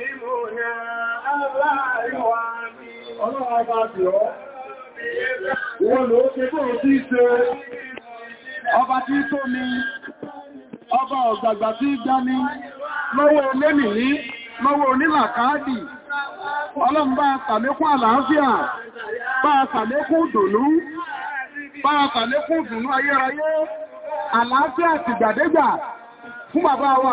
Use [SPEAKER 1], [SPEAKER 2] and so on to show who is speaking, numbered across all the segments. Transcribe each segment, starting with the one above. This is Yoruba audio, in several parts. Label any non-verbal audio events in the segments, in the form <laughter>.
[SPEAKER 1] ọlọ́run ọba tí ọ́ wọ́n ló ọba ọ̀gbàgbà tí dá mi lọ́wọ́ olómi ní lọ́wọ́ onílàkáàdì ọlọ́run bá sàlékún àlàáfíà bá sàlékún dùnú bá sàlékún dùnú ayérayé àlàáfíà tìgbàdégbà fún bàbá wa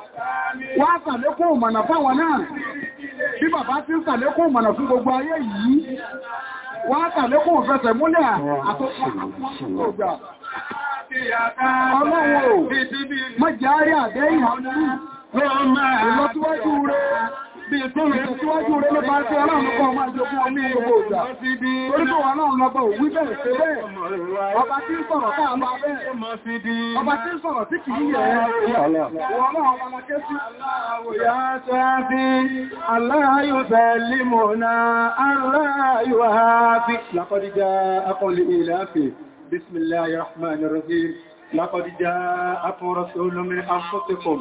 [SPEAKER 1] wá
[SPEAKER 2] sàlékún ìmọ̀nà fáwọn náà bí bàbá ti ń sàlékún fún gbogbo ayé yìí
[SPEAKER 3] wá sàlékún ìfẹsẹ̀
[SPEAKER 2] múlẹ̀ àtọ́kùn ọgbà
[SPEAKER 1] ọlọ́wọ́
[SPEAKER 3] bí ìgbóhùn síwájú rẹ̀ ló bá tí ọlọ́run kọ́ máa jogún ọ ní gbogbo
[SPEAKER 1] ìgbà orúkọ wà náà lọ́gbọ̀ òwú bẹ̀rẹ̀ sí bẹ́ẹ̀ ọba tí ń sọ̀rọ̀ káà máa bẹ́ẹ̀ ọba tí ń sọ̀rọ̀ tí kìí
[SPEAKER 2] yẹ̀ ẹ̀ بسم الله الرحمن الرحيم لقد جاءكم رسول من أنفسكم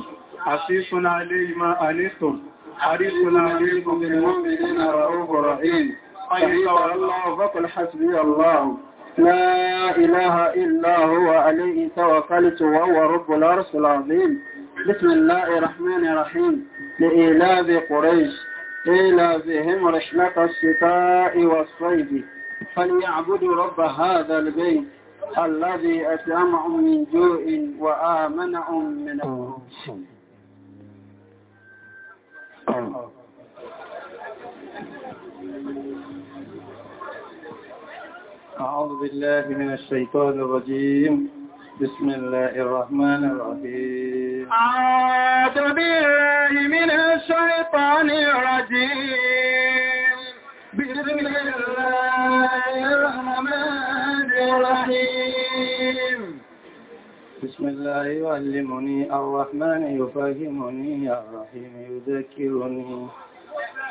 [SPEAKER 2] عزيز عليه ما أنتم حريصنا عليكم بالمؤمنين رؤوف رحيم فإن الله فقل حسبي الله لا إله إلا هو عليه توكلت وهو رب العرش العظيم بسم الله الرحمن الرحيم لإيلاف قريش إيلافهم رحلة الشتاء والصيف فليعبدوا رب هذا البيت الذي أسلمهم من جوع وآمنهم من
[SPEAKER 3] الخوف
[SPEAKER 2] أعوذ بالله من الشيطان الرجيم بسم الله الرحمن الرحيم أعوذ بالله من الشيطان الرجيم
[SPEAKER 3] بسم الله الرحمن الرحيم
[SPEAKER 2] بسم الله يعلمني الرحمن يفهمني الرحيم يذكرني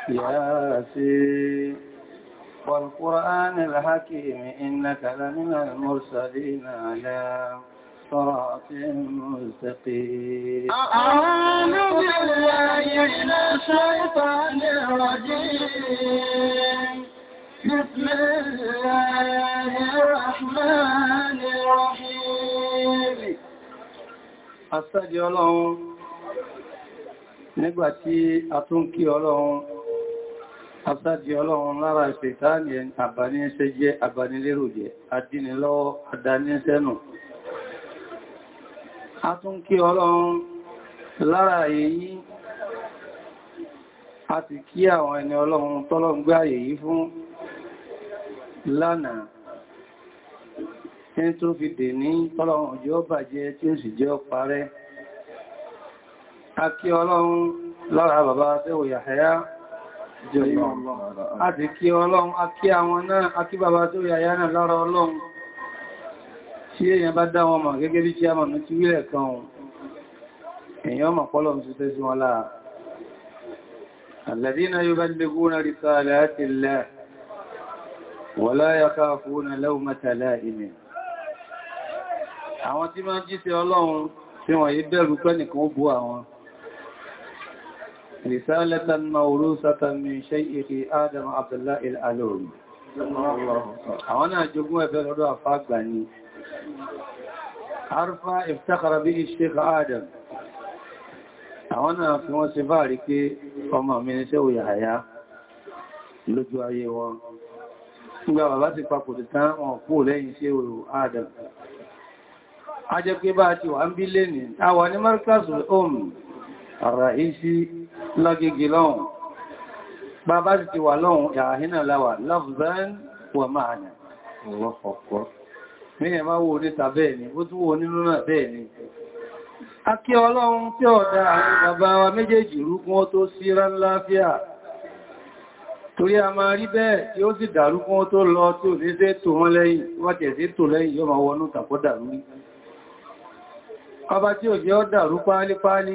[SPEAKER 2] يا ياسين والقرآن الحكيم إنك لمن المرسلين على صراط مستقيم أعوذ بالله من الشيطان الرجيم
[SPEAKER 3] بسم الله الرحمن الرحيم
[SPEAKER 2] asádi ọlọ́run nígbàtí a tún kí ọlọ́run asádi ọlọ́run lára ìṣẹ̀tàní àbáníṣẹ́ jẹ́ àbánilérò jẹ́ adínilọ́wọ́ adáníṣẹ́nù a tún kí ọlọ́run lára èyí a ti kí àwọn ẹni ọlọ́run tọ́lọ́ gbá èyí fún lánàá tí tó fi dè ní tọ́lọ́run yóò bàjẹ́ tí ó sì jẹ́ parẹ́ a kí ọlọ́run lára bàbá sẹ́wò Yahaya a ti kí ọlọ́run a kí àwọn náà a kí bàbá sẹ́wò Yahaya náà lára ọlọ́run tí èèyàn bá dá wọn mọ̀ gẹ́gẹ́ bí chairman ní ti wílẹ̀ Allah wa la yakhafuna lawmata àwọn tí máa jíṣẹ́ ọlọ́run tí wọ́n yí bẹ̀rù pẹ́nìkan bú àwọn risalatan mawrusatan min shaykhi adam abdullah al-alori àwọn náà jogún ẹ̀fẹ́ lọ́dọ̀ àfágbà ni arfa iftakara bí shaykh adam àwọn náà fi wọ́n ṣe fáàrí pé ọmọ mi ní ṣéwò Yahaya lójú ayé wọn nígbà bàbá ti papòdì tán wọn kú lẹ́yìn ṣéwò Adam a jẹ́ pé bá ti wà ń bí lè ní àwà ní markazu om ara isi lọ́gigi lọ́hun bàbá ti ti wà lọ́hun ìhàhínà láwà lafzan wà máa nà ọ̀pọ̀ míyàn máa wo níta bẹ́ẹ̀ ni ó tún wo nínú náà bẹ́ẹ̀ ni a kí ọlọ́run tí ọ̀dá àwọn bàbá wa méjèèjì rúkún ó tó síra láfíà torí a máa rí bẹ́ẹ̀ tí ó sì dàrú ó tó lọ tí ò ní sí ètò wọn lẹ́yìn wọ́n tẹ̀ sí ètò lẹ́yìn yóò máa wọnú tàkọ́dà lórí ọba tí ò jẹ́ ó dàrú páálípáálí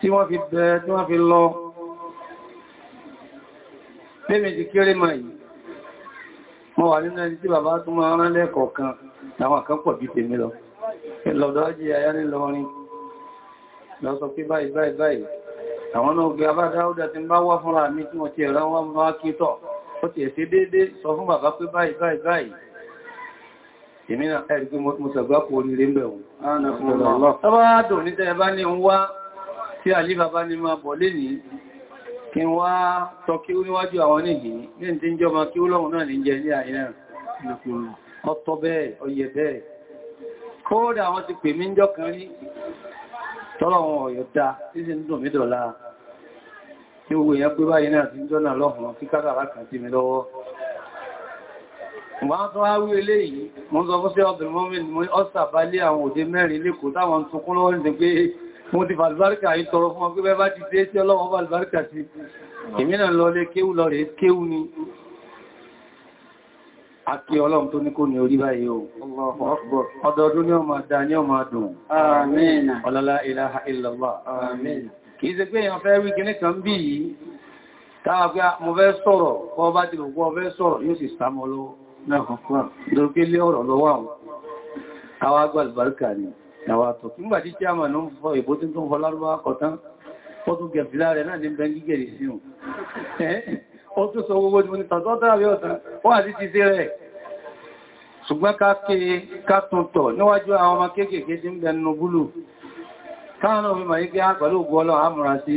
[SPEAKER 2] tí wọ́n fi bẹ̀ẹ́ tí wọ́n fi lọ lẹ́mì ti kéré ma yìí mọ́ wà nínú ẹni tí bàbá tó máa rán lẹ́ẹ̀kọ̀ọ́ kan àwọn kan pọ̀ bí tèmi lọ lọ́dọ̀ ajé ayá ní lọrin lọ sọ pé báyìí báyìí báyìí àwọn náà gbé abá dáúdà ti bá báyìí báyìí èmi náà ẹ̀rí pé mo sàgbá kò oríire mẹ́wọ̀n. Tọ́bá dùn ní tẹ́ bá ní wá tí àlífà bá ní máa bọ̀ lé ní kí wá tọ kí ó níwájú àwọn nìyí ní ti ń jọba kí ó lọ́wọ́ náà ní jẹ ní àìyà ọ̀tọ̀ bẹ́ẹ̀ ọyẹ bẹ́ẹ̀ kódà àwọn ti pè mí jọ kan rí tọ́lọ̀ lọ́wọ́ wọ́n tó wá wí eléyìí mo sọ fún sí ọ̀bẹ̀rẹ̀mọ́mìn mo ọ́sà bá lé àwọn òde mẹ́rin lẹ́kọ̀ọ́ táwọn tó kún lọ́wọ́ ní pé mo ti bàlbáríkà yìí tọrọ fún ọgbẹ́ bẹ́ẹ̀ bá ti dé sí ọlọ́wọ́ bàlbáríkà sí ìmìnà lọ lé kéwú lọ rẹ̀ kéwú ni àti ọlọ́run tó ní kó ní orí báyìí o ọdọọdún ní ọmọ àdá ní ọmọ àdùn ọlọ́lá ilaha illallah kìí ṣe pé èèyàn fẹ́ wí kìíní kan bí yìí táàgbé mo fẹ́ Àwọn agbàlùbáríkà ni, àwọn àtọ̀. Nígbà tí tí a máa ń fọ ìbó tí tó ń fọ lárúbáwá kọ̀tán, ó tún gẹ̀fìlá rẹ̀ náà ní bẹ́ gígẹ̀rì sí hùn. Ó tún sọ gbogbo jùmọ́ ní tàtọ́tà rẹ̀ ọ̀tán, ó àti ti sí rẹ̀. Ṣùgbọ́n ká tuntọ̀ níwájú àwọn ọmọ kéékèèké tí ń bẹ nínú búlù. Káwọn náà fi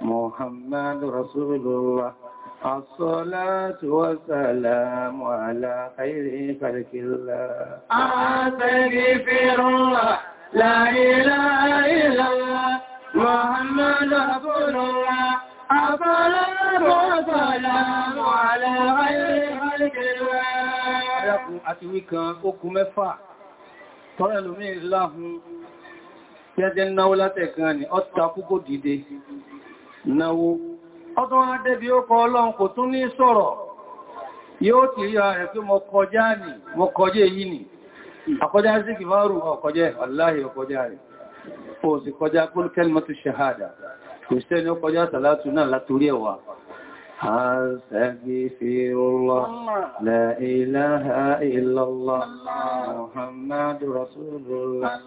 [SPEAKER 2] محمد رسول الله الصلاة والسلام على خير خلق الله
[SPEAKER 3] أستغفر الله لا إله إلا الله محمد
[SPEAKER 2] رسول الله الصلاة والسلام على خير خلق الله Ẹkùn àti wíkan okùn mẹ́fà, tọ́rẹ lómi láhun, tí ẹ jẹ́ náwó ọdún wọn débi ó kọ ọlọ́run kò tún ní sọ̀rọ̀ yóò ti rí ààrẹ pé mo kọjá ní mo kọjá èyí ni àkọjá sí kì máa rù ọkọjá aláhì ọkọjá rẹ̀ ó sì kọjá kul kalimatu shahada kò sí ẹni ó náà látorí ẹ̀wà أستغفر الله لا إله إلا الله محمد رسول الله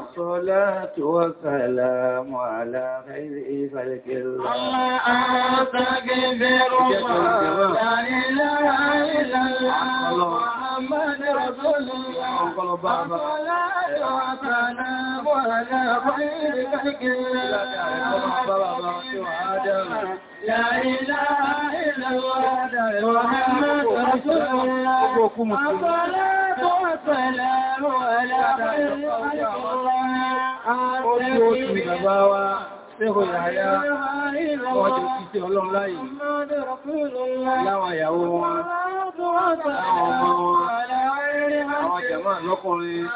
[SPEAKER 2] الصلاة والسلام على خير فلك الله أستغفر الله لا إله إلا الله محمد
[SPEAKER 3] رسول الله الصلاة وعطنا وعلى خير خلق الله لا إله إلا الله محمد رسول الله الصلاة والسلام على خير خلق الله
[SPEAKER 2] Ṣéhò Yàáyá, wọ́n jẹ́ kí sí ọlọ́run láyé, láwọn ìyàwó wọn, láwọn ọmọ wọn, àwọn jẹ̀mọ́ lọ́kùnrin,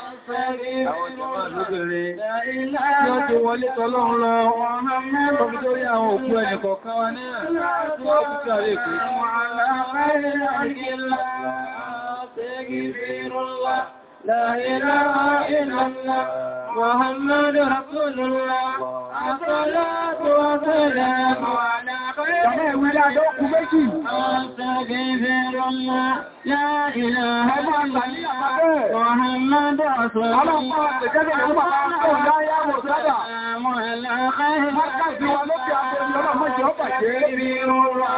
[SPEAKER 2] àwọn jẹ̀mọ́ lóbìnrin, tí ó ti wọlé tọ́lọ́run lọ, لا إله إلا الله محمد
[SPEAKER 3] رسول الله الصلاة والسلام على خير أستغفر الله لا إله إلا الله محمد رسول الله السلام على
[SPEAKER 1] خير أستغفر الله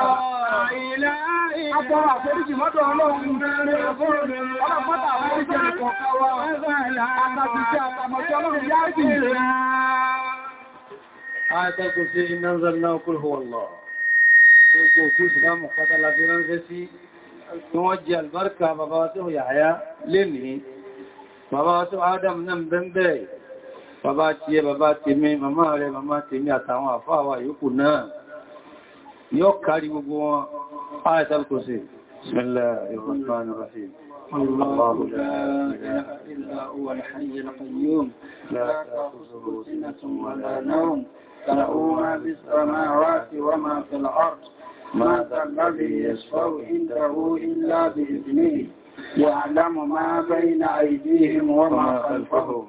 [SPEAKER 1] Agbọ́rọ̀ àforíjì mọ́dọ̀ ọlọ́run bẹ̀rẹ̀ ọgọ́rùn-ún ọlọ́pọ̀tà àwọn oríṣẹ́ ìkọ̀ọ̀kọ́ wa.
[SPEAKER 3] Àtàkìṣẹ́ àtàmọ̀ṣẹ́ ọlọ́run yá jì rẹ̀.
[SPEAKER 2] Àìtẹ́kùn sí iná ń zọ̀rọ̀ náà kúrò wọ́lọ̀. Gbogbo òkú ìsìlámù pátálà fi ránṣẹ́ sí tí wọ́n jẹ albarka bàbá wa tí ó yàáyá lè ní. Bàbá wa tí ó Adam náà bẹ́ẹ̀ bàbá ti ẹ bàbá ti mi, màmá rẹ̀ màmá ti mi àtàwọn àfáà wa yòókù náà. yóò kárí gbogbo wọn ayatul kursi bismillahir rahmanir rahim
[SPEAKER 3] الله لا إله
[SPEAKER 2] إلا هو الحي القيوم لا تأخذه سنة ولا نوم له ما في السماوات وما في الأرض ما الذي يشفع عنده إلا بإذنه يعلم ما بين أيديهم وما خلفهم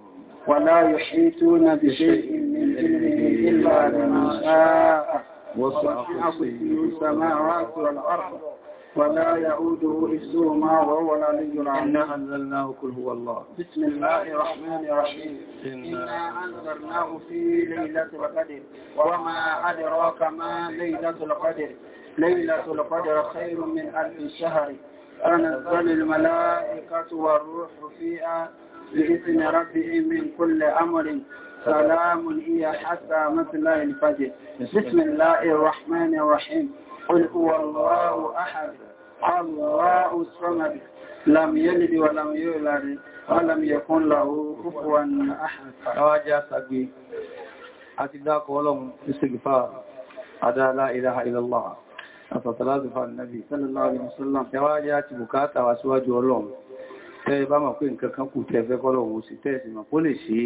[SPEAKER 2] ولا يحيطون بشيء من علمه إلا بما شاء وسع كرسيه السماوات والأرض ولا يعوده حفظهما وهو العلي العظيم إنا أنزلناه كل هو الله بسم الله الرحمن الرحيم إنا أنزلناه في ليلة القدر وما أدراك ما ليلة القدر ليلة القدر خير من ألف شهر انزل الملائكة والروح فيها بإذن ربهم من كل أمر سلام هي حتى مطلع الفجر بسم الله الرحمن الرحيم قل هو الله أحد الله الصمد لم يلد ولم يولد ولم يكن له كفوا أحد أواجه سبي أتداك ولم استغفار أدا لا إله إلا الله أتطلاد فالنبي صلى الله عليه وسلم أواجه تبكات وأسواج ولم tẹ́ bá mọ̀ pé nǹkan kan kù tẹ́ fẹ́ kọ́lọ̀ òun sí tẹ́ ìsìnmọ̀ kó lè ṣe é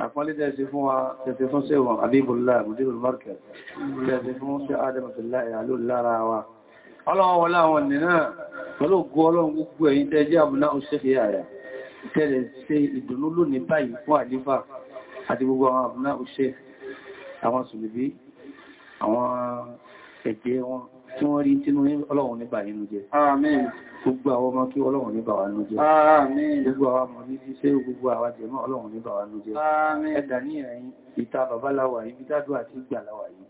[SPEAKER 2] àpọ́nlé tẹ́ẹ̀sì fún wa tẹ́ẹ̀sì fún sẹ́wọ̀n Habibullah Mudirul Markaz tẹ́ẹ̀sì fún sí Adam Abdullahi Alu lára wa ọlọ́wọ́ wọlá àwọn nìna pẹ̀lú ògùn ọlọ́run gbogbo ẹ̀yin tẹ́ẹ̀jẹ́ àbúná òṣèfì àyà tẹ́ẹ̀lẹ̀ ṣe ìdùnnú lónìí báyìí fún tí wọ́n rí tínú ọlọ́run nígbà nínú jẹ́. Gbogbo àwọn ọmọ kí ọlọ́run nígbà wà nínú jẹ́. Gbogbo àwọn ọmọ ní iṣẹ́ gbogbo àwọn jẹmọ́ ọlọ́run nígbà wà nínú jẹ́. Ẹ̀dà ní ẹ̀yìn ìta bàbá láwà yìí, bí dádùn àti ìgbà láwà yìí.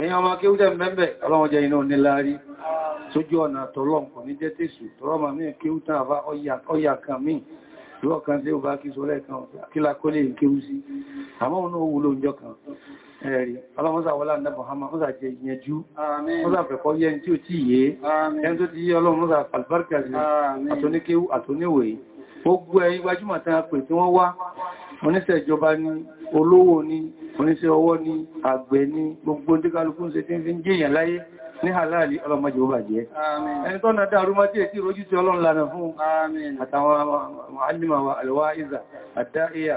[SPEAKER 2] Ẹ̀yìn ọmọ kí ó jẹ́ mẹ́bẹ̀ ọlọ́run jẹ́ iná ní láàrí. Sójú ọ̀nà tọ́lọ́n kò ní jẹ́ tèṣù, tọ́rọmà mí kí ẹ̀rí ọlọ́mọ́sà wọlá ní Muhammad mọ́sà jẹ ìyẹnjú mọ́sà fẹ̀kọ́ yẹ tí ó tí yé ẹni tó ti yé ọlọ́mọ́sà albarka sí àtóníkéwú àtóníwé gbogbo ẹ̀yìn gbajúmọ̀ tán pè tí wọ́n wá oníṣẹ́ ìjọba ni olówó ni oníṣẹ́ ọwọ́ ni àgbẹ̀ ni gbogbo tí kálukú ń ṣe tí ń fi ń jẹ́yàn láyé ní halali ọlọ́mọdé ó bàjẹ́ ẹni tó nàdá arúmọ́ tí rojú tí ọlọ́run lánà fún àtàwọn alìmọ̀wà alwáìzà àdáìyà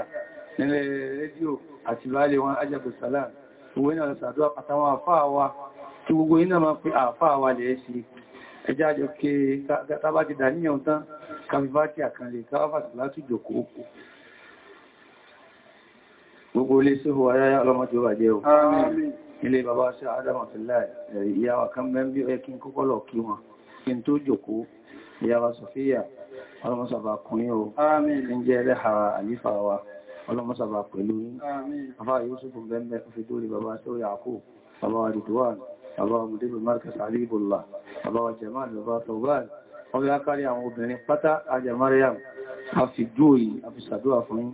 [SPEAKER 2] nílẹ̀ rédíò àti láàrẹ wọn ajẹ́kù sàlá gbogbo iná sàdọ́ àtàwọn àfáà wa tí gbogbo iná máa pé àfáà wa lẹ̀ ṣe ẹjá àjọ ké tàbá ti dàníyàn tán kàfífàtì àkànlẹ̀ káwàfàtì láti jòkó gbogbo ilé sóhù ayáyá ọlọ́mọdé bàjẹ́ o ilé bàbá ṣe adámọ̀tíláì ìyáwà kan mẹ́bí ẹkín kọ́kọ́lọ̀ kí wọn kí n tó jòkó ìyáwà sọfíyà ọlọ́mọsàbà kùnrin o ń jẹ́ àlífà wa ọlọ́mọ sábà pẹ̀lú yín afá Yúsúfù bẹ́ẹ̀ fi tó rí bàbá tó yàkó bàbá wa dìtúwàn bàbá wa mùdébù markas alìbùlá bàbá wa jamal bàbá tọ̀gbàn wọ́n bí ákárí àwọn obìnrin pátá ajá mariam a fi dúó yìí a fi sàdúwà fún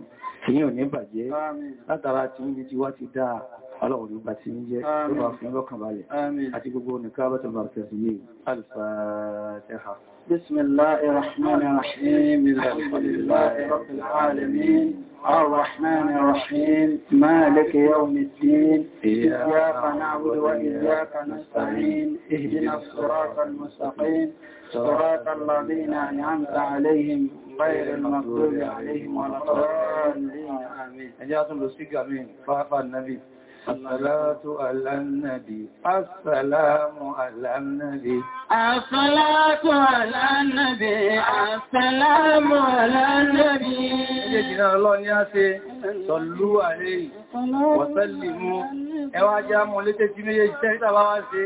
[SPEAKER 2] بسم الله bá ti ń jẹ́ tó bá fún àti gbogbo الرحمن الرحيم مالك يوم الدين إياك نعبد وإياك نستعين اهدنا الصراط المستقيم صراط الذين أنعمت عليهم غير المغضوب عليهم ولا الضالين آمين آمين النبي As-salatu ala nabi, as-salamu ala nabi.
[SPEAKER 3] As-salatu ala nabi, Ilé jìnà
[SPEAKER 2] ọlọ́run ní a ṣe, sallu alayhi, wa sallimu, ẹwà já mọ́ létẹ́ tí méjì tẹ́ ìtàbá wá ṣe,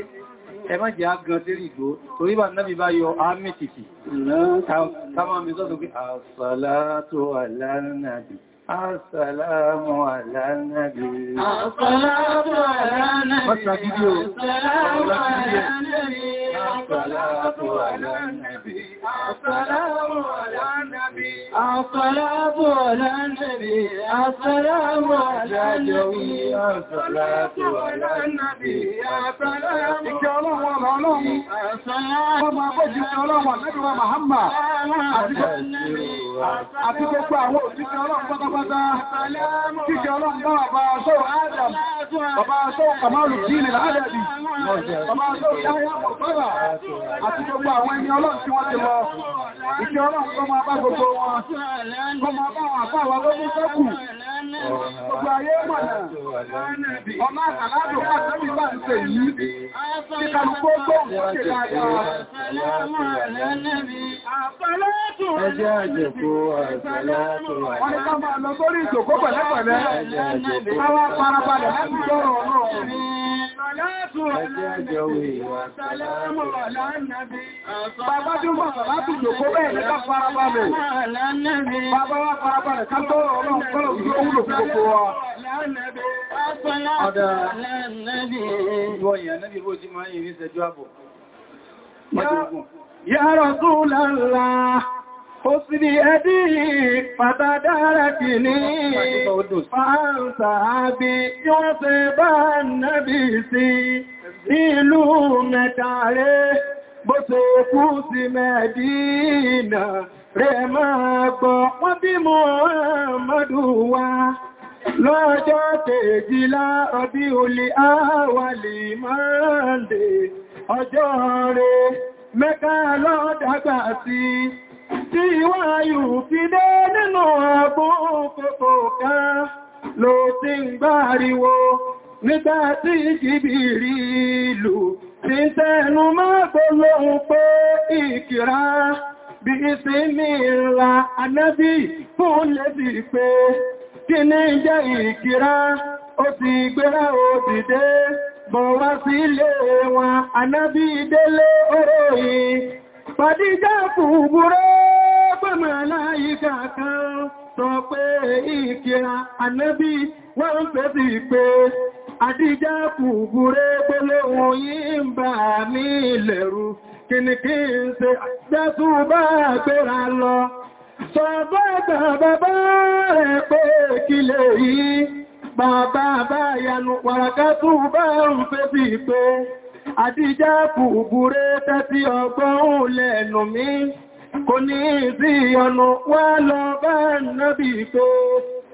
[SPEAKER 2] ẹmọ́ jẹ́ agan tí rìgbó, torí bà náà bá yọ ámì tìtì. Káwọn mi sọ́dọ̀ pé, as-salatu Àṣàlámù àlánàbì. Àṣàlámù àlánàbì. Mọ́sàkídí o. Àṣàlámù àlánàbì.
[SPEAKER 3] Àṣàlámù àlánàbì. Àṣàlámù àlánàbì. Àṣàlámù àlánàbì. Àṣàlámù àlánàbì. Àṣàlámù àlánàbì. Àṣàlámù ìkẹ́ ọlọ́run ọmọ ọlọ́run ọmọ agbójì ọlọ́run lẹ́gbẹ̀rẹ̀ Mahama àti gbogbo àwọn òjíṣẹ́ ọlọ́run pátápátá kíkẹ́ ọlọ́run bá bàbá sọ́rọ̀ Adam bàbá sọ́rọ̀ Kamalu Dínì Ládàdì bàbá sọ́rọ̀ Yáyá Mọ̀tọ́rà àti gbogbo àwọn ẹni ọlọ́run tí wọ́n ti lọ ìkẹ́ máa bá gbogbo wọn kọ́ máa bá wọn àpá àwọn agbójì sọ́kù Gbogbo ayé mọ̀nà, ọmọ àtàládùn àtàbí bá ń tè yìí, kí kàlùkó tó ń ṣe dáadáa. Ẹjẹ́ àjẹ̀kó àtàlátò wà. Wọ́n ní ká máa lọ sórí ìjòkó Bàbá
[SPEAKER 1] tó mọ̀ láti jòkó bẹ́ẹ̀ ní ká farabalẹ̀. Bàbá wá farabalẹ̀ ká tó ọlọ́run kọ́lọ̀ tí ó wúlò fún gbogbo wa. Ọ̀dá
[SPEAKER 2] ìwọ̀nyẹ̀ nẹ́bí bó ti máa yìí ní ṣẹjú àbò. Yá Rasulullah. حسني أدي فتداركني فأنسابي يصيب
[SPEAKER 1] النبي سي إلو متعلي بسيكو سي مدينة رمى وبي محمد هو lọ́jọ́ kejìlá ọdí olè àwàlè máa ń dè ọjọ́ rẹ̀ mẹ́kà lọ́dàgbà sí i tí wọ́n yìí fi dé nínú àbò kòkò kan ló ti ń gbáriwo nígbà tí jìbìrì ìlú ti ń tẹnu máa gbólóhùn pé ìkìrá bí i sí ní ìlà anábì fún lébì pé kí ní jẹ́ ìkìrá ó ti gbéra ó dìde bọ̀ wá sí ilé wọn anábì délé
[SPEAKER 2] oróyìn Fàdíjá fún búrẹ́ pẹ̀mọ̀ aláyíká kan sọ pé ìkìra ànábí wọ́n fẹ́ sí pé Àdíjá fún búrẹ́ pẹ̀lẹ̀ òyìn bà ní ilẹ̀rú
[SPEAKER 1] kìnnìkì ń ṣe jẹ́sù bá gbéra lọ. Sọ̀bọ́ bàbá rẹ̀ pé kílẹ̀ yìí, bàbá bá yanu
[SPEAKER 2] wàràkátù bá ń fẹ́ sí pé àti ìjápù ògúré tẹ́tí ọgbọ́n lẹ́nu mi kò ní sí ọ̀nà wá lọ bá
[SPEAKER 1] nábì tó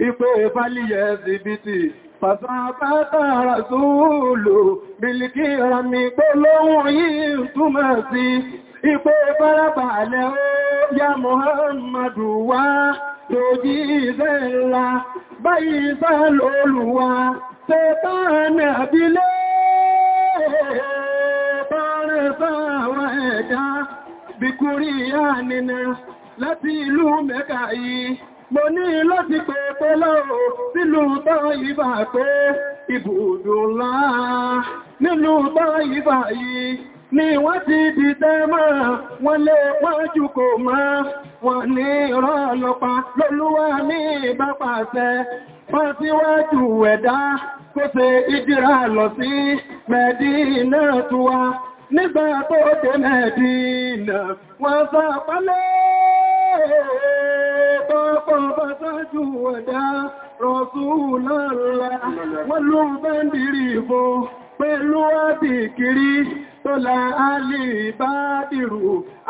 [SPEAKER 1] ipé ìfàlìyẹ̀ síbítì fàṣàbátà ràṣúlù bìlìkì rami gbólóhùn yìí túmọ̀ sí ipé farabalẹ̀ ó Muhammadu wá lòdí ìfẹ́ ńlá báyìí sá lólùwá fáwọn ẹ̀dá bí kúrí ànìnà láti ìlú mẹ́kà yìí mo ní láti pè pọ́lá ò sílùú tọ́ pé ibùdó ńlá nínú tọ́ ìbà ni wọ́n ti dìtẹ́ mọ́ wọ́n lé wájú kò mọ́ wọ́n ní rọ́ọ̀lọ́pa lólúwà ní ìbápàṣẹ wọ́n ti wájú ẹ̀dá kó ṣe ìdíra lọ sí mẹ́dínà tuwa nígbà tó dé Mẹ́dínà wọ́n sá pálẹ́ tọ́pọ̀ bá sájú ọ̀dá Rasulullah wọ́n ló bẹ́ ń dìrí ìbò pẹ̀lú àbìkiri tó la alì bá dìrù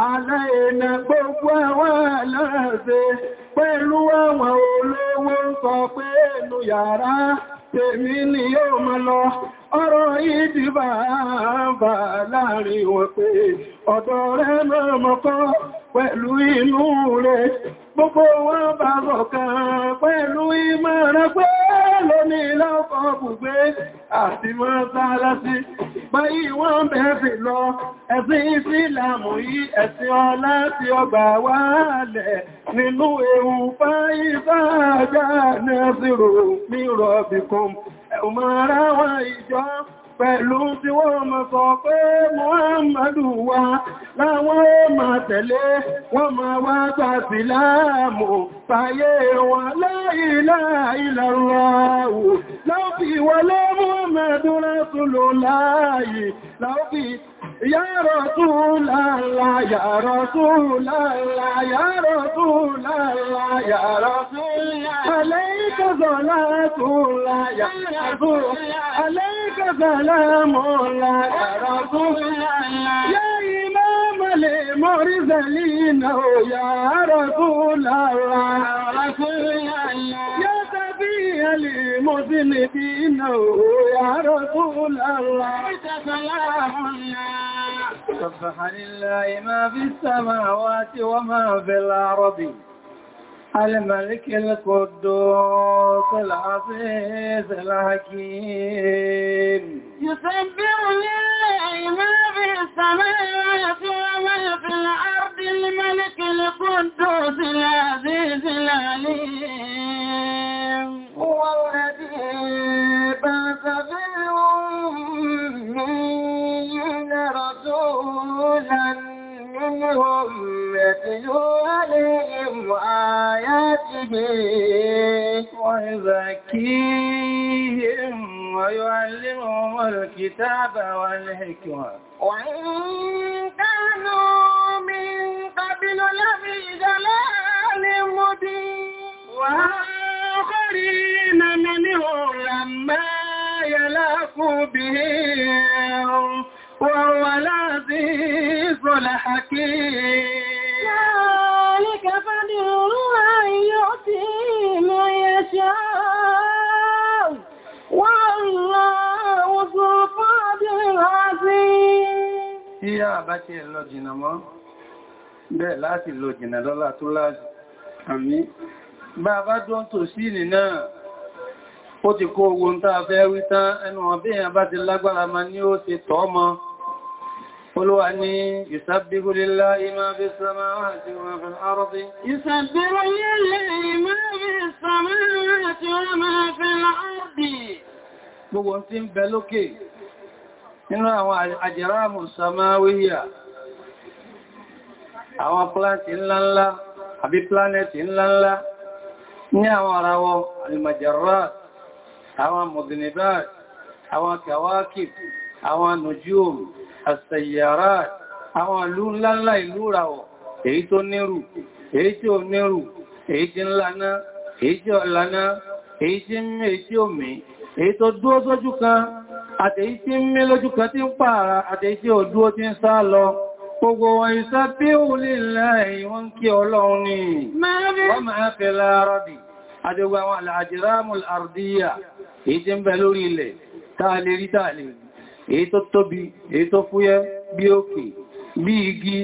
[SPEAKER 1] aláìna gbogbo àwọn aláàzẹ pẹ̀lú àwọn olówó sọ pé ẹnu yàrá tèmi ni yóò máa lọ ọ̀rọ̀ ìdìbà bá láàrin wọn pé ọ̀dọ̀ rẹ̀ náà mọ́kọ́ pẹ̀lú inú rẹ̀ gbogbo wọn bá bọ̀kan pẹ̀lú ìmọ̀ràn pé lóní lọ́kọ̀ bùgbé
[SPEAKER 2] àti wọ́n sára sí báyìí wọ́n bẹ̀rẹ̀ lọ ẹ̀sìn ìsìlámù yìí ẹ̀sìn ọlá tí ọgbà wà lẹ̀ nínú ewu
[SPEAKER 1] fáìsáàjá nẹ́sìrò pẹ̀lú tí wọ́n mọ̀ sọ pé Muhammadu wa láwọn ó máa tẹ̀lé wọ́n máa wá gbà síláàmù fàyé wọn la ilaha illallah láòfì wọlé Muhammadu rasulullahi láòfì Ya Rasulallah, Ya Rasulallah, Ya Rasulallah, Ya
[SPEAKER 3] Rasulallah, alayka salatullah, Ya Rasulallah, alayka سلام الله يا إمام
[SPEAKER 1] المرسلين يا رسول الله
[SPEAKER 3] رسول الله
[SPEAKER 2] يا سبي المذنبين يا رسول الله سلام الله ما في السماوات وما في الأرض الملك القدوس العزيز الحكيم يسبح لله ما في السماوات
[SPEAKER 3] وما في الأرض الملك القدوس العزيز العليم هو الذي بعث فيهم رسولا منهم يتلو عليهم آياته
[SPEAKER 2] ويزكيهم ويعلمهم الكتاب والحكمة وإن
[SPEAKER 3] كانوا من قبل لفي جلال مبين
[SPEAKER 2] وآخرين منهم لما يلاقوا بهم وهو العزيز
[SPEAKER 3] الحكيم ذلك فضل الله يؤتيه
[SPEAKER 2] láti lọ jìnà lọ́lá tó láti, àmì. Bá a bá dán tò sí ìlì náà, ó ti kó ogun tàà fẹ́ wítán ẹnu ọ̀bí ìyàn bá ti lágbára ma ní ó ti tọ́ mọ́. قلوا أني يسبح لله ما في السماوات وما في الأرض يسبح لله ما
[SPEAKER 3] في السماوات وما في الأرض
[SPEAKER 2] gbogbo tí ń bẹ lókè nínú àwọn àjẹ́ráàmù samáwíyà àwọn pláǹtì ńláńlá àbí plánẹ̀tì ńláńlá ní àwọn ara wọn alìmàjẹ̀rá àwọn mọ̀gìnìbá àwọn kàwákì àwọn nùjúòmù àṣẹ̀yàrá àwọn ìlú ńláńlá ìlú ràwọ̀ èyí tó nírù èyí tí ò nírù èyí tí ńláná èyí tí ọ̀láná èyí tí ń mẹ́ tí ò mẹ́ èyí tó dúó sójú kan àtèyí tí ń mẹ́ lójú kan tí ń pààrà àtèyí tí ò dúó tí ń sá lọ Gbogbo wọn ìsá bí ó lè láì wọ́n kí ọlọ́run ni, èyí tó tóbi èyí tó fúyẹ́ bí òkè bí igi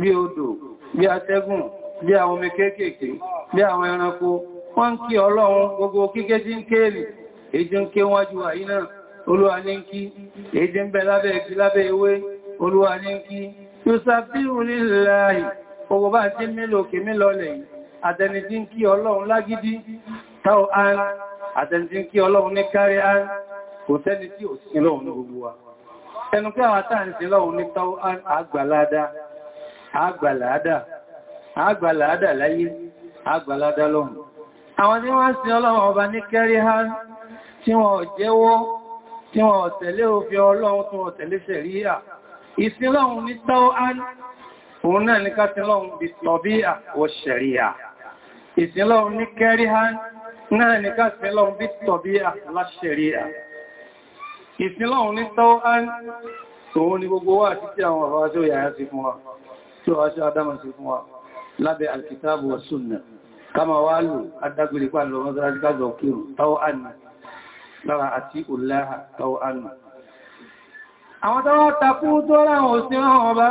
[SPEAKER 2] bí odò bí atẹ́gùn bí àwọn omi kéékèèké bí àwọn ẹranko wọ́n ń kí ọlọ́run gbogbo kíké tí ń kéèrè èyí tí ń ké wájú àyí náà olúwa ní kí èyí tí ń bẹ lábẹ́ igi lábẹ́ ewé olúwa ní kí yusabihu lillahi ní kárí kò tẹ́ni tí ò sí lọ́run ní gbogbo wa ẹnu pé àwọn àtà lọ́wọ́ ní tọ́ àgbàláàdà láyé àgbàláàdà lọ́hùn àwọn tí wọ́n sin ọlọ́run ọba ní kẹrí ha tí wọ́n jẹ́wọ́ tí wọ́n tẹ̀lé òfin ọlọ́run tí tẹ̀lé ṣẹ̀ríyà ìsinlọ́run ní tọ́ ìsinlọ́run ní tọ́wọ́n tòun ní gbogbo wà títí àwọn bàbá tí ó yàyà sí fún wa tí ó aṣọ adámọ̀ sí fún wa lábẹ́ alkitabu wa sunna kama wá lò adágbèrè pà lọ mọ́sára kájọ kírù tọ́wọ́n lára àti òláhà tọ́wọ́n àwọn tọ́wọ́ takú tó ráwọn òsìn àwọn ọba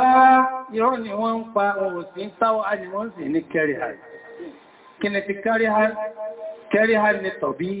[SPEAKER 2] rárá kí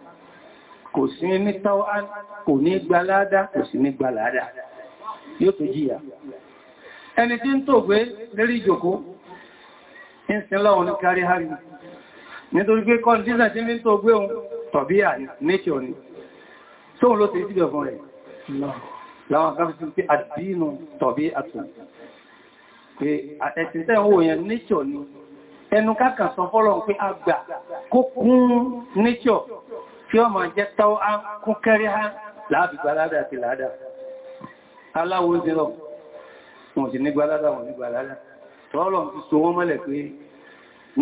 [SPEAKER 2] kò sí ní tọ́wọ́n kò ní gbaládá kò sí ní gbaládá yóò tó jíyà ẹni tí ń tó gbé lérí ìjòkó ń sin lọ́wọ́n ní kárí hárí nítorí pé kọ́ dísà tí ń tó gbé ohun tọ̀bíyà nature ni tóhun ló ti síbẹ̀ fún rẹ̀ láwọn akáfẹ́sí pé àdínú tọ̀bí àtùn pé ẹnu kákà sọ fọ́lọ̀ pé àgbà kó kún nature tí ó máa jẹ́ tọ́ á kún kẹ́rí á láàbí gbalada àti láàdá aláwo zero wọn ti ní gbalada wọn ní gbalada tọ́lọ̀ ti so wọ́n mọ́lẹ̀ pé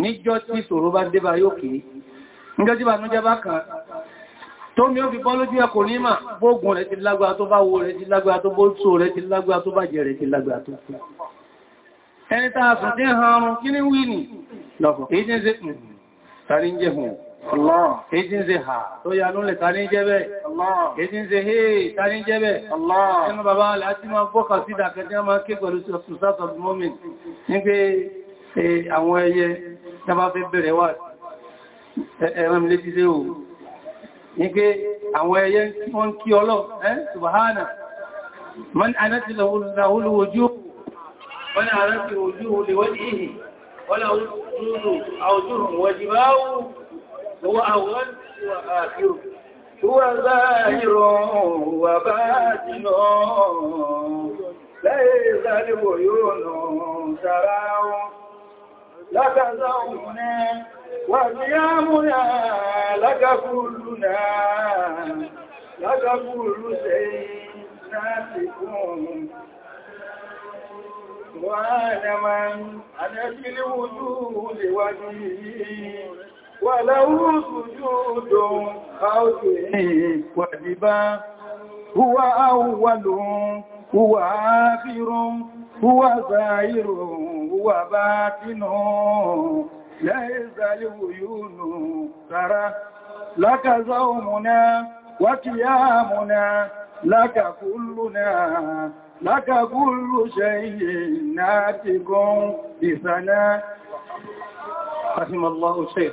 [SPEAKER 2] níjọ́ tí ìṣòro bá débà yóò kìí níjọ́ tí bànújẹ́ bá kan tó mi ó fi bọ́ lójú ẹkùn ní mà bóògùn rẹ̀ ti lágbà tó bá wo rẹ̀ ti lágbà tó bóòtò rẹ̀ ti lágbà tó ẹni tàà tí ń han ọrùn kí ní wí nì lọ́pọ̀ èyí tí ń se tàrí ń jẹ́ hùn Èjì ń ṣe ha tó yà lónlẹ̀ ta ní jẹ́ bẹ́ẹ̀. Èjì ń ṣe hé ta ní jẹ́ bẹ́ẹ̀. Ẹnu bàbá alẹ́ àti máa fọ́kà sí ìdàkẹ́jẹ́ máa ké pẹ̀lú Sùsátọ̀ Mọ́mìn ní pé àwọn ẹyẹ tàbá fẹ́ bẹ̀rẹ̀ wà ẹ̀rẹ́m létí sí òun. Ní pé àwọn ẹyẹ wọ́n kí ọlọ́ هو أول وآخر هو ظاهر وباطن ليس البيون تراه لك زومنا وقيامنا لك كلنا لك كل شيء ناسكم وأنا من أنا في الوجود وجهي وله سجود خوفه وجبا هو أول هو آخر هو ظاهر هو باطن يزال عيون ترى لك زومنا وقيامنا لك كلنا لك كل شيء ناتق بثناء رحم الله شيخ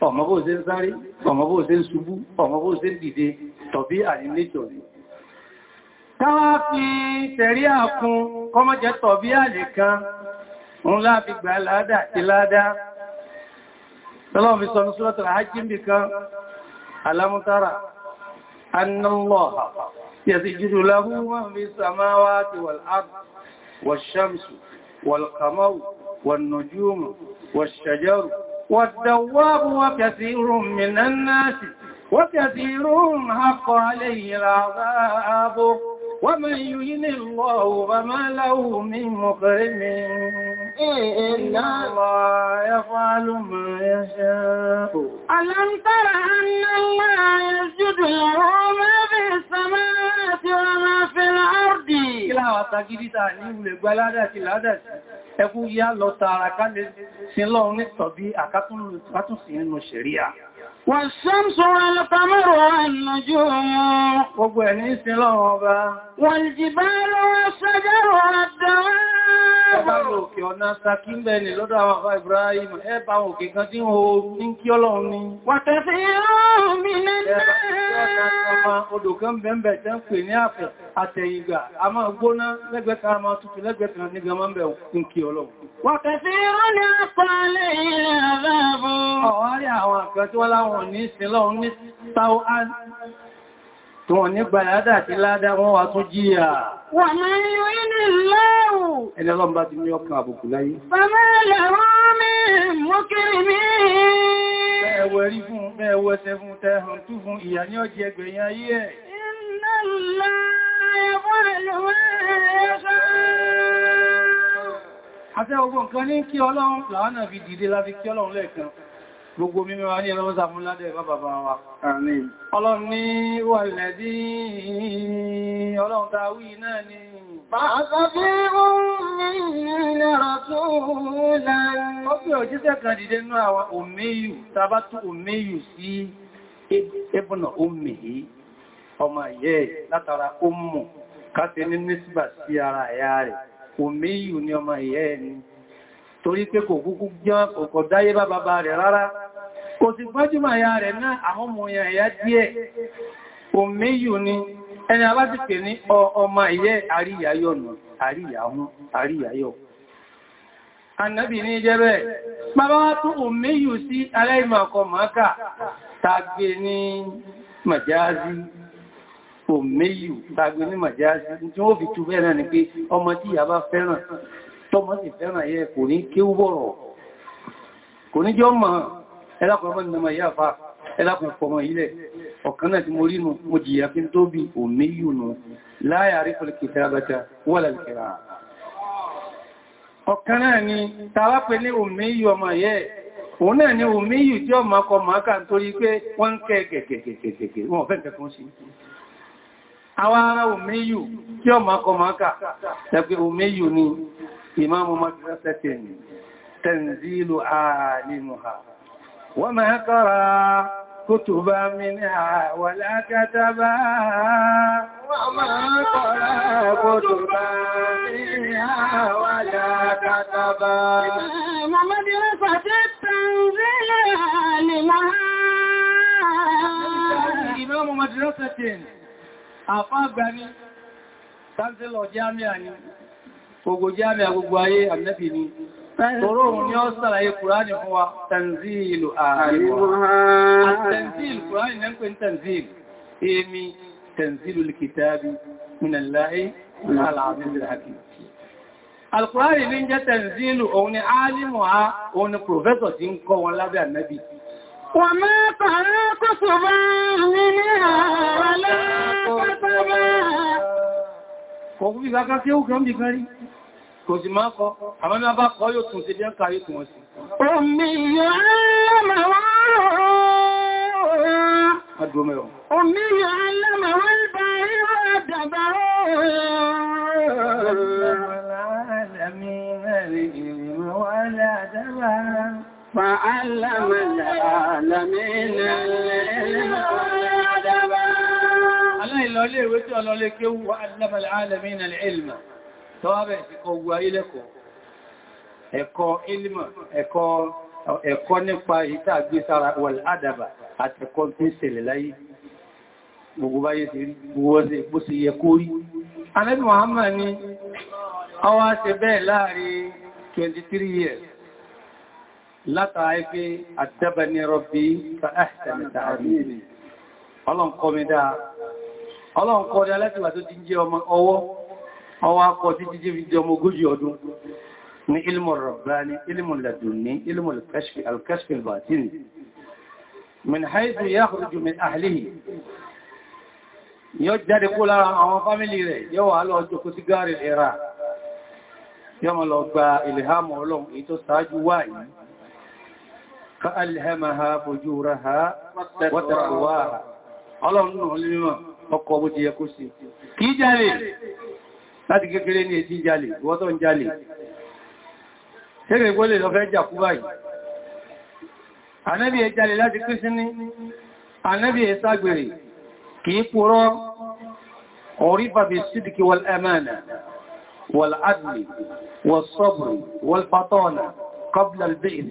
[SPEAKER 2] ọmọ bó ṣe ń sáré ọmọ bó ṣe ń ṣubú ọmọ bó ṣe ń dìde tọ̀bí àrílẹ́tọ̀ ni káwá fi tẹ̀rí àkún kọmọ́jẹ́ tọ̀bí àlè kan òun láàfi gbà ládá àti ládá tọ́lọ́mí sọ́nà sọ́tọ̀ àjíǹbì kan alámútara والتواب وكثير من الناس وكثير حق عليه العذاب ومن يهن الله فما له من مكرم إلا الله يفعل ما يشاء ألم تر أن الله يسجد له ما في السماوات وما في الأرض Kíláwà tagídítà ní ilẹ̀ gbáládà ti ládàtí, ẹkú yá lọ tààrà ká lè sin lọ́run ní tọ̀bí àkátúnlù àtúnsì nínú ṣẹ̀ríà wọ́n ṣámsọ́rọ̀ alọ́kàmọ́rọ̀ àìnàjú wọn gbogbo ẹ̀ ní sí bá wọ́n jìbá
[SPEAKER 1] lọ́wọ́ sọ́jọ́rọ̀
[SPEAKER 2] àdáwà ọba lòkè ọ̀nà sàkíńbẹ̀ ni lọ́dọ̀ àwọn àfá Ibrahim ẹbà àtẹ̀yìngbà a máa gbóná lẹ́gbẹ̀ẹ́ta a máa tutù lẹ́gbẹ̀ẹ́ta ní gbẹ̀mọ́ ń bẹ̀ kún kí ọlọ́run wọ́n kẹfẹ́ rán ní àpàálẹ̀ ilẹ̀ àbábọ̀ ọ̀wárí àwọn àkẹ́ tí wọ́n láwọn ní ìsinlọ́run ní tàó fún bẹ́ẹ̀wẹ̀ tẹ fún tẹ hàn fún ìyà ní ọjẹ́ gbẹ̀yìn ayé ẹ̀.
[SPEAKER 3] Iná lẹ́
[SPEAKER 2] Àṣẹ gbogbo nǹkan ní kí Ọlọ́run làánà fi dìde láti kí Ọlọ́run lẹ́ẹ̀kan. Gbogbo mímọ̀ wa ní ẹlọ́wọ́ sàmúládẹ̀ bá bàbá wa. Ọlọ́run ní wà lẹ́dí Ọlọ́run ta wí náà ni. Bàbá bí òun ní ìlera tó lẹ́yìn. Ó fi òjíṣẹ́ kan dìde náà wa òmíyù, ọmọ ìyẹ́ látara ó mù káti ní nísìbà sí ara ẹ̀yà rẹ̀ omi yìí ni ọmọ ìyẹ́ ni torí pé kò kúkú jẹ́ ọkọ̀ dáyé bá bàbá rẹ̀ rárá kò sì gbájúmọ̀ ẹ̀yà rẹ̀ náà àwọn ọmọ ẹ̀yà díẹ̀ omi yìí ni ẹni a bá ti pè ní ọmọ ìyẹ́ àríyàyọ̀ nù annabi ní jẹ́bẹ̀ bàbá wá tún òmíyù sí aláìmọ̀kọ̀ mọ́ká tàgbé ní màjáàzí òmíyù tàbí ní màjáṣí tí ó fi túbẹ̀ náà ni pé ọmọ tí ìyá bá fẹ́ràn tọ́mọ sì fẹ́ràn yẹ kò ní kí ó bọ̀rọ̀ kò ní jọ mọ̀ ẹlákùn ọmọ ìnàmà ìyá fa ẹlákùn fọmọ ilẹ̀ ọ̀kan náà tí mo rí nù mo jìyà fi tó ni tàwá pé ní òmíyù ni òmíyù tí ọmọ akọ màákà nítorí pé wọ́n ń kẹ́ gẹ̀gẹ̀gẹ̀gẹ̀gẹ̀ wọ́n fẹ́ àwọn ará òmíyù tí ọmọ akọmọ́ká ẹgbẹ́ òmíyù ni ìmáàmù madrasatin tanzilu alimuha wa ma qara kutuba minha wa la kataba wa ma qara kutuba minha wa la kataba ìmáàmù madrasatin tanzilu alimuha ìmáàmù madrasatin àfá àgbàrí chancellor jamia ni gbogbo jamia gbogbo ayé àmìnẹ́bì ni tòrò òun ni ó sàlàyé kùránì fún wa tanzilu ààrẹ tanzilu likitabi minallahi al-azim al-hakim Alkùránì ní jẹ́ tanzilu òun ni وما تعاقص منها ولا كتبا kò fún ìgbàká kí ó kàn bí kan rí kò sì máa kọ àwọn náà bá yóò tún sí bí ń tún wọ́n sí
[SPEAKER 3] omi yàálàmàwà
[SPEAKER 2] فعلم العالمين العلم والأدب aláìlọlé ìwé tí ọlọ́lé kí ó wà alámàlá alàmì ìnà ìlmà tó wá bẹ̀ẹ̀ sí kọ wà ilẹ̀kọ̀ ẹ̀kọ́ ilmà ẹ̀kọ́ nípa ìta àgbésára wàl àdàbà àti ẹ̀kọ́ tí 23 years látàá pé àdábẹni rọ̀bí fa'áṣẹ́mẹ̀ta àmìrì ọlọ́nkọ́ mi dáa ọlọ́nkọ́ ni alẹ́tìwà tó ti jẹ́ ọmọ ọwọ́ ọwọ́ akọ́ tí jíjẹ́ fi jẹ́ ọmọ ogójì ọdún ní ilmù rọ̀bání ilmù ladùnní ilmù alkashfi albatini min haitu yakhruju min ahlihi yóò jáde kó lára àwọn fámílì rẹ̀ yóò wà lọ jókòó فألهمها فجورها وتقواها ọlọ́run náà lè mímọ̀ ọkọ̀ bó ti yẹ kó sí kí jálè láti kékeré ní ètí jálè ìwọ́tọ̀ ń jálè ṣẹ́rẹ̀ ìgbólè lọ fẹ́ jàkú báyìí ànẹ́bí ẹ والعدل والصبر والفطانة قبل البئس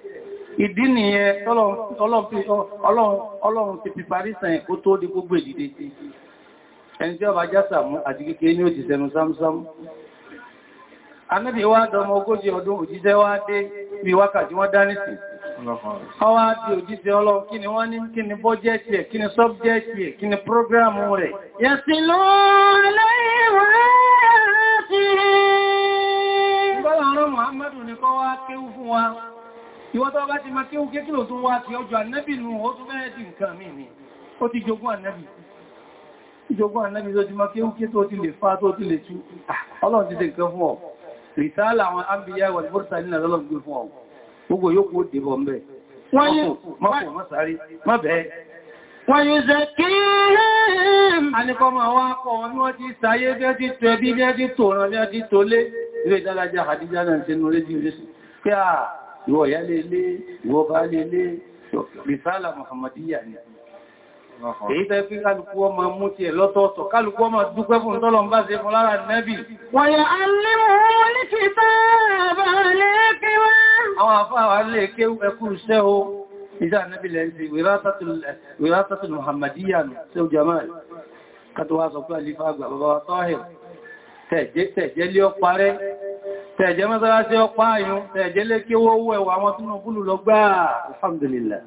[SPEAKER 2] ìdí nìyẹn ọlọ́run ti fi parí sàn kó tó di gbogbo ìdíde tí ẹni tí ọba jásà mú àti kékeré ní òjì sẹnu sámsám anábì wá dọmọ ogójì ọdún òjíṣẹ́ wá dé bí wákàtí wọ́n dá nìsìn ọwá di òjíṣẹ́ ọlọ́run kí ni wọ́n ní kí ni bọ́jẹ́tì ni sọ́bjẹ́tì ẹ̀ ìwọ́n tó bá ti ma kí ó kékí lò tún wá kí ọjọ́ ànẹ́bì nù ó tún dì nǹkan mí ó ti jogún ànẹ́bì ìjogún ànẹ́bì tó ti ma kí ó ké ti lè fá tó ti lè tú ah, ọlọ́run ti dé nǹkan fún ọ rìsáàlà àwọn ábíyá ìwà ìbọ́sà nínú fún ọ ìwọ ya lè lé ìwọ bá lè lé rìsálà Muhammadiyya ni èyí tẹ́ pé kálùkú ọmọ mú ti ẹ̀ lọ́tọ̀ọ̀tọ̀ kálùkú ọmọ dúpẹ́ fún tọ́lọ̀ ń bá ṣe fún lára nẹ́bì
[SPEAKER 1] wọ̀yẹ̀ alẹ́mọ̀ ní ti bá bá lẹ́kẹ́wà
[SPEAKER 2] àwọn àfáà lẹ́kẹ́ ẹkù iṣẹ́ o ìdá nẹ́bì lẹ́sí wìrátàtùl Muhammadiyya àlífà àgbà bàbá tọ́hẹ̀ tẹ̀jẹ́ lé ọ parẹ́ tẹ̀jẹ́ mọ́sánásí ọpá ayún tẹ̀jẹ́ lé kí owó owó ẹwà àwọn tínú búlù lọ gbáà alhamdulillah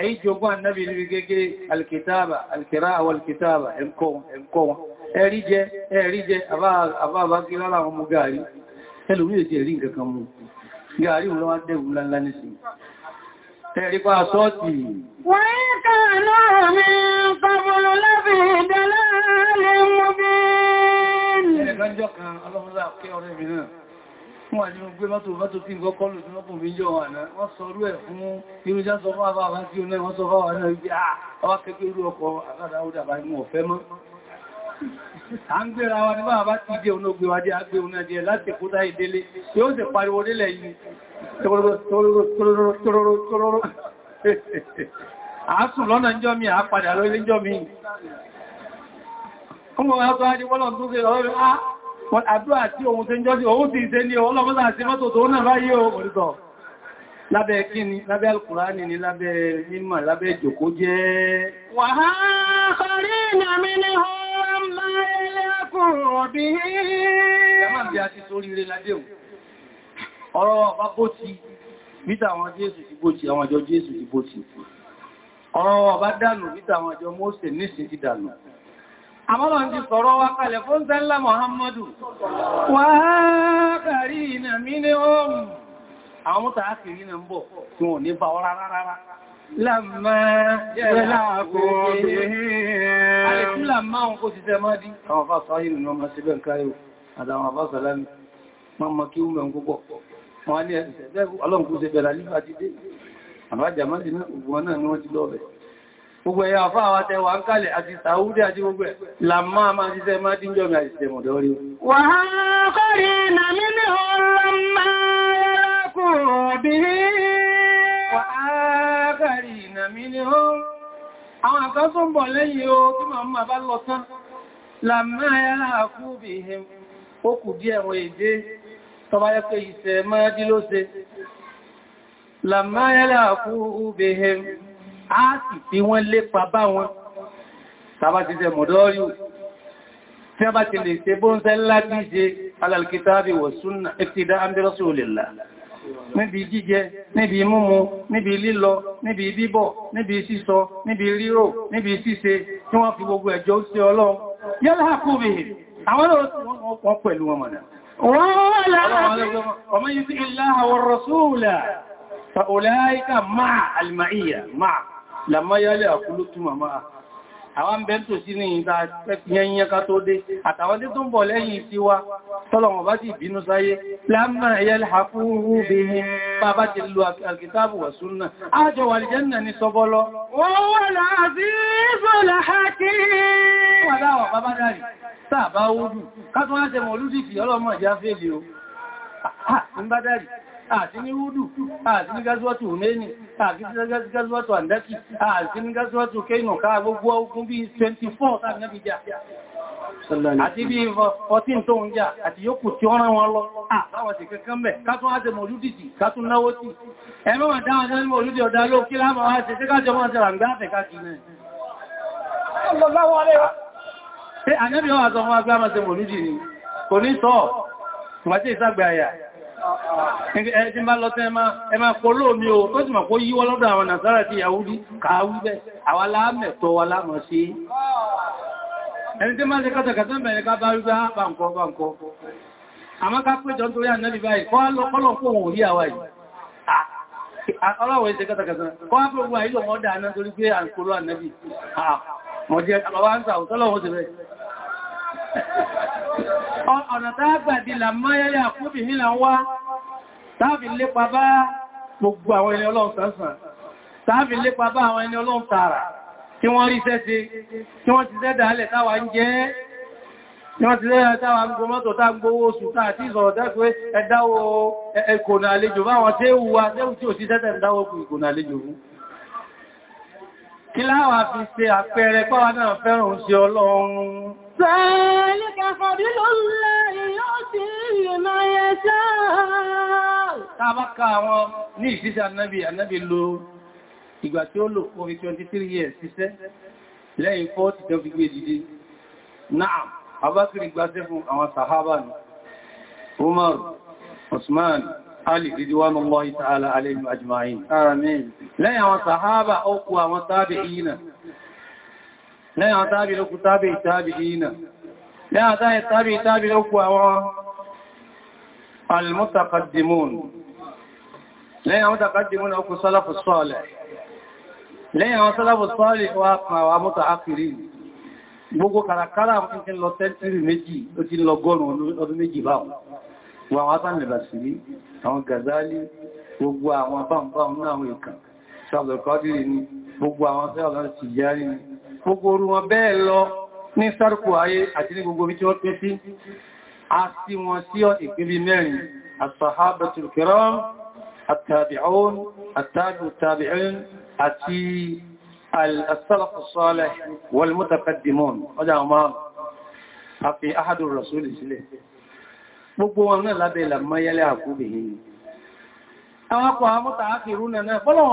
[SPEAKER 2] èyí jogun annabi níbi gẹ́gẹ́ alkitaba alkira'a walkitaba ẹ̀kọ́wọn ẹ̀rí jẹ ẹ̀rí jẹ àbábá kí lára àwọn mú gàrí ẹlùmí ètì ẹ̀rí nǹkan mú gàrí òun lọ́wọ́ dẹ̀wù lánlá nísìn
[SPEAKER 3] tẹ̀rí pa sọ́ọ̀tì wọ́n kàn náà
[SPEAKER 2] ní wọ́n àti gbé mọ́tò mọ́tò tí ìgbọ́ kọlù tí mọ́tò fi jọ wà náà wọ́n sọ rú ẹ̀ fún irújá sọ fún àbáwá tí ó náà wọ́n sọ fáwà náà wípé ah, àwá kẹ́kẹ́ irú ọkọ̀ àkádà ó dàbà ní ọ̀fẹ́ mọ́ a ń gbéra wa ní bá bá ti jẹ́ olóògbé wa jẹ́ agbé òun àjẹ́ láti kúta ìdélé tí ó sì pariwo délẹ̀ yìí tòròrò <laughs> àásùn lọ́nà ń jọ mi àápadà lórí ń jọ mi àdúrà tí ohun tí ń jọ́jú ohun ti ìṣẹ́ ní ọlọ́gbọ́n àti mọ́tò tó náà ráyé òmìnirọ̀ lábẹ́ kíni lábẹ́ alkùránì ni lábẹ́ mímọ̀ lábẹ́ ìjòkó jẹ́ wàhálà ọ̀rọ̀ ọba dànù níta àwọn àjọ mọ́sẹ̀ ti dànù àmọ́lọ̀ ti sọ̀rọ̀ wa kalẹ̀ fún sẹ́lá Muhammadu wà kàrí ìnà mílíọ̀mù àwọn tààkìrí nà ń bọ̀ tí wọ́n ní bá ọ́rá rárá lámà yẹ́lá kò ní àìkú lámà òun kò ti tẹ́ mọ́ dí àwọn bá sọ ìrìnà ọmọ síbẹ̀ káyò àtàwọn bá sọ lámì mọ́mọ́ kí ó mẹ́ Àwọn àjàmọ́ ìná ògbọ́n náà ni wọ́n ti gbogbo ẹ̀yà àfá àwọn àtẹwà ń kálẹ̀ àti sàúdí àti gbogbo ẹ̀ làmá máa jíṣẹ́ máa díjọ́ mi àìsẹ̀ mọ̀dọ́ rí. wà á kọ́rẹ̀ nà nínú ọ̀rọ̀ ọ̀rọ̀ o tí màá máa bá lọ tán làmá yára àkú bí a sì fi wọ́n lépa bá wọn tàbá ti jẹ mọ̀dọ́ríù tí a bá ti lè ṣe bó ń sẹ́ láti ṣe alàlkítàbí wọ̀ súnà ẹ̀kìdá àmìdírọ́sù olèlà níbi jíjẹ níbi mímu níbi lílọ níbi bíbọ̀ níbi sísọ níbi rírò níbi ṣíṣe tí wọ́n fi gbogbo ẹjọ́ sí ọlọ́run فأولئك مع المعية مع lámáyálẹ̀ àkúlótú màmá àwọn bẹ́ntò sí ní ìta yẹnyẹnká tó dé àtàwọn tí tó ń bọ̀ lẹ́yìn tí wá tọ́lọ̀wọ̀n bá ti bínú sáyé lámà ẹ̀yẹ́lẹ̀ àkúrú bí i bàbá ti lo alkitabu wà súnnà ájọ wà lìjẹ́nà ní sọ́bọ́lọ́ wọ́n wà láàbí ìfọ́lá hákí àti ní rúdù àti ní gásíwọ́tù hùmẹ́ni àti ní gásíwọ́tù àndákì àti ní gásíwọ́tù kéènù ká gbogbo ogun bí 24 tàbí nẹ́bí jà àti bí 14 tó ń jà àti yókù tí ó rán wọn lọ àtàwọn sì kankan mẹ́ kátún á jẹ mọ̀lúdì jì kátún náwó tí ẹ̀mọ́mà dáwọn jẹ́ mọ̀lúdì ọ̀dá ló kí láàmà wá ṣe tí kájọ mọ́ sẹ́rà ń gbá àfẹ́ káàkiri náà Ṣé àjẹ́bí ọ́ àzọ ọmọ agbá máa ṣe ni? Kò ní sọ́ọ̀, ìwàtí Ẹjí máa lọ tẹ́ ẹmà pọ̀lọ́ mi o, tó sì mọ̀ kó yíwọ́ lọ́dọ̀ àwọn Nàìjíríà ti Yahudi kàáwú bẹ́, àwa láàmẹ̀tọ́ wa láàmọ̀ sí. Ẹni tí máa ṣe kátàkátà mẹ́rin ká bá rí bá bàǹkọ́ bàǹkọ́. Àmọ́ ká péjọ nítorí ànẹ́bì báyìí, kọ́ lọ́kọ́lọ́ fún òun rí àwa yìí. Ọlọ́wọ̀ ìṣe kátàkátà, kọ́ á fún òun àìlò wọ́n dáa náà torí pé àǹkóró ànẹ́bì. Mọ̀jẹ́ àwọn àǹsà òtọ́lọ́wọ́ ti bẹ̀rẹ̀ ọ̀nà tágbàdì làmáyáyà kúbì nílà wá tàbí lépa bá gbogbo àwọn ẹni ọlọ́run sánsan tàbí lépa bá àwọn ẹni ọlọ́run tààrà tí wọ́n rí sẹ́sẹ́ tí wọ́n ti sẹ́dà alẹ̀ táwà ń jẹ́ tí wọ́n ti sẹ́dà táwà ń gbọ́ mọ́tò tá gbówó oṣù táà tí ìsọ̀rọ̀ dẹ́kùé ẹ̀dáwó ẹ̀kọ̀nà àlejò báwọn tẹ́wù wa tẹ́wù tí ò sí sẹ́sẹ̀ ń dáwó ìkọ̀nà àlejò fún kí láwà fi ṣe àpẹẹrẹ pọ́wà náà fẹ́ràn òṣì ọlọ́run
[SPEAKER 3] فضل الله
[SPEAKER 2] annabi, annabi lo ìgbà tí ó lò fún 23 years ṣiṣẹ́ lẹ́yìn 40 tó fi gbé dìde. Náà, Abákìrì gbáṣẹ́ fún Umar, Osman, Ali, Ridwanullahi ta'ala, alayhim ajma'in. Lẹ́yìn àwọn sàhábà, ó kú àwọn tábì ìyínà. Lẹ́yìn àwọn tábì láàádáyé tàbí tàbí lókù àwọn al-mutaqaddimun lẹ́yìn àwọn mutaqaddimun lókù sálàfù sọ́ọ̀lẹ̀ lẹ́yìn àwọn sálàfù sọ́ọ̀lẹ̀ wà kan àwọn mutaakhiri gbogbo kàràkàrà ti lọ tẹ́ntìrì méjì ó ti lọ gọ́rùn-ún ọdún méjì báwọn wọn wátán lè bàṣìrí àwọn gàzálì gbogbo àwọn bámbáwọn náà ìkàn sáàbẹ̀kọ́dìrì ni gbogbo ní sárùkù ayé àti ní gbogbo orí wọ́n pín sí a sí wọn sí ìpínlẹ̀ mẹ́rin as-sahabatul kiram at àti as-salafu a fi gbogbo àwọn akọ̀ àmúta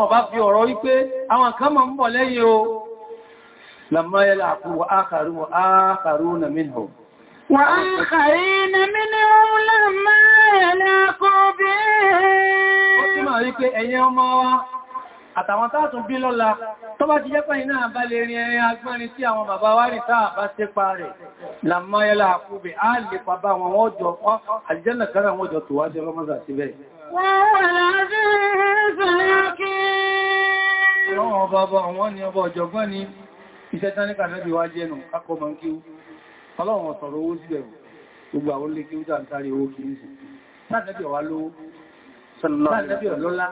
[SPEAKER 2] bá fi ọ̀rọ̀ wípé àwọn kan ń bọ̀ lẹ́yìn o لما يلعقوا وآخرون وآخرون منهم وآخرين منهم لما يلعقوا بهم ó àtàwọn tààtùn bí lọ́la tó bá ti jẹ́pẹ́ iná bá lè rin ẹ̀rin agbẹ́rin tí àwọn bàbá wá rí táà bá ṣe pa rẹ̀ لما يلعقوا بهم á lè pàbá wọn wọ́n jọ pọ́ àlìjẹ́nà kára wọn jọ tó wájẹ́ ọlọ́mọ́sà síbẹ̀ iṣẹ́ tán ní kàfẹ́bí wá jẹ́nu akọ mọ̀ kí ó ọlọ́run ọ̀sọ̀rọ̀ owó sí ẹ̀rù gbogbo àwọn olè kí ó jà ń sáré owó kì í sí sáàdẹ́bí ọ̀wá lówó sáàdẹ́bí ọ̀lọ́lá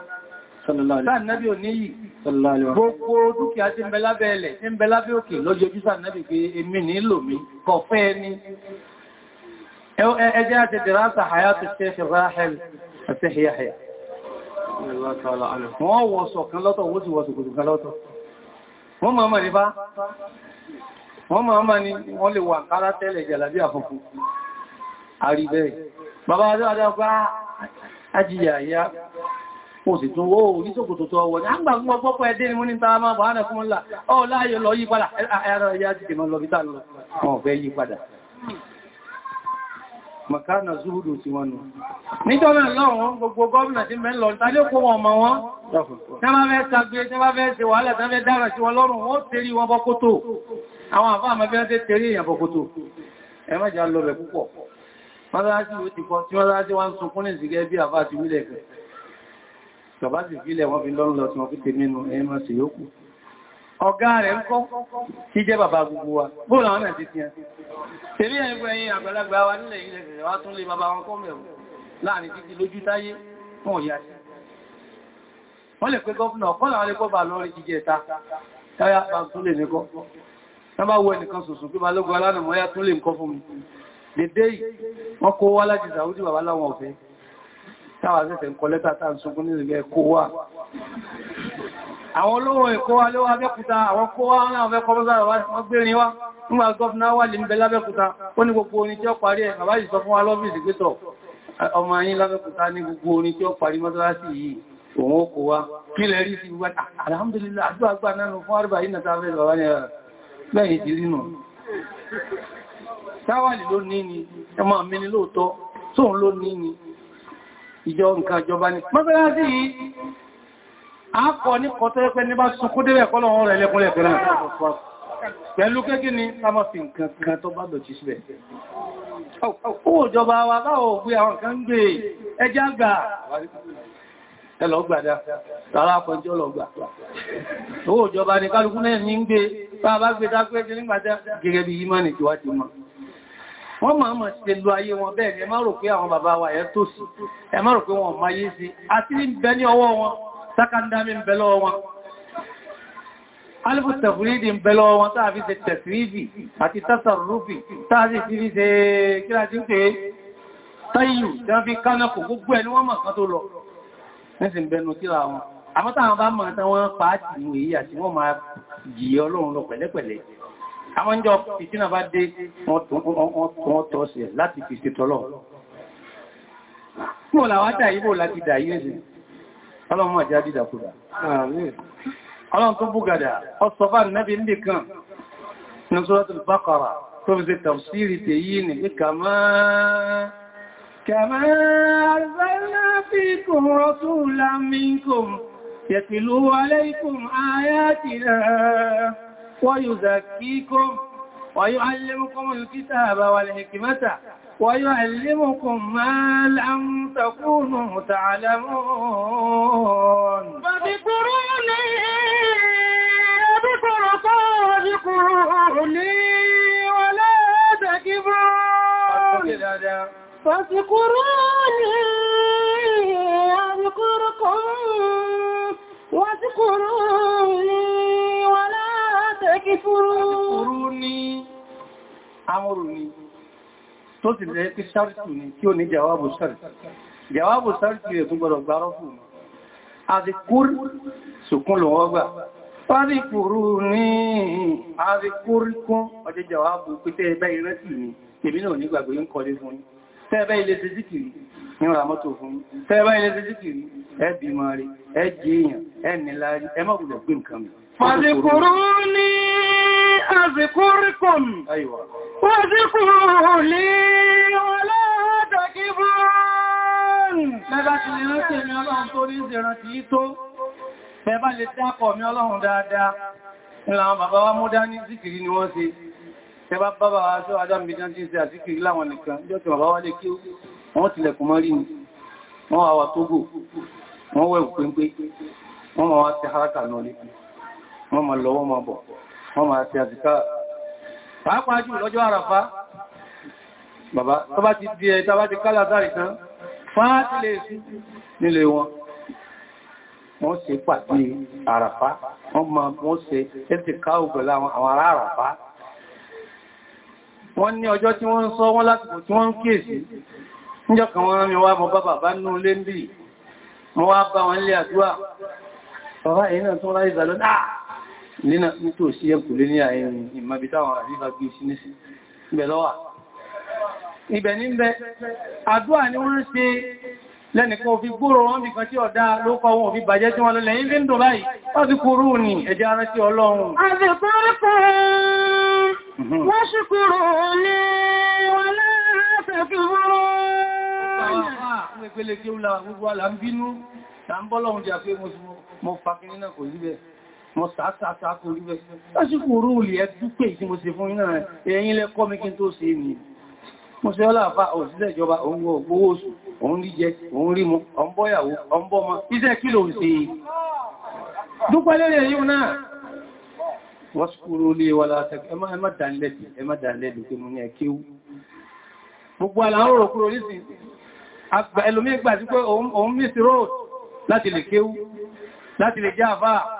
[SPEAKER 2] sáàdẹ́bí oníyì gbogbo dúkìá tí ń bẹ lábẹ́ ẹlẹ̀ tí ń bẹ lábẹ́ òkè lọ́jọjú sáàdẹ́bí pé èmi nílò mi kọ̀fẹ́ ẹni ẹjẹ́ àti dìrásà hayatu tẹ́ṣẹ̀ ráhẹ̀l àti hìyàhìyà wọ́n wọ́sọ̀ kan lọ́tọ̀ wọ́sì wọ́sì kòtùkan wọ́n máa máa ní bá wọ́n máa máa ní wọ́n lè wà kára tẹ́lẹ̀ jàlàbí àfọ́kù àrí bẹ́ẹ̀ bàbá adáadáa bá ajíyà yá ó sì tún wó ní ṣòkòtò tó ọwọ́ nígbà fún ọpọ́pọ́ ẹdẹ́ ni mú ní tàà máa bàánà fún ńlá ọ láàyè lọ yí padà makana zuhudu ti wọn nù. Nítorí lọ́wọ́n gbogbo gọ́ọ̀nà tí mẹ́lọ tàbí kó wọn ma wọn, tí wọ́n fẹ́ tàbí tí wọ́n fẹ́ ṣe wàhálà tàbí dára sí wọn lọ́rùn wọ́n tèrí wọn bọ́kótó. Àwọn àfá àmọ́ bí wọ́n tẹ́ tèrí èèyàn bọ́kótó. Ẹ má jà lọ rẹ̀ ọ̀gá rẹ̀ ń kọ́ tí jẹ́ bàbá gbogbo wa bóòlù àwọn náà ti fi hàn tèrí ẹgbẹ́ ẹ̀yìn àgbàlagbà wa nílẹ̀ ilẹ̀ wa tún lè bàbá wọn kọ́ mẹ́rù láàrin títí lójú táyé fún ọ̀yá sí wọ́n lè pé gọ́ọ̀nà ọ̀kọ́lá wọn lè kọ́ bà lọ́rin jíjẹ ta táyà bá tún lè nìkọ́ wọ́n bá wọ ẹnìkan sùsù pé àwọn olówó èkó wa ló wá Abẹ́òkúta àwọn kó wá ní àwọn ẹkọ̀ọ́bọ́sá wọ́n gbérin wá nígbà gọ́fìnà wà lè ń bẹ lábẹ́òkúta ó ní gbogbo orin tí ó parí ẹ̀ bàbá ìsọ fún wa lọ́bìsì pẹ́tọ̀ ọmọ yín lábẹ́òkúta ní gbogbo orin tí ó parí mọ́sálásí yìí òun ó kó wá kílẹ̀ rí sí wá alhamdulillah àjọ àgbà náà fún àrùbà yìí nàta fẹ́ bàbá ní ah, bẹ́ẹ̀ ti rí nù ni ọmọ mi ni lóòótọ́ tóun ló ní ni ìjọ nǹkan a kọ ní kọtọ́ ẹgbẹ́ ní bá sunkún débẹ̀ kọ́ lọ́wọ́ rẹ̀ lẹ́kúnlẹ̀ pẹ̀lú pẹ̀lú kékí ni sámọ́ fi nǹkan kan tó bá dọ̀tí síbẹ̀ ó jọba wa láwọ̀ ògbé àwọn kan gbé ẹjá gbà ẹlọ́gbàdá tààrà pẹ̀jọ́ lọ́gbà ó jọba ní kálukú náà ní ń gbé bá bá gbé dágbẹ́jẹ́ nígbàjá gẹ́gẹ́ bí yímọ́ ní kíwá ti mọ́ wọ́n máa mọ̀ sí lo ayé wọn bẹ́ẹ̀ ni ẹ má rò pé àwọn bàbá wa ẹ̀ tó sí ẹ má rò pé wọn máa yé sí àti ní bẹ ní ọwọ́ wọn sákàndámi ń bẹ̀lọ́ wọn alifu tafuridi ń bẹ̀lọ́ wọn táà fi ṣe tẹ̀sírífì àti tásàrúfì táà sì ti fi ṣe kíláàtí pé táyìlù tí wọ́n fi kánàkù gbogbo ẹni wọ́n mọ̀ kan tó lọ nísìn bẹnu kíra wọn àmọ́ táwọn bá mọ̀ tán wọ́n pàátì ìwé yìí àti wọ́n máa jìyà ọlọ́run lọ pẹ̀lẹ́pẹ̀lẹ́ àwọn ìjọ fìtínà bá dé wọ́n tọ́ sí láti fi ṣe tọ́lọ̀ Bóòlà wá dà yìí bóòlà ti dà yìí ẹ̀sìn ọlọ́run máa jẹ́ àdídàkúdà ọlọ́run tó búgàdà ọsọ̀bá nẹ́bí ń dìkan ní Suratul Baqara tó fi ṣe tafsiri tè yí ní ìkàmá عليكم آياتنا ويزكيكم ويعلمكم الكتاب والحكمة ويعلمكم ما لم تكونوا تعلمون فاذكروني اذكركم واذكروني
[SPEAKER 1] ولا تكبرون
[SPEAKER 3] فاذكروني اذكركم
[SPEAKER 2] واذكروني ولا تكفرون اذكروني tó sì lẹ́ pí ṣáàtù ni tí ó ní jàwábù ṣáàtù jàwábù ṣáàtù rẹ̀ tó gbọ́dọ̀ gbárọ́ fún àdìkúr sùkún lò wọ́n gbà fáríkùrú ní àdìkúrkún ọjọ́ jàwábù pété ni èmi náà nígbàgbé ń kọlé fún yín tẹ́ẹ̀bẹ́ ilé ti zíkìrì ní ọ̀rà mọ́tò fún tẹ́ẹ̀bẹ́ ilé ti zíkìrì ẹbí mọ́ rí ẹjì èèyàn ẹnìlárí ẹmọ́gùnlẹ̀ gbé أذكركم واذكروا لي ولا تكبرون Ẹbá ti lè rántí mi ọlọ́run tó rí ìrántí yí tó, ẹbá lè dákọ̀ mi ọlọ́run dáadáa, ìlànà bàbá wa mú dání zìkìrí ni wọ́n ṣe, ẹbá bàbá wa ṣọ́ adámidán tí ń ṣe àzìkìrí láwọn nìkan, jọ́ ti bàbá wa lè wọ́n tilẹ̀kùn mọ́rí ni, wọ́n wà wà tógò, wọ́n wẹ̀ wọ́n máa ṣe àzìká pàápàá jù lọ́jọ́ àràfá bàbá tó bá ti di ẹ̀ tàbá ti kálà sáàrì kan fáàtí lè sí nílé wọn wọ́n ṣe pàtí àràfá wọ́n ma wọ́n ṣe ẹ̀tì káò pẹ̀lú àwọn ará àràfá wọ́n ní ọjọ́ tí wọ́n ń sọ wọ́n láti tí wọ́n ń kíyèsí níjọ́ kan wọ́n mi wá mọ bá bàbá nú lé ń bì nínà tó sí ẹkù lé ní àyẹ̀rìn ìmọ̀bítáwọn àrífà gbé sí ní sí ibẹ̀ lọ́wà ibẹ̀ ní bẹ́ àdúà ni wọ́n ṣe lẹ́nìkan òfin gbóòrò wọn bí kan tí ọ̀dá ló kọ wọn òfin bàjẹ́ tí wọ́n lọ lẹ́yìn fi ń dò báyìí wọ́n ti ní ẹjẹ́ ara sí ọlọ́run wọ́n mọ̀ sàásàásàásù orí bẹ́ lásìkò orú olè ẹdúpẹ́ tí mo ṣe fún iná ẹ̀yìn lẹ́kọ́ mi kí n tó ṣe ní mo ṣe ọlá àfá òṣìṣẹ́ ìjọba òun owó oṣù òun rí jẹ òun rí mu ọmbọ́yàwó ọmbọ́mọ iṣẹ́ kí ló ń ṣe dúpẹ́ lẹ́rẹ̀ yíò náà wọ́n ṣúkúrú olè wà látẹ̀kẹ́ ẹ má dánilẹ́bì ẹ má ẹlòmí gbà sí pé òun mí sí róòdù láti lè kéwú láti lè jẹ́ àfáà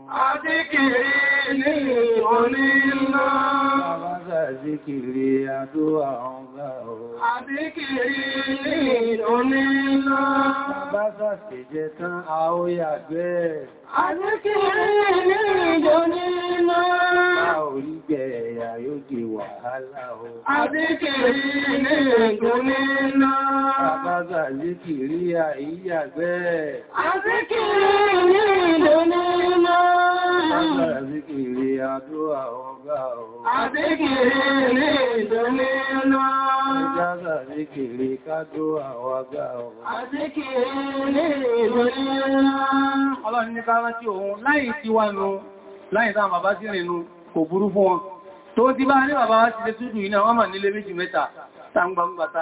[SPEAKER 2] Àti kìrì
[SPEAKER 1] ní
[SPEAKER 3] onílá.
[SPEAKER 2] Àbáta zikiri àdúwà ọgbà o.
[SPEAKER 3] Àti kìrì ní onílá.
[SPEAKER 2] Àbáta ṣèjẹ tán àóyàgbẹ́. Àti kìrì ní
[SPEAKER 3] onílá. A
[SPEAKER 2] ò rí jẹ ẹ̀yà yóò di wàhálà o. Àti kìrì ní onílá. Àbáta zikiri àíyàgbẹ́. Àti kìrì ní onílá. Àbíkìrí àdúrà ọgá ọ̀rọ̀. Àbíkìrí ilé ìdọ́lé lọ. Ìjáza àbíkìrí kádúrà ọgá ọ̀rọ̀. Àbíkìrí ilé ìdọ́lé lọ. Ọlọ́run ní káwá tí òun láì tí wá nù, láì tá bàbá sí rìnú kò burú fún wọn. Tó ti bá ní bàbá ti lè túdù iná wọ́n mà nílé méjì mẹ́ta, tá ń gbàmgbà tá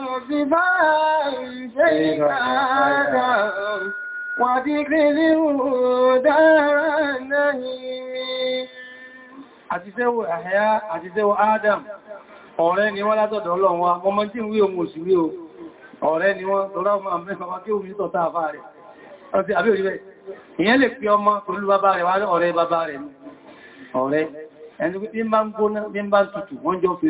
[SPEAKER 2] ببال شيء هذا وادخله دار
[SPEAKER 3] النعيم
[SPEAKER 2] àtisẹ́wò àhẹ́yá Adam ọ̀rẹ́ ni wọ́n látọ̀dọ̀ Ọlọ́run wa ọmọ tí ń wí ohun òṣìrí o ọ̀rẹ́ ni wọ́n tọ́lá ọmọ mẹ́fà wá kí òun ní tọ́ta àfá rẹ̀ ọ̀tí àbí òríwẹ̀ ìyẹn lè pí ọmọ pẹ̀lú bàbá rẹ̀ wá ọ̀rẹ́ bàbá rẹ̀ ọ̀rẹ́ ẹni pé bí ń bá ń gbóná bí ń bá ń tutù wọ́n jọ fi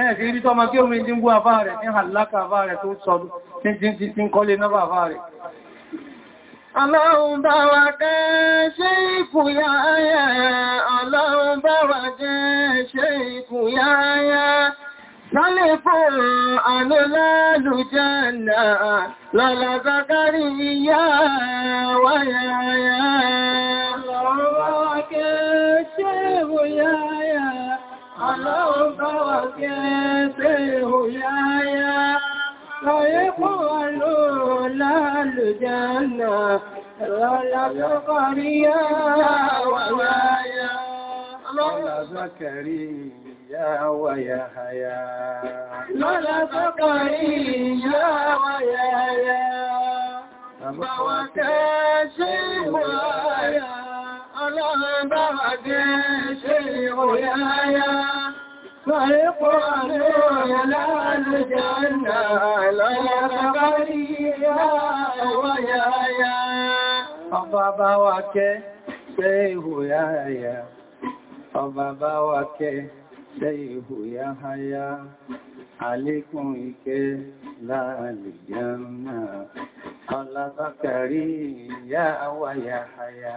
[SPEAKER 2] ẹ̀ẹ̀sì ibi tó ma kí omi ti ń bú àfá rẹ̀ ní àlákà àfá rẹ̀ tó sọ̀rọ̀ tí ti ń kọ́lé náà àfá rẹ̀. Ọlọ́run bá wa jẹ́ ṣe ìkùyáyá, Ọlọ́run bá wa jẹ́ ṣe ìkùyáyá, zakari yá
[SPEAKER 3] wáyáyá. Ọlọ́run bá ṣe ìkùyáyá.
[SPEAKER 2] Ọlọ́run bá wà kí ẹ́ ìhòyáyá, ṣayé fún wa ló lálùjánà, rọ́lábọ́kọ̀ríyá wàyáyá. Lọ́lábọ́kọ̀ríyá wàyáyá. Lọ́lábọ́kọ̀ríyá wàyáyá. Bàwà kẹ́ ṣe wàyáyá.
[SPEAKER 3] بعد شيء يايا فيقال لا الجنة لا بريا ويايا
[SPEAKER 2] ọba bá wa kẹ́ ṣe ihò yáyá ọba bá wa kẹ́ ṣe ihò yáyá àlékún ìkẹ́ láàlìjánà ọlábákàrí ìyá wáyà àyà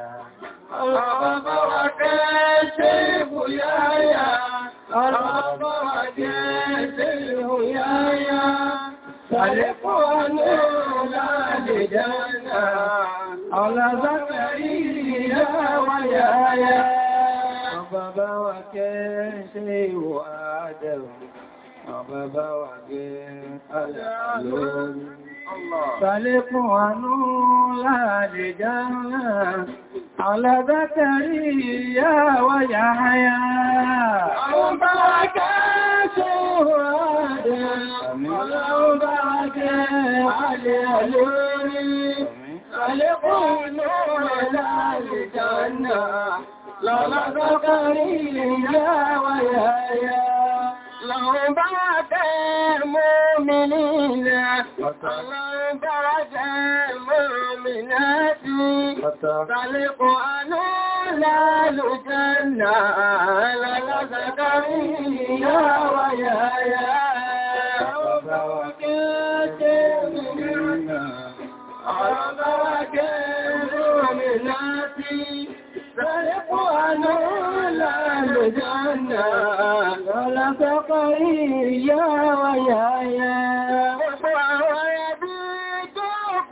[SPEAKER 2] ọlọ́bọ̀wà jẹ́ ṣe ìhùyáyà ọlọ́bọ̀wà jẹ́ ṣe ìhùyáyà àlékún ọlọ́run láàlìjánà ọlábákàrí ìyá wáyà àyà Bàbá wa kẹ́ ṣe ìwò Ọ̀bàbá wà gẹ́ alẹ́lórí. Ṣàlékún àánú láàrẹ̀ jánà, alábátàrí ìyá wáyà
[SPEAKER 3] ayá. Ọba kẹ́ṣẹ́ rádẹ̀, ọlọ́ba gẹ́ alẹ́lórí. Ṣàlékún àánú láàrẹ̀ jánà, اللهم بارك المؤمنين اللهم بارك المؤمنات تلق أنوال الجنة على زكريا ويحيى وبركات المؤمنين على بركات المؤمنات فالإخوان لا نجعنا ولك قرية ويايا ويبيت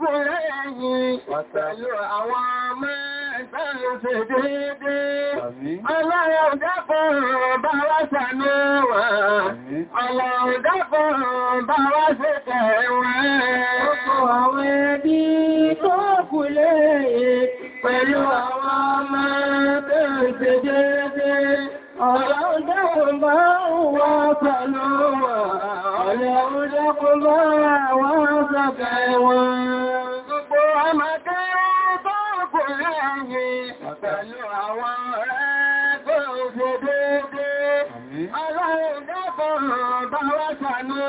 [SPEAKER 3] فلاني وسألوا عواما سيدي
[SPEAKER 1] الله يودفن بوسنوا الله يودفن
[SPEAKER 3] بوسكوا وقوى ويبيت فلاني pẹ̀lú àwọn ọmọ tẹ́ẹ̀ṣẹ́ déédé ọ̀rọ̀ dákùn bá wà pẹ̀lú ọ̀rọ̀
[SPEAKER 1] dákùn bá wà sọ́kẹ̀ wọn
[SPEAKER 3] gbogbo ọmọdé bá kò lẹ́yìn pẹ̀lú àwọn ọ̀rẹ́ tẹ́ẹ̀ṣẹ́ déédé ọ̀rọ̀ dákùn bá wà pẹ̀lú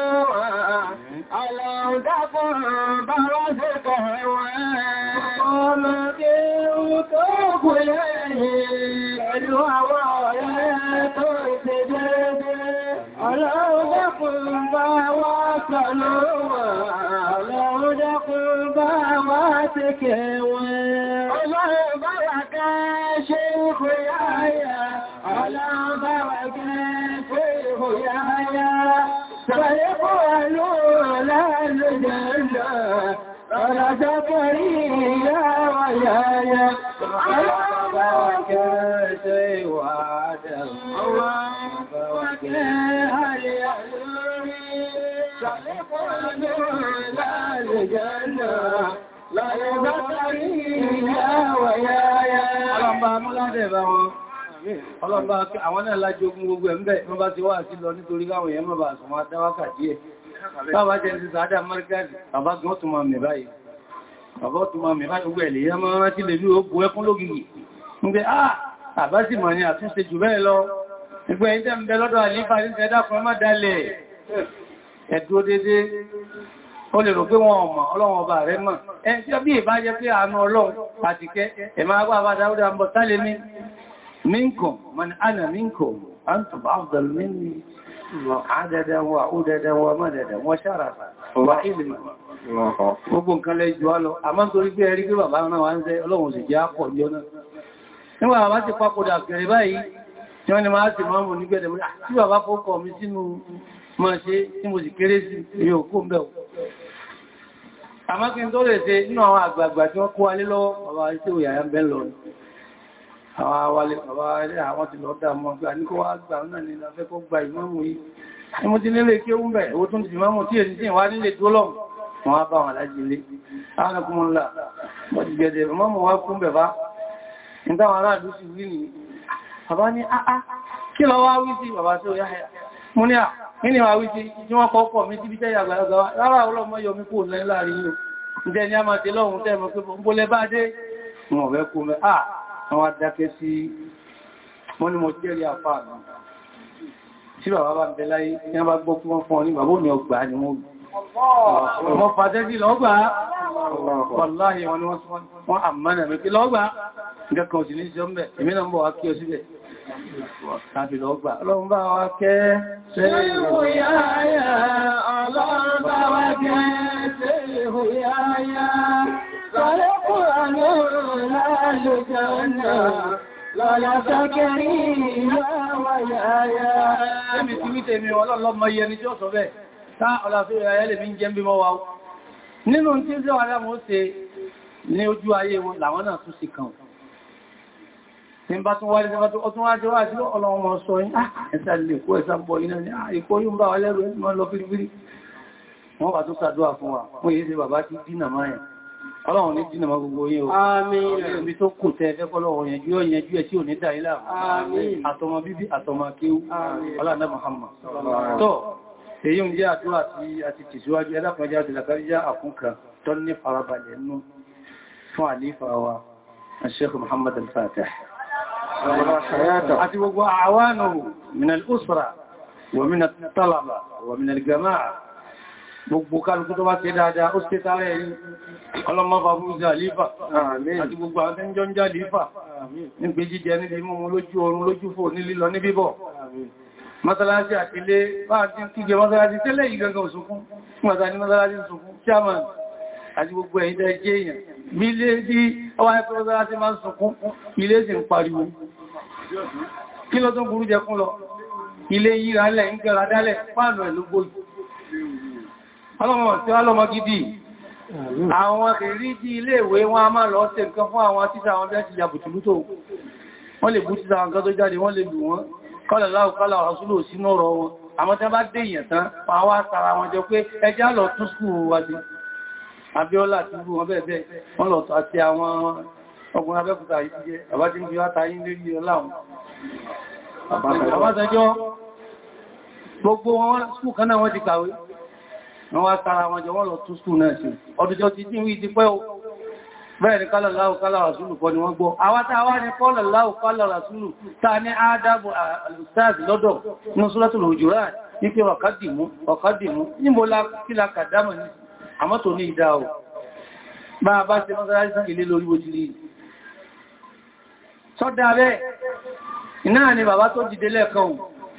[SPEAKER 3] ọ̀rọ̀ kú lẹ́yìn pẹ̀lú àwọn ọ̀rẹ́ tó ṣe déédéé ọlọ́run dẹ́kun bá wá pẹ̀lú wọn ọlọ́run dẹ́kun bá wá ṣe kẹwọn
[SPEAKER 2] ọlọ́pàá àwọn náà lájogún gbogbo ẹ̀mẹ́ wọ́n bá ti wá àti lọ nítorí káwọn èèyàn mọ́bà sọ wọn dáwákà díẹ̀ bàbá jẹ́ ti sàádà mọ́ríkàdì bàbá gan tó máa mẹ́ báyìí bàbá tó máa mẹ́ báyìí gbogbo ẹ̀lẹ́ yẹn máa rántí lè ah bàbá sì mọ̀ ní àtúnṣe jù bẹ́ẹ̀ lọ ẹgbẹ́ ẹ̀jẹ̀ ń bẹ lọ́dọ̀ àlífà ní ẹ̀dàkùn má dalẹ̀ ẹ̀dúró dédé ó lè rò pé wọn ọmọ ọlọ́run ọba rẹ̀ mọ̀ ẹ̀ tí ó bí ìbá jẹ́ pé àánú ọlọ́run àtìkẹ́ ẹ̀ máa gbá àbádáwọ́dá ń bọ̀ sálẹ̀ ní منكم من أنا منكم أنتم أفضل مني عددا وعددا ومددا وشرفا وعلما gbogbo nǹkan lẹ jù á lọ a máa ń torí pé ẹrí pé bàbá náà wá ń zẹ́ ọlọ́run sì jẹ́ àpọ̀ jọ náà nígbà bàbá ti papòdà kẹrẹ báyìí tí wọ́n ni máa ti máa mú ní gbẹ̀dẹ̀ mú tí bàbá fókọ̀ mi sínú máa ṣe àwọn awalè bàbá ilé àwọn ti lọ dá mọ́ gbà ní kó wá gbà náà ní ìlàfẹ́ kó gba ìmáàmù yìí ní mo ti nílé kí ó ń bẹ̀ owó tún ti máàmù tí èsì wá nílé tó lọ wọ́n á bá wọn láti ilé alákùnmọ́lá wọ́n ti gẹ̀dẹ̀ mọ́mù wá kún bẹ̀ bá ní táwọn aráàlú sì wí ní bàbá ní áá ah, ah, kí lọ wá wí sí bàbá tó yáyà mú ní à nínú àwí wọ́n wá dákẹ́ sí wọ́n ni mo jẹ́rí àfà àmì tí bàbá bá bẹ láyé tí wọ́n bá gbọ́ kí wọ́n fún ọ ní bàbá ní ọgbà ni wọ́n fàtẹ́jì lọ́gbà wàláyé wọn ni wọ́n àmànà mẹ́kí lọ́gbà gẹ́kọ̀ọ́ sí ní
[SPEAKER 3] فرقنا
[SPEAKER 2] لجنة
[SPEAKER 3] Lọ́lọ́sọ́ kẹrí ìyá
[SPEAKER 2] wáyá yá. Nínú tí ó wà rẹ̀ mọ́ ṣe ní ojú ayé wọn làwọn náà tún sí kan. Tí bá tún wáyé ọdún wájọ́ wájú ọlọ́run mọ́ sọ yí, ah, ẹ̀sà lè kó ẹ̀sà ah, ń iná ní àìkó yóò bá wà lẹ́rù ẹ̀ Ọlọ́run ní dínà máa gbogbo yín o. Àmín. Ibi tó kù tẹ́ ẹgbẹ́ kọ́lọ́wọ́ yẹn yóò yẹn jú ẹ tí ò ní dáilá. Àmín. Àtọmọ bíbí àtọmọ kéwú. Àmín. náà Muhammad. Tọ́, èyí ń jẹ́ àdúrà tí a ti tìsíwájú ẹlápẹ́já ti làkáríjá àkúnkà tó ní farabalẹ̀ nú fún àlífà wa, Muhammad al-Fatih. Àti gbogbo min al-usra min al-talaba min al-jama'a gbogbo kálukú tó bá ṣe dáadáa ó ṣe tààrẹ yìí ọlọ́mọ fàbúrúzà lífà àti gbogbo àwọn tẹ́jọ ń já lífà nígbé jíjẹ níbi mú lójú oorun lójú fò ní lílọ ní bíbọ̀ mọ́sálásí àti ilé bá ti ń kíje mọ́sálásí tẹ́lẹ̀ yìí gangan òsùnkún mọ́sá ní mọ́sálásí òsùnkún chairman àti gbogbo ẹ̀yìn tẹ́ jẹ́ èèyàn bí ilé tí ọwá ẹ̀kọ́ mọ́sálásí máa ń sunkún ilé sì ń pariwo kí lọ tó burú ọlọ́mọ tí wá lọ́mọ gidi àwọn èrí jí ilé ìwé wọn a máa lọ ṣe nǹkan fún àwọn títà àwọn bẹ́ẹ̀ ti ya bùtùlútò wọ́n lè bú títà àwọn kan tó jáde wọ́n lè lù wọ́n kọ́lẹ̀ láwù kọ́lá ọ̀súlò sínú ọ̀rọ̀ wọn àwọn tẹ́ bá dé èèyàn tán àwọn àtàrà wọn jọ pé ẹjá lọ tún skúù gbogbo wọn skúù kan náà wọ́n ti kàwé wọ́n wá tara wọn jọ wọ́n lọ tún skú náà sí ọdúnjọ́ ti dín wí ti pẹ́ o bẹ́ẹ̀ ni kálọ̀ láwù kálọ̀ rasúlù kọ́ ni wọ́n gbọ́ àwátàwá ni kọ́lọ̀ láwù kálọ̀ rasúlù ta ní ádábù àlùsáàzì lọ́dọ̀ ní Suratul Hujurat ní pé ọ̀kádìmú ọ̀kádìmú níbo kílá kàdámọ̀ ní àmọ́tò ní ìdá o bá a bá ṣe mọ́sárájì sáà ilé lórí bó ti rí sọ́dá bẹ́ẹ̀ iná ni bàbá tó dìde lẹ́ẹ̀kan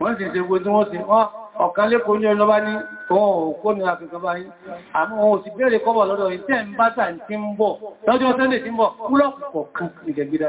[SPEAKER 2] wọ́n sì ṣe gbogbo tí wọ́n sì wọ́n ọ̀kan lẹ́kọ̀ọ́ ní ọlọ́bá ní ọwọ́ òkú ní àfihàn bá yìí àmọ́ òun sì bẹ̀rẹ̀ kọ́bọ̀ lọ́dọ̀ ìtẹ́ ń bá tà tí ń bọ̀ lọ́jọ́ sẹ́lẹ̀ tí ń bọ̀ búlọ́ọ̀kù kọ̀ọ̀kan ìgẹ̀gbẹ̀dá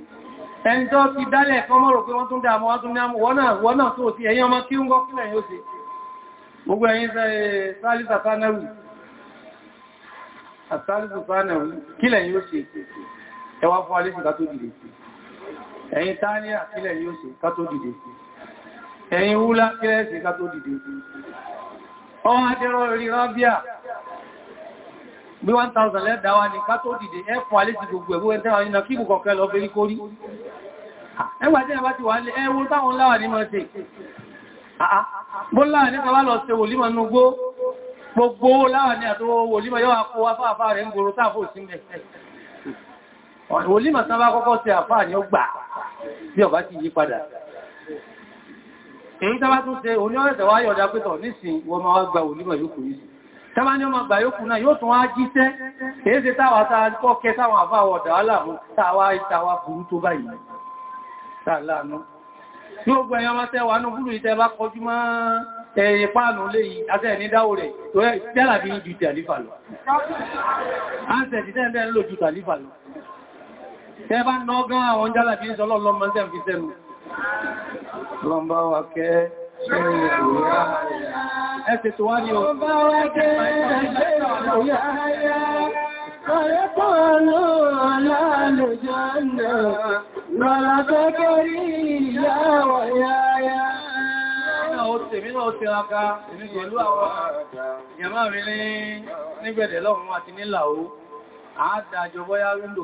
[SPEAKER 2] ẹni tó fi dálẹ̀ kan mọ́rò pé wọ́n tún dáa wọ́n tún dáa wọ́n náà tó ti ẹ̀yìn ọmọ kí ń gọ́ kílẹ̀ yóò ṣe gbogbo ẹ̀yìn sálísà sánàwì kílẹ̀ yóò ṣe eh, ẹwà fún alẹ́sì ká tó dìde ẹ̀yìn táníà kílẹ̀ yóò ṣe ká tó dìde ẹ̀yìn wúlá kílẹ̀ ṣe ká tó dìde ọmọ adẹ́rọ rí rábíà bí 1000 lẹ́dáwà ní ká tó dìde ẹ́fún alé ti gbogbo ẹ̀gbogbo ẹ̀tẹ́wà nínú kí bù kọ̀kẹ́ lọ fẹ́rí kórí ẹgbàtí ẹ̀bá ti wà ní ẹwọ táwọn láwà ní mọ́ sí bó láwà ní kọwàá lọ sí wòlímọ̀ nugbó gbogbo láwà ní àtọwọ́ wòlímọ̀ yọ́ àpò afáfá rẹ̀ ń gbòrò káàfò sí mẹ́ wòlímọ̀ sábà kọ́kọ́ sí àfáà ni ó gbà bí ọba ti yí padà èyí tábá tún ṣe oníọ̀rẹ́tẹ̀wá yọ̀dá pẹ́tọ̀ nísìn wọ́n máa wá gba wòlímọ̀ yóò kò yìí tàbá ní ọmọ àgbà yóò náà yóò tún wá jíṣẹ́ èése táwà táa kọ́ kẹ táwọn àbáwọ̀ dáálà mú táwà ìtawà burú tó báyìí tààlánú yóò gbọ́ ẹyọ máa tẹ́wàá ní búrú ìtẹ́ bá kọjú mọ́ ẹ̀yẹ páànù lè yìí asẹ́ ní dáwò rẹ̀ tó ẹ̀ tẹ́lá bí ju tàlífà lọ. ánsẹ̀ ti tẹ́ ń bẹ́ẹ̀ lò ju tàlífà lọ. tẹ́ bá ń nọ́gán àwọn jálàbí ń Ẹ̀sẹ̀ tó wá ní ọ̀pọ̀ wájẹ́ ẹ̀ṣẹ́ ìrọ̀lá ayá,
[SPEAKER 3] ọ̀rẹ́pọ̀ lọ́wọ́ lálòjọ́ náà, lọ́la tẹ́kẹ́ rí ìyàwó yáyá.
[SPEAKER 2] Ó tèmi náà ó tẹ́ra ká, èmi pẹ̀lú àwọn ìyàmá mi ní nígbẹ̀dẹ̀ lọ́wọ́ àti nílàó, àádájọ bọ́yá wíńdò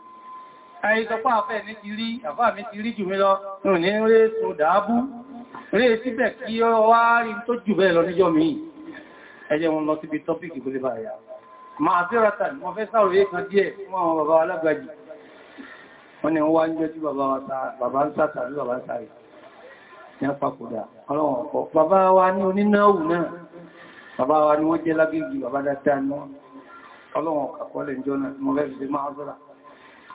[SPEAKER 2] àìsọpá àfẹ́ ní ti rí àfá mi ti rí jù mí lọ nù ní rí tó dáábú rí síbẹ̀ kí ọ wá rí tó jù bẹ́ẹ̀ lọ níjọ́ mi ẹjẹ́ wọn lọ síbi tọ́pìkì kó lè bá ẹ̀yà máa sí rátà ní wọ́n fẹ́ sáré kan díẹ̀ fún àwọn bàbá alágbàjì ni wọ́n ń jẹ́ tí bàbá ń sátà ní bàbá ń sáré zọ́ra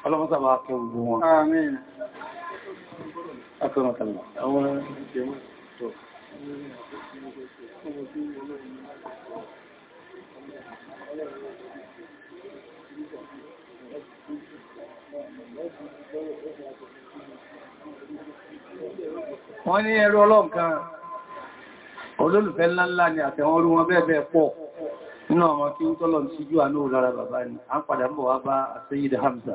[SPEAKER 2] ọlọ́run sàmà kí n bú wọn akọrọ̀tàlá àwọn
[SPEAKER 3] wọ́n ní ẹrù ọlọ́run
[SPEAKER 2] kan olólùfẹ́ ńláńlá ni àtẹ̀wọ́n orú wọn bẹ́ẹ̀ bẹ́ẹ̀ pọ̀ nínú ọmọ kí ó tọ́lọ̀ ń síjú àánú lára bàbá ni a ń padà mọ̀ wá bá àṣẹ́yìdá Hamza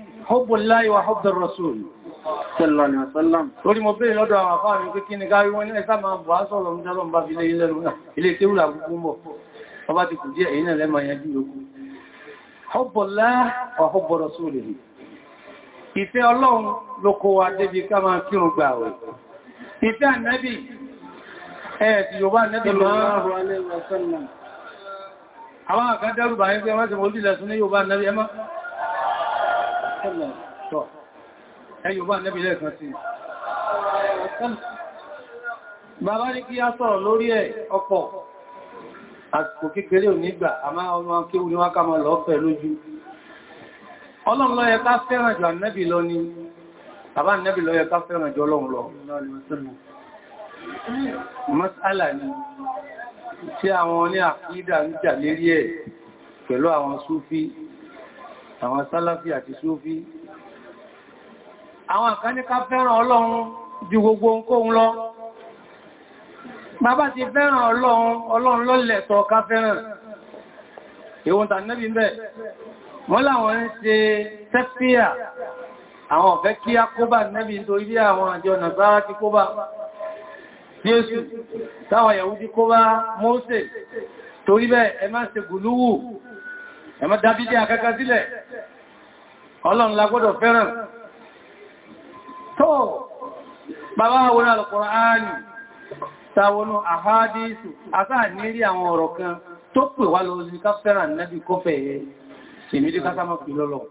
[SPEAKER 2] hubbullahi wa hubbur rasul sallallahu alaihi wasallam torí mo bèèrè lọ́dọ̀ àwọn afáà mi pé kí ni gáyí wọ́n ní ẹ̀sá máa bọ̀ á sọ̀rọ̀ ní jálọ́mbà fi lé ilẹ̀ rúnà ilé kéwùlà gbogbo mọ̀ ọba ti kù díẹ̀ èyí náà lẹ́mọ̀ yanjú lókú hubbullahi wa hubbur rasul ìfẹ́ ọlọ́run ló kó wa débi ká máa kírun gbà yóò bá nẹ́bì lọ́wọ́ wasallam tọ́ ẹyùbá nẹ́bí lẹ́ẹ̀kan sí bàbá ní kí á sọ̀rọ̀ lórí ẹ̀ ọ̀pọ̀ àsìkò kékeré ò nígbà àmá ọmọ kéwú ní wákà mọ́ lọ fẹ́ lójú ọlọ́run ló yẹ ká fẹ́ràn jù ànẹ́bì lọ ni bàbá ànẹ́bì ló yẹ ká fẹ́ràn jù ọlọ́run lọ mọ́sálà ni tí àwọn ní àkídà ń jà lérí ẹ̀ pẹ̀lú àwọn súfí àwọn sálàfí àti súfí àwọn kan ní ká fẹ́ràn ọlọ́run ju gbogbo ohunkóhun lọ bàbá ti fẹ́ràn ọlọ́run ọlọ́run lọ́lẹ̀ tọ́ ká fẹ́ràn ìwọ̀n tàbí bẹ̀ wọ́n láwọn ń ṣe tẹ́fíà àwọn ọ̀fẹ́ kí á kóbà nẹ́bí nítorí bí àwọn àjọ nàzára ti kóbà Jésù táwọn Yahudi kóbà Mósè torí bẹ́ẹ̀ ẹ má ṣe gùlúwù ẹmọ dábídé àkẹ́kà sílẹ̀ ọlọ́run lagbọ́dọ̀ fẹ́ràn tó bàbá àwọn Al-Qur'ani tàwọnú àhádìsù àtàà nírí àwọn ọ̀rọ̀ kan tó pè wá lọ sí ká fẹ́ràn náàbì kọfẹ̀ ẹ̀ sèmídé kásámọ́ pè lọ́lọ́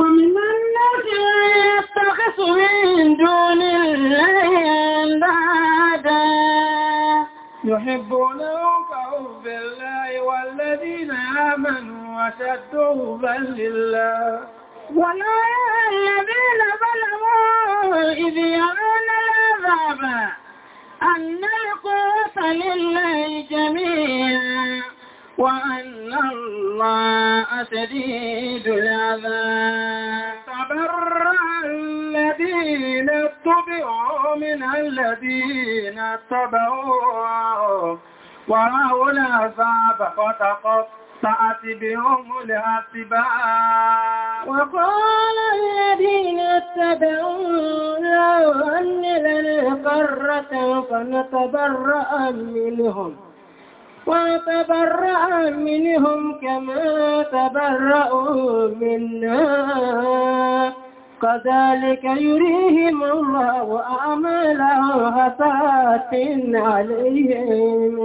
[SPEAKER 3] ومن الناس يتخذ من دون الله
[SPEAKER 2] يحبون كحب الله والذين آمنوا وشدوا حبا لله ولا الذين ظلموا إذ يرون العذاب أن
[SPEAKER 3] القوة لله جميعا وأن الله شديد العذاب تبرأ
[SPEAKER 2] الذين اتبعوا من الذين اتبعوا ورأوا العذاب فتقطعت بهم الأسباب وقال الذين اتبعوا لو أن لنا قرة فنتبرأ منهم وتبرأ منهم كما تبرأوا
[SPEAKER 1] منا كذلك
[SPEAKER 2] يريهم الله أعماله حسرات عليهم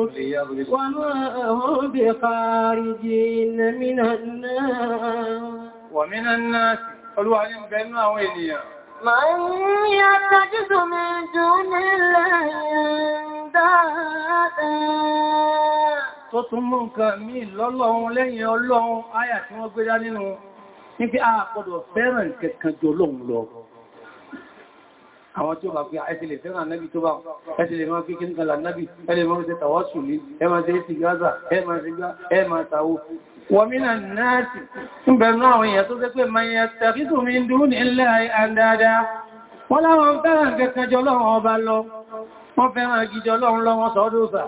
[SPEAKER 2] وما هم بخارجين من النار ومن الناس قلوا عليهم بأنه وينيا
[SPEAKER 3] من يتخذ من دون الله
[SPEAKER 2] tó tún mú nǹkan mí lọ́lọ́run lẹ́yìn ọlọ́run áyà tí wọ́n gbéra nínú níbi a gbọ́dọ̀ fẹ́ràn kẹkàn jọ lọ́run lọ àwọn tí ó bá fi ẹsìlẹ̀ fẹ́ràn náàbì tó bá ẹsìlẹ̀ máa fi kíníkàlà náàbì ẹlẹ́mọ́ wọ̀mínà náàtì ń bẹ̀rù àwọn èèyàn tó tẹ́ pé mayẹ tàbítù mi ń dúró ní ilẹ̀ àdáadá wọ́n láwọn fẹ́ràn kẹkẹjọ lọ́wọ́ ọba lọ wọ́n fẹ́ràn gíjọ lọ́wọ́ lọ́wọ́ sọ́dọ́sà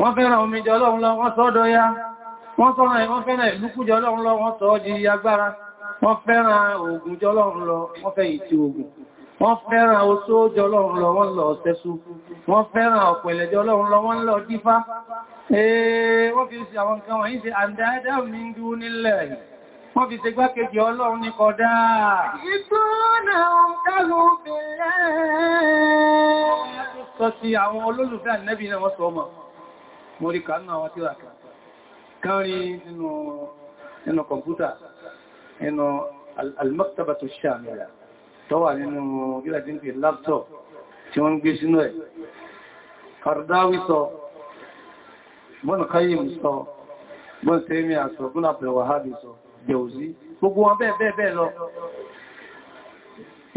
[SPEAKER 2] wọ́n fẹ́ràn omijọ lọ́wọ́ lọ́wọ́ sọ́dọ́yá wọ́n sọ́rọ̀ wọ́n fẹ́ràn ìlúkújọ lọ wọ́n fẹ́ wọ́n fẹ́ràn oṣó jọ lọ́run lọ wọ́n lọ ṣẹ́sù wọ́n fẹ́ràn ọ̀pẹ̀lẹ̀ jọ lọ́run lọ wọ́n lọ dífá ee wọ́n fi ṣe àwọn nǹkan wọ̀nyí ṣe àndáadá mi ń dúró nílẹ̀ wọ́n fi ṣe gbákejì ọlọ́run ní kọdá sọ sí àwọn olólùfẹ́ ànẹ́bì náà wọ́n sọ ọmọ mo rí kàánù àwọn tí wàkà kan rí nínú kọ̀mpútà nínú al-maktabatu shamila tó wà nínú gílẹ̀ tí ń pè tí wọ́n ń gbé sínú ẹ̀ Kardawi sọ Ibn Qayyim sọ Ibn Taymiyyah sọ Ibn Abdul Wahhab sọ Jawzi gbogbo wọn bẹ́ẹ̀ bẹ́ẹ̀ bẹ́ẹ̀ lọ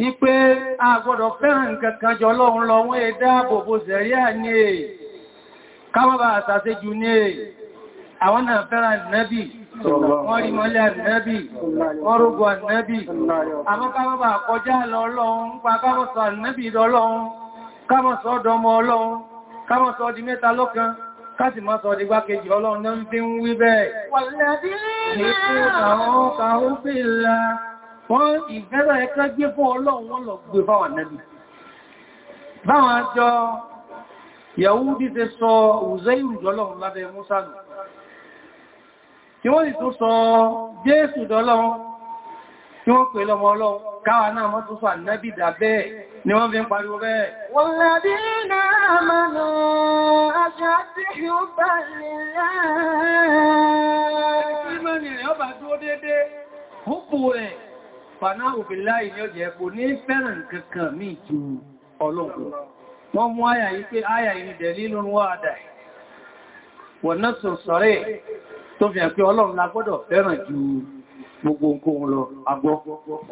[SPEAKER 2] ipé agbọ́dọ̀ fẹ́ràn kankan jọ lọ́run lọ wọ́n ẹ̀dá àbòbò zẹ̀ríà ní èè káwọ́bà àtàṣẹ́jù ní èè àwọn náà fẹ́ràn nẹ́bì wọ́n rí mọ́lẹ̀ ànẹ́bì wọ́n rúgbọ́ ànẹ́bì àmọ́kábọ́bà àkọjá lọ lọ́un pa kámọ́sọ ànẹ́bì lọ́lọ́un kámọ́sọ ọdọmọ ọlọ́un kámọ́sọ ọdí mẹ́ta lọ́kan káti máa sọ dígbà kejì ọlọ́run náà ń bí ń wí bẹ́ẹ̀ wọ́n ìfẹ́lẹ̀ ẹ̀kọ́ gbé fún ọlọ́run wọ́n lọ Yahudi ti sọ òzẹ́ ìrùjọ́lọ́run lábẹ́ tí wọ́n sì tún sọ Jésù dọ́lọ́run tí wọ́n pè lọ́mọ ọlọ́run káwa náà mọ́ tún sọ ànábì dà bẹ́ẹ̀ ni wọ́n fi ń pariwo bẹ́ẹ̀. Walladina amanu ashaddu hubban lillah. Fàná òbìlá ìní ọjẹ́ kò ní fẹ́ràn kankan mí ju ọlọ́run. Wọ́n mú áyà yìí pé áyà ìrìndẹ̀ lílùn wádà. Wọ̀n náà sọ̀rẹ̀ tó fi hàn pé ọlọ́run la gbọ́dọ̀ fẹ́ràn ju gbogbo nǹkan lọ agbọ́.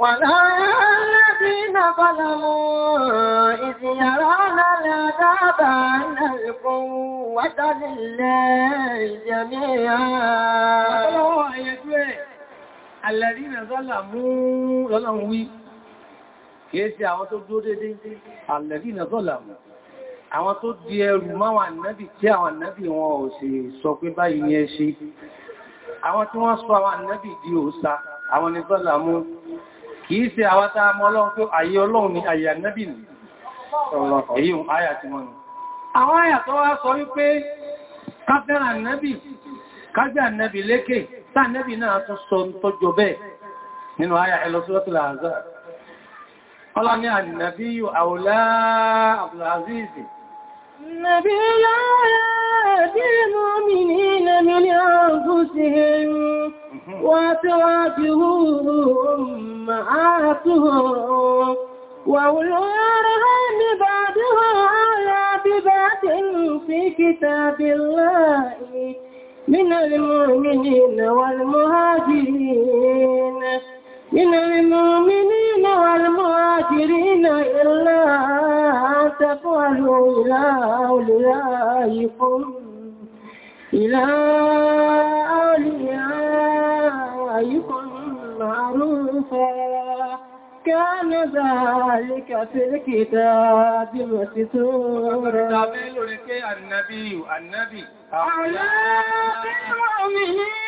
[SPEAKER 2] Wà láàrín
[SPEAKER 3] nàbàlàmù ìdíyàrá lálẹ́ dábà náà ìfún wádánilẹ̀
[SPEAKER 2] ìjẹmíyà. Ọlọ́wọ́ àyẹ̀jú ẹ̀, àlẹ́rí nàbàlàmù lọ́lọ́run wí, kìí ṣe àwọn tó di ẹrù máwọn ànábì tí àwọn ànábì wọn ò sì sọ pé báyìí ní ẹṣí àwọn tí wọ́n sọ àwọn ànábì di òòṣà àwọn ni sọ́là mú kìí ṣe àwọn tá a mọ̀ ọlọ́run pé ayé ọlọ́run ni ayé ànábì ni èyí àyà tí wọ́n ni àwọn àyà tó wá sọ wípé káfẹ́ràn ànábì kágbẹ́ ànábì lékè tá ànábì náà tún sọ tọ́jọ bẹ́ẹ̀ nínú àyà ẹlọ́sọ́tìlà àzá ọlọ́ni
[SPEAKER 1] نبيا
[SPEAKER 3] بالمؤمنين من أنفسهم وأزواجهم أمهاتهم
[SPEAKER 1] وأولو الأرحام بعضهم أولى ببعض في كتاب الله من المؤمنين
[SPEAKER 2] والمهاجرين من المؤمنين والمهاجرين إلا أن تفعلوا إلى
[SPEAKER 3] أوليائكم إلى أوليائكم معروفا
[SPEAKER 2] كان ذلك في الكتاب مسطورا النبي النبي على المؤمنين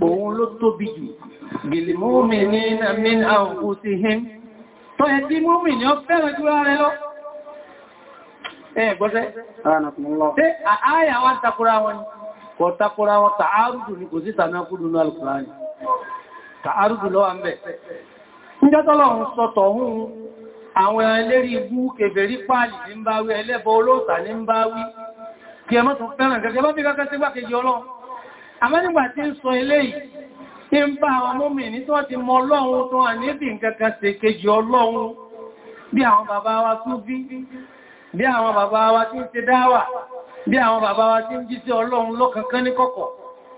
[SPEAKER 2] òun ló tóbi jù gìlìmúmi ní min anfusihim tó yẹ tí múmi ni ó fẹ́ràn jù rẹ̀ lọ ẹgbọ́sẹ́ tí àáyà wá takura wọn kò takura wọn tààrùdù ní kò sí tànákùdù ní alùkùnrin tààrùdù lọ́wọ́ ń bẹ̀ Ìjọ́tọ́lọ́run sọ́tọ̀ hún àwọn ẹlẹ́rí ibú kèbèrí páàlì ní ń bá wí ẹlẹ́bọ olóòtà ní ń bá wí kí ẹ mọ́ tún fẹ́ràn gẹ́gẹ́ bá bí kọ́kẹ́ sí gbákejì Ọlọ́run àmọ́ nígbà tí ń sọ eléyìí tí ń bá àwọn mọ́mì ní tó ti mọ ọlọ́run tó wà níbi nǹkankan ṣe kejì ọlọ́run bí àwọn bàbá wa tún bí bí àwọn bàbá wa tí ń ṣe dáwà bí àwọn bàbá wa tí ń jí sí ọlọ́run lọ́kankan ní kọ̀kọ̀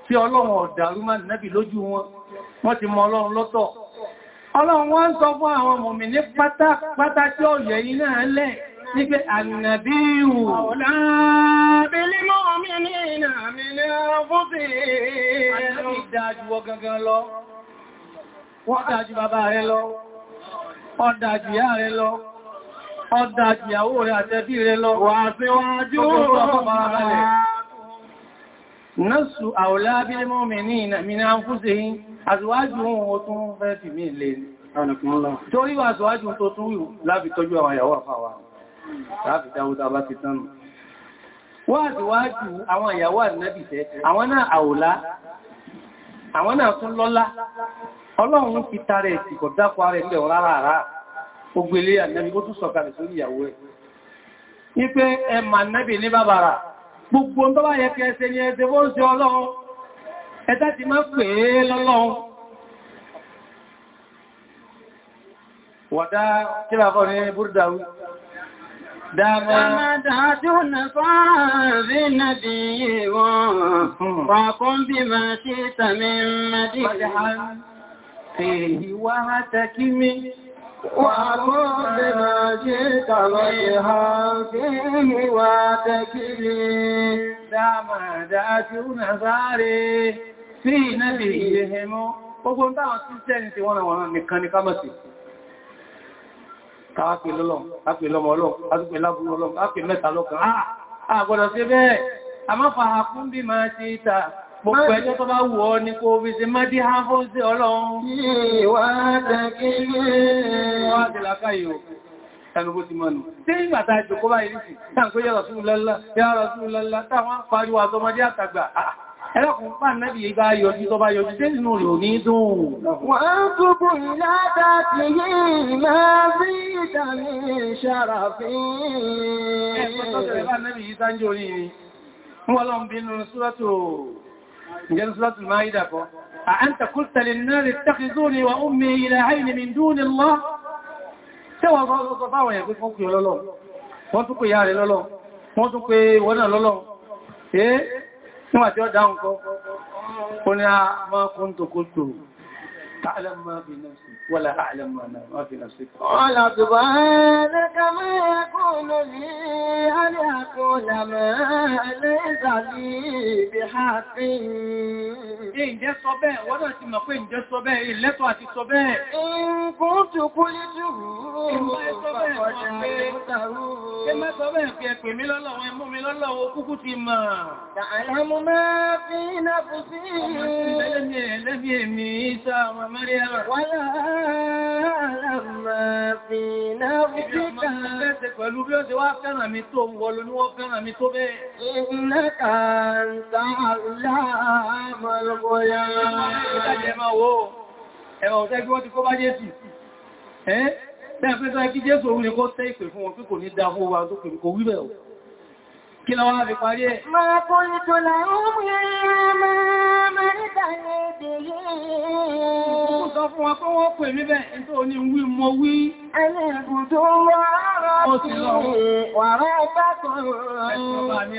[SPEAKER 2] tí ọlọ́run ọ̀dàrú má nẹ́bì lójú wọn wọ́n ti mọ ọlọ́run lọ́tọ̀ ọlọ́run wọ́n ń sọ fún Nígbé ànàbíhù. Ọ̀lá abẹ́lé mọ́ mi ní ìnàmìlẹ̀ fófí. Àjọ́bí dájú wọ gangan lọ. Wọ́n dájú bàbá rẹ lọ. Ó dájú ìyá rẹ lọ. Ó dájú ìyàwó rẹ àtẹ́bí rẹ lọ. Wà sí wájú. Nọ́sù àwòlá abẹ́lé mọ́ mi ní ìnàmìlẹ̀ fófí. tó tún wù láti àwọn ìyàwó àfáwà láti dáwó tàbá ti tánù wáàdìwáàdì àwọn ìyàwó àdínábìsẹ́ àwọn náà àwòlá àwọn náà tún lọ́lá ọlọ́run fi tààrẹ ìsìnkọ̀ dákọ̀ ààrẹ ilẹ̀ ọ̀rá rárá ogbèlé ànábì ó tún sọ̀kalẹ̀ sórí ìyàwó ẹ̀ ní pé ẹmà ànábì ní bàbàrà gbogbo tó bá yẹ kẹsẹ ni ẹsẹ wọ́n sí ọlọ́run ẹ̀dá ti máa pè é lọ́lọ́run wọ̀dá kí كما دعتوا النصارى بالنبي وقم بما شئت من مدينة فيه وهتكمي وقم بما شئت مدينة فيه وهتكمي كما دعتوا النصارى في نبيهم Ogun táwọn tí sẹ́ni tí wọ́n ràn wọ́n nìkan ní ká mọ̀ sí káàpì lọ́lọ́ káàpì lọ́mọ ọlọ́ káàpì lábúrú ọlọ́ káàpì mẹ́ta lọ́kàn á ah, ah, gbọ́dọ̀ sí bẹ́ẹ̀ a má fàá fún bí máa ṣe ìta gbogbo ẹjọ́ tó bá wù ọ́ ní kó bí ṣe mọ́dí ha fún sí ọlọ́run Ẹnugbó ti mọ́nu. Tí ìgbà ta ìjòkó bá ìrísì, táà ń kó yẹ́ Rasulullah, yẹ́ Rasulullah, táwọn pariwo àtọmọdé àtàgbà. Ah, ẹlọ́kùn pà nẹ́bì ibá yọjú tó bá yọjú tẹ́ inú rẹ̀ ò ní dùn. Wọ́n ń túbù ìlàdà tí yìí máa rí ìdàmì ṣàràfín. Ẹgbẹ́ tó tẹ̀lé bá nẹ́bì yìí Wọ́n lọ bínú súrọ́tù قلت للنار اتخذوني وأمي إلهين من دون الله Tẹ́wọ̀ ọ̀sọ̀ báwọn èèyàn pín fún kí ọlọ́lọ́, wọ́n tún pè yà rẹ̀ nígbàtí ó dáhùn kọ́ ó ní a máa kún tó kó tó تعلم ما في نفسك ولا أعلم ما في نفسك قال
[SPEAKER 3] سبحانك
[SPEAKER 2] ما يكون لي أن أقول ما ليس لي بحق إنجẹ́ sọ bẹ́ẹ̀ wọ́n náà ti mọ̀ pé ǹjẹ́ sọ bẹ́ẹ̀ ìlẹ́tọ̀ àti sọ bẹ́ẹ̀
[SPEAKER 1] ìkúntù kú lè jùrù ìmọ̀ ẹ̀sọ́
[SPEAKER 2] bẹ́ẹ̀ مريم ولا لما في نفسك pẹ̀lú bí ó ṣe wá fẹ́ràn mi tó wọ ló ní wọ́n fẹ́ràn mi tó bẹ́ẹ̀. Ìnáka ń Kí lọ wá fi parí ẹ̀? Máa kó ìtò láàrùn yẹn máa mẹ́rìndà ní èdè yìí. Ó sọ fún wa pé wọ́n pè níbẹ̀ tó ní wí mọ wí. Ẹni ìbùdó wà rọ̀ sí wàrá ọgbà kan. Ẹ̀sìn ọba ní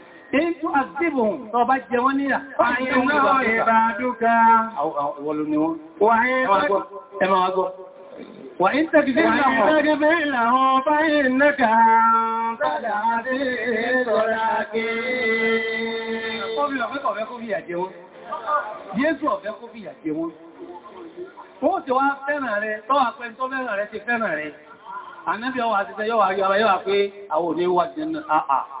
[SPEAKER 2] Èyí àdìbòhùn tó bá jẹ wọ́n níyà. Àyẹ̀ náà ìbàdúkà. Àwọn olùni wọn. Wà ẹ̀mà àgọ́. Wà ń tẹ́bí sí ìlànà báyìí náà bádà dé sọ́ra kí. Ọbí ọ̀fẹ́ kó fìyà jẹ Wọ́n ti wá fẹ́ràn rẹ̀, tọ́wà pẹ́ tó fẹ́ràn rẹ̀ ti fẹ́ràn rẹ̀. Ànábì ọwà àti tẹ́yọ́wà yọ́ra yọ́ra pé àwọn òní wà jẹ́ náà àà. Ah, ah.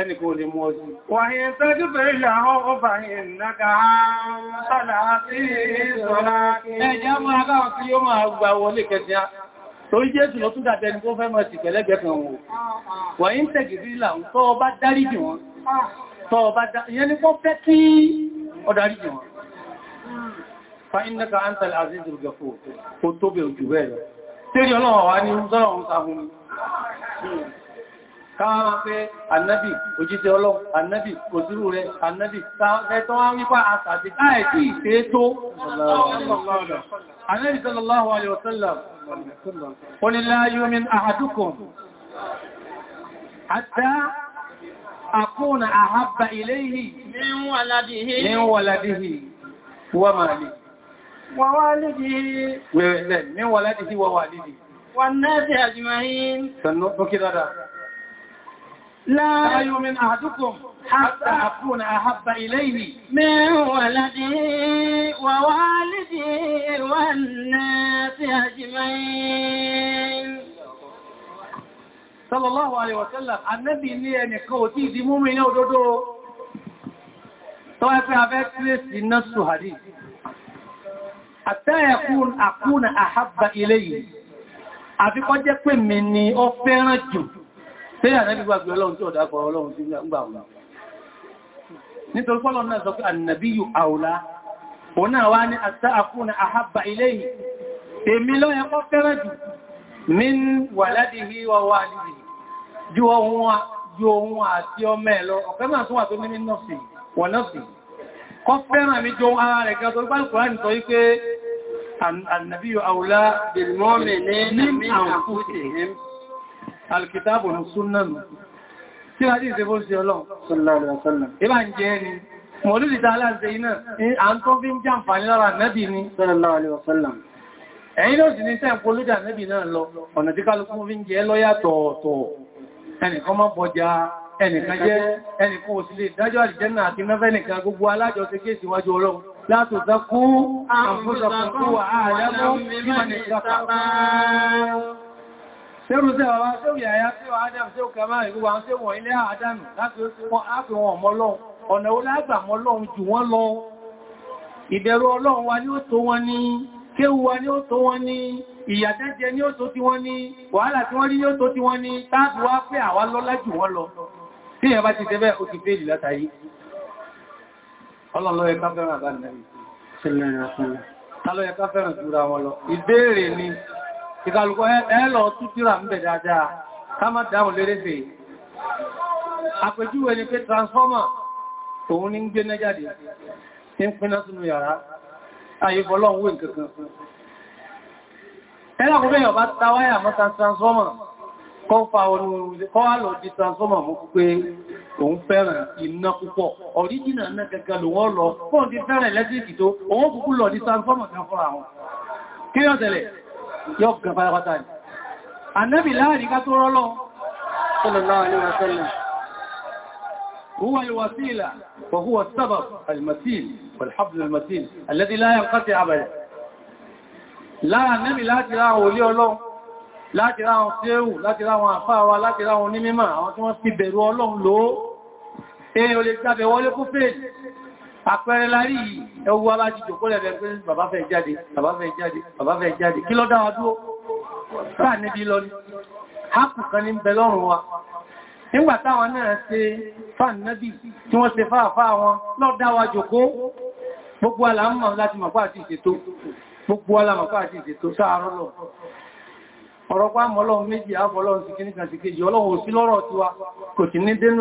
[SPEAKER 2] ẹnìkan ò lè mú ọdún. Wàyẹ̀ tẹ́jú bẹ̀rẹ̀ ìyàwó ọba ìnàgà sọ́lá sí sọ́lá. Ẹjá máa láwọn tí ó máa gbà wọlé kẹjá. Torí Jésù lọ tún dàtẹ́ ni tó fẹ́ mọ̀ sí pẹ̀lẹ́gbẹ̀ kan wò. Wàyẹ̀ ń tẹ̀jì bí ìlà tó ọba dáríjì wọn. Tọ́ ni kọ́ fẹ́ kí ọ dáríjì Aziz Rugafo, ó tóbi òjù bẹ́ẹ̀ lọ. Tẹ́rí ọlọ́run wá ní ń sọ́rọ̀ ń káwọn fẹ́ annabi òjíṣẹ́ ọlọ́run annabi òsúrú rẹ̀ annabi ẹ̀tọ́ wá wípá àtàdé káẹ̀kì ìfẹ́ tó annabi sallallahu alaihi wasallam ó ní la yu'min ahadukum hatta akuna ahabba ilayhi min waladihi min waladihi wa malihi wa walidihi wa waladihi wa walidihi wan nasi ajma'in sannu bukidada لا يؤمن أحدكم حتى أكون أحب إليه
[SPEAKER 3] من ولدي
[SPEAKER 2] ووالدي والناس أجمعين صلى الله عليه وسلم النبي ní ẹnìkan ò tí ìdí múmi ní òdodo tó ẹfẹ́ abẹ́ kírísì náà sùhàdì àtẹ́ẹ̀kún àkún àhábà ilé yìí àfikọ́ jẹ́ pé Téyàn náà gbígbàgbé ọlọ́run tí ọ̀dá kọ ọlọ́run tí gbà wọn. Nítorí pọ́lọ̀ náà sọ pé ànàbíyù àwòlá, òun náà wá ní àtà àkúnà àhábà ilé yìí. Èmi lọ́yẹ kọ́ fẹ́rẹ̀ jù mí wà láti hí wà wà níbi ohun àti ọmọ ẹ̀ Ọ̀fẹ́ máa tún wà tó ní nọ́ọ̀sì, wọ̀ alkitabu ní súnnàmù tí a dìí ṣe sí ọlọ́run sallallahu alaihi wasallam ìbá ń jẹ́ ni mọ̀lúdì tá aláàṣẹ iná à ń tó fi ń jàǹfàní lára nẹ́bì ni sallallahu alaihi wasallam ẹ̀yìn ló sì ní sẹ́ polúdà nẹ́bì náà lọ ọ̀nà tí kálukú fi ń jẹ́ lọ́yà tọ̀ọ̀tọ̀ ẹnìkan mọ́ bọjá ẹnìkan jẹ́ ẹnìkan òsìlè dájọ́ àdìjẹ́nà àti mẹ́fẹ́nìkan gbogbo alájọ ti ké síwájú ọlọ́run látò sẹ́kú àǹfọ́sọ̀kú àyàmọ́ Ṣérú sí àwọn aṣẹ́wì àyá tí wọ́n Adam tí ó kàmá ìwò àwọn tí wọ́n ilé Adam láti wọ́n á fi wọn mọ́lọ́un. Ọ̀nà ó lágbà mọ́lọ́un jù wọ́n lọ. Ìbẹ̀rù Ọlọ́run wa ni ó tó wọn ní, kéwù wa ni ó tó wọn ní, ìyàtẹ́jẹ ni ó tó ti wọn ní, wàhálà tí wọ́n rí ni ó tó ti wọn ní, táàbù wá pé àwa lọ́lá jù wọ́n lọ. Tí ìyẹn bá ti tẹ́bẹ̀ ó ti fèèlì látàrí. Ọlọ́run ló yẹ ká fẹ́ràn àbá ìkàlùkọ́ ẹ̀ẹ́lọ tútìrà ń bẹ̀ dáadáa ká má dáhùn lérè fèé àpèjúwe ni pé transformer òun ní ń gbé ná jáde tí ń píná sínú yàrá ayébọ́lọ́wọ́ nǹkankan ẹ̀rọ kò transformer kọ́ fa ọlọ́run kọ́ di transformer mú pé òun fẹ́ràn iná púpọ̀ original náà gẹ́gẹ́ lò wọ́n lọ fóòn ti fẹ́ràn electric tó òun kúkú lọ di transformer kan fọ́ra wọn kí yọ́ tẹ̀lẹ̀ yóò gan pátápátá ni annabi láàrin ká tó rọ́lọ́ sallallahu alaihi wasallam هو الوسيلة وهو السبب المثيل والحبل المثيل الذي لا ينقطع أبدا لا نمي لا تراه ولي الله لا تراه سيو لا تراه أفاوى لا تراه نميما وكما في بيرو الله لو ايه ولي تابع ولي كفيل àpẹẹrẹ lárí ẹwú alájíjò kó lẹ́rẹ̀ pé bàbá fẹ́ jáde bàbá fẹ́ jáde bàbá fẹ́ jáde kí ló dáwà dúó sáà níbi lọ ní hápù kan ní bẹ lọ́rùn wa nígbà táwọn náà ṣe fáàn nábì tí wọ́n ṣe fáàfáà wọn lọ dáwà jòkó gbogbo alámọ̀ láti mọ̀pá àti ìṣètò gbogbo alámọ̀pá àti ìṣètò sáà rọ́lọ̀ ọ̀rọ̀ pa mọ́lọ́run méjì àfọ́lọ́run sí kíní kan sí kejì ọlọ́run ò sí lọ́rọ̀ tí wa kò sí ní dénú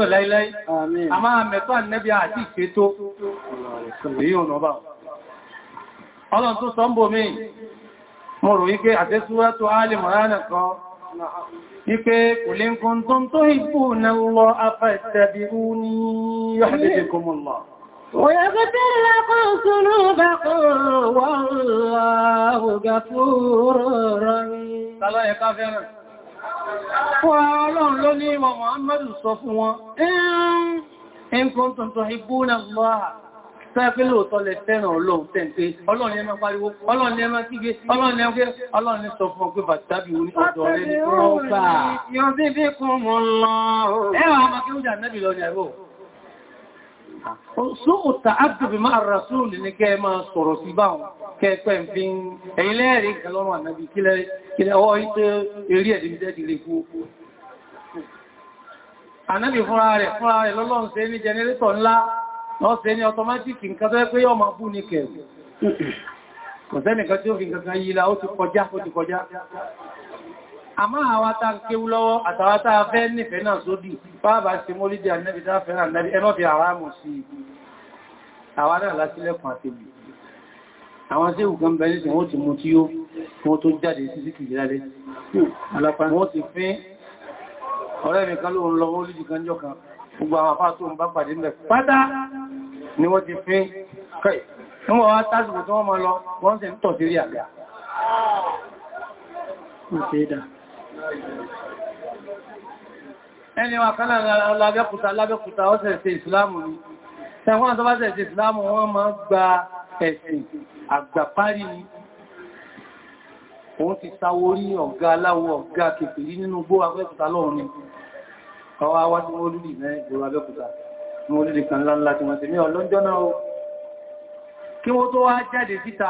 [SPEAKER 2] a máa mẹ́tọ́ ànẹ́bí àti ìfẹ́tó èyí ọ̀nà bá tó sọ ń mo rò wípé
[SPEAKER 3] ويغفر
[SPEAKER 2] لكم ذنوبكم والله غفور رحيم Ọlọ́run ló ní ìwọ̀n Muhammadu sọ fún wọn, in kuntum tuhibbuna Allaha, tẹ́fẹ́ lóòtọ́ lè fẹ́ràn Ọlọ́run tẹ́ǹpé, Ọlọ́run ẹmọ pariwo, Ọlọ́run ẹmọ kígbe, Ọlọ́run ẹmọ kígbe, Ọlọ́run sọ fún ọgbẹ́ bàtàbí orí ọjọ́ rẹ̀ ní Sóòtà ágbèbè máa rásúlù ní kẹ́ máa sọ̀rọ̀ sí báwọn kẹ́ẹ̀pẹ́ fi ń ẹ̀yìn lẹ́ẹ̀rí ìkẹlọ́rùn ànàbì kílẹ̀ ọwọ́ ìtẹ́ eré ẹ̀dìmìtẹ́ ti lè kú. Ànàbì fúnra rẹ̀ fúnra rẹ̀ lọ́lọ́run ṣe ní jẹnẹrétọ̀ ńlá, lọ́sẹ̀ ní ọtọmátìkì nǹkan tó pé yọ́ àmá àwátá kéwú lọ́wọ́ àtàwátá afẹ́ nífẹ̀ẹ́ náà sódì bábá sí mólídì ànẹ́bìdá fẹ́ràn náà ẹmọ́ fi àwá mọ̀ sí àwá náà lásílẹ̀kùn àtẹ́bì àwọn sí ìwùkan bẹ̀rẹ̀ sí wọ́n ti mú tí ó wọ́n tó jáde sí síkì ìrẹ́lẹ́ wọ́n ti fín ọ̀rẹ́ mi kan ló ń lọ mólídì kan jọ kan gbogbo àwọn afá tó ń bá pàdé mẹ́ pátá ni wọ́n ti fín kẹ́ wọ́n wá tásìkò tí wọ́n máa lọ wọ́n sì ẹni wa kan lára alábẹ́kúta alábẹ́kúta ọ́sẹ̀ ṣe ìsìláàmù ni tẹ̀wọ́n àtọ́básẹ̀ ṣe ìsìláàmù wọ́n máa gba ẹ̀sìn àgbàpárí ni òun ti sáwó rí ọ̀gá aláwọ̀ ọ̀gá kèfèrí nínú gbó abẹ́kúta lọ́run ni ọwọ́ awá tí wọ́n lùlì ní ìgbòrò abẹ́kúta ní olùlì kan láńlá tí wọ́n ti ní ọlọ́jọ́ náà o kí wọ́n tó wá jáde síta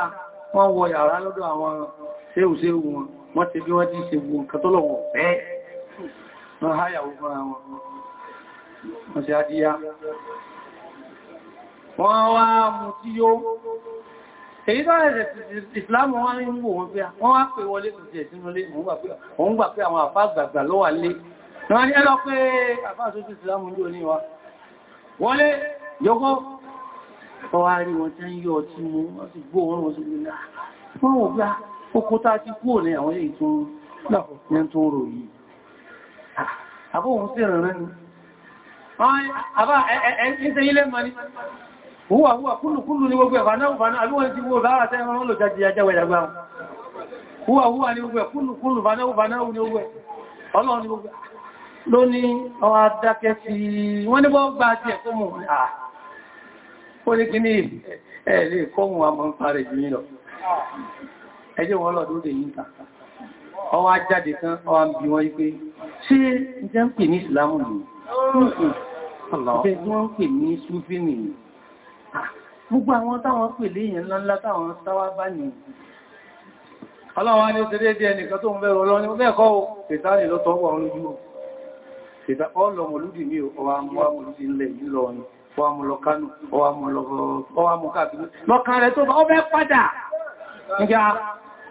[SPEAKER 2] wọ́n wọ yàrá lọ́dọ̀ àwọn séhùséhù wọn wọ́n ti bí wọ́n ti ṣe gbogbo nǹkan lọ́wọ́ fẹ́ wọ́n háyàwó fúnra wọn wọ́n ṣe adíyá wọ́n wá mú tí yó èyí tó ẹ̀rẹ̀ ìsìláàmù wọ́n rí mú wọn bíá wọ́n wá pè wọlé tó wà rí wọn tẹ́ ń yọ ọtí mú wọ́n ti gbó wọn wọ́n sí oko tá ti kúrò ní àwọn èyí tó láàrín tó rò yìí ah, àbó òun sí ìrànrẹ́ ni àbá ẹ̀ẹ́sẹ̀ ilẹ̀ mani wúwà Kulu kúlùkúlù ní gbogbo ẹ̀fà náà fàánà àbíwọ̀n ti wó lára tẹ́ wọn lò jajì ajáwẹ̀dàgbà wúwà na-ewu ẹjẹ́ wọ́n lọ́dún lè yí ta ọwọ́ ajáde kan ọwọ́ bí wọ́n wípé ṣe jẹ́ ń pè ní ìsìlámù ní ọ̀pẹ̀gbọ́n pè ní súnfínì gbogbo àwọn táwọn pè léyìn ńláńlá táwọn sáwá bá ní ni ó ti dédé ẹnìkan tó ń bẹ̀rọ ọlọ́run bẹ́ẹ̀kọ́ o pẹ̀tàlì lọ́tọ́wọ́ ọrún yíò pẹ̀tà ọlọ́mọlúdì mi ò ọwà mọ́lúdì ńlẹ̀ ìlọrin ọwà mọ́ lọ́kánù ọwà mọ́ lọ́kánù ọwà mọ́ káàkiri lọ́kàn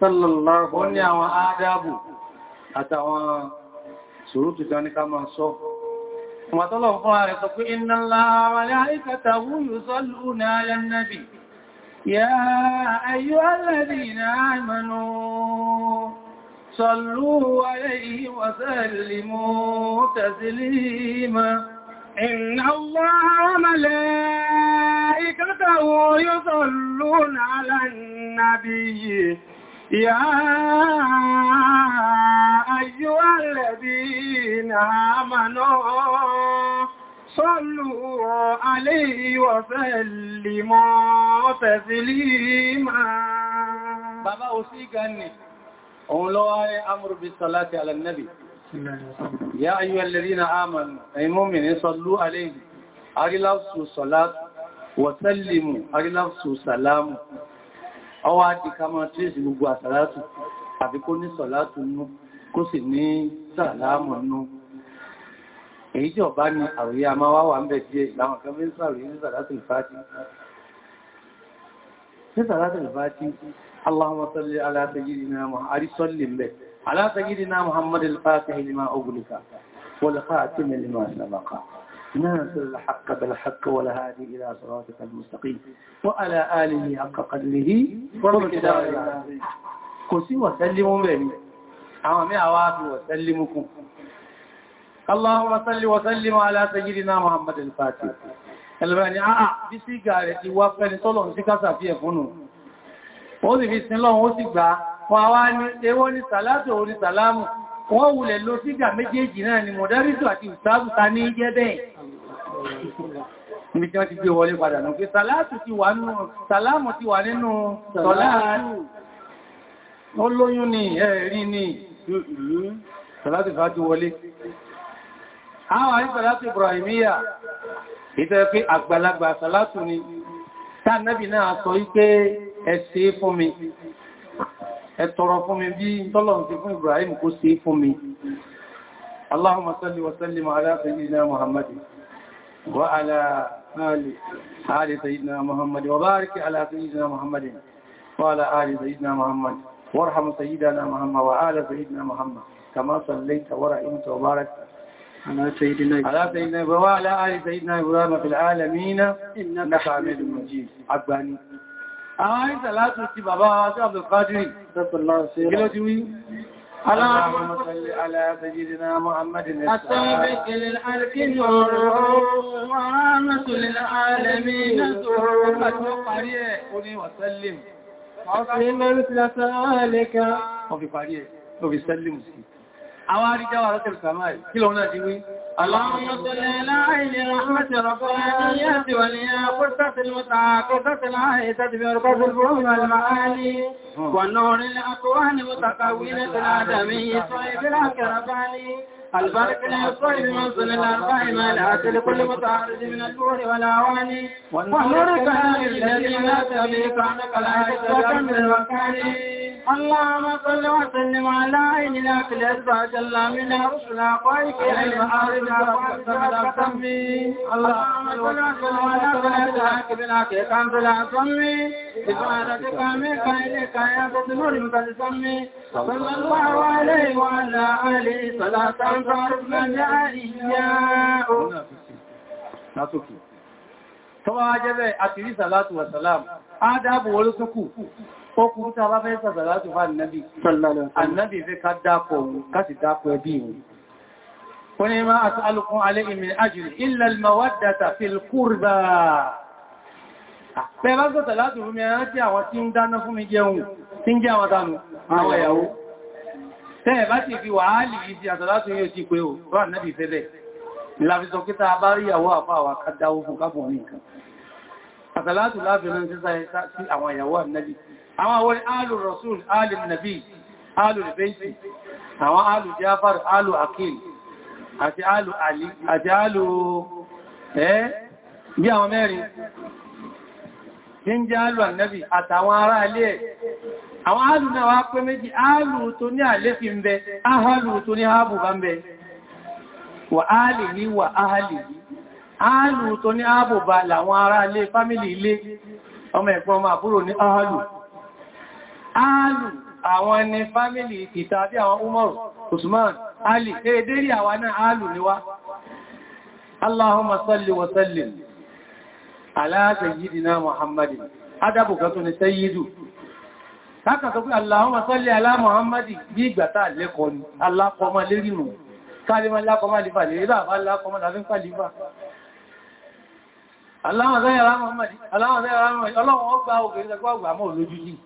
[SPEAKER 2] sallallahu ó ní àwọn ádábù àtàwọn ṣòrótù kan ní ká máa sọ Màtọ́lọ̀ fún ààrẹ sọ pé iná láàrẹ àìkàtà wúyù sọ́lú ní ayẹ nẹ́bì. Yá ayú alẹ́bì ní àìmọ̀nà sọ́lú ayé yìí. يا أيها الذين آمنوا صلوا عليه وسلموا تسليما بابا أوسيك أني أولوه أمر بالصلاة على النبي يا أيها الذين آمنوا أي مؤمن صلوا عليه أرلفسوا صلاة وسلموا أرلفسوا سلاموا ọwọ́ àti kama tíèsì gbogbo àsàlátù àfi kó ní sọ̀látù nú kó sì ní sàlámù nú èyí tí ọ̀bá ní àwòyé a máa wáwà ń bẹ̀ díẹ̀ láwọn kan mẹ́sàn àwòyé ní sàlátù ìfàtí ní sàlátù ìfàtí Allahumma salli ala sayyidina Muhammad àrísọ́lì ń bẹ̀ ala sayyidina Muhammad al-Fatihi lima ughliqa wal khatimi lima sabaqa ناصر الحق بالحق والهادي إلى صراطك المستقيم وعلى آله حق قدره ومقدار العظيم كسي وسلموا بني عوامي عوافي وسلمكم اللهم صل وسلم على سيدنا محمد الفاتح الباني آآ بسي قالت وفن صلوا سكسا فيه فنو وذي بسم الله وسيقبا وعواني ايواني صلاة وعواني سلامه wọ́n wulẹ̀ lọ sígà méjèèjì náà ni mọ̀dárísù àti ìsáàbùta ní jẹ́ bẹ́ẹ̀. Ibi tí wọ́n ti gbé wọlé padà nù pé sàlátù ti wà nínú sàlámù ti wà nínú sàlátù. Ó lóyún ní ẹ̀rí ní sàlátù fà ti wọlé. Àwọn àrí sàlátù Ibrahimiyya, ìtẹ́ pé àgbàlagbà sàlátù ni, tá ẹ tọrọ fún mi bí tọ́lọ̀n ti fún Ibrahim kó ṣe fún mi Allahumma salli wa sallim ala sayyidina Muhammad wa ala ali sayyidina Muhammad wa barik ala sayyidina Muhammad wa ala ali sayyidina Muhammad وارحم سيدنا محمد وآل سيدنا محمد كما صليت ورحمت وباركت على سيدنا على سيدنا وعلى آل سيدنا إبراهيم في العالمين إنك حميد مجيد عباني àwọn àìsà láti ti bàbá wa sí Abdulkadir kí ló ti wí اللهم صل على سيدنا محمد السابق للحلق نوره ورحمة للعالمين سرورة قرية وسلم عصيما مثل سالك وفي قرية وفي سلم àwọn àríjáwà rọ́tẹ̀lù sàmáà kí lọ náà jíwé اللهم صل على عين رحمة ربانية وليا قصة المتعاقبة العائدة بركض الفهم والمعاني والنور الأكوان متكونة العدمي صيب الأكرباني البرك لا يصيب منزل الأربع ما لا لكل متعرض من الدور والأواني والنور كان الذي لا تبيك عنك العائدة من الوكاني اللهم صل وسلم على عين الاكل اشبع جل من رسل قائك الى المعارض اللهم صل وسلم على كل ذاك بلاك كان بلا سمي عبادتك منك اليك يا بدر المتسمي صلى الله عليه وعلى اله صلاه تعرف من اياه Tọ́wọ́ ajẹ́bẹ̀ àti rí sàlátù wà sàlámù, á dáàbò wọlé tó kù. Okùn tí a bá fẹ́ sàbẹ̀ láti fà nàbì, ànàbì fẹ́ ká dápọ̀ òun, ká sì dápọ̀ ẹbí òun. Wọ́n ni máa as'alukum alayhi min ajri, illa al-mawaddata fil qurba. Bẹ́ẹ̀ bá gọ́ta láti fún mi ẹran tí àwọn tí ń dáná fún mi jẹun, tí ń jẹ àwọn dánú, àwọn ìyàwó. Tẹ́ẹ̀ bá ti fi wàhálì yìí sí àtàlátò sí àwọn ìyàwó ànàbì àwọn àwọn alù rasul alù nabi alù ribeiti àwọn alù jafar alù akil àti alù ali àti alù ẹ́ bí àwọn mẹ́rin tí ń jẹ́ alù annabi àtàwọn ará alẹ́ ẹ̀ àwọn alù náà wá pé méjì alù tó ní àléfin bẹ ahàlù tó ní ààbù bá ń bẹ wà áàlì ní wà áàlì alù tó ní ààbù bá làwọn ará alẹ́ fámílì ilé ọmọ áàlù àwọn ẹni fámílì ìta bí àwọn Umaru Usman Ali èdèrí àwa náà áàlù ni wá Allahumma salli wa sallim ala sayyidina Muhammadin adabu kan tó ni sayyidu sọ Allahumma salli ala Muhammadu bí ìgbà lẹ́kọ̀ọ́ ni, alákọ̀ọ́mọ́ lérí nù, káàlẹ́mọ́ lákọ̀ọ́mọ́ lífà lérí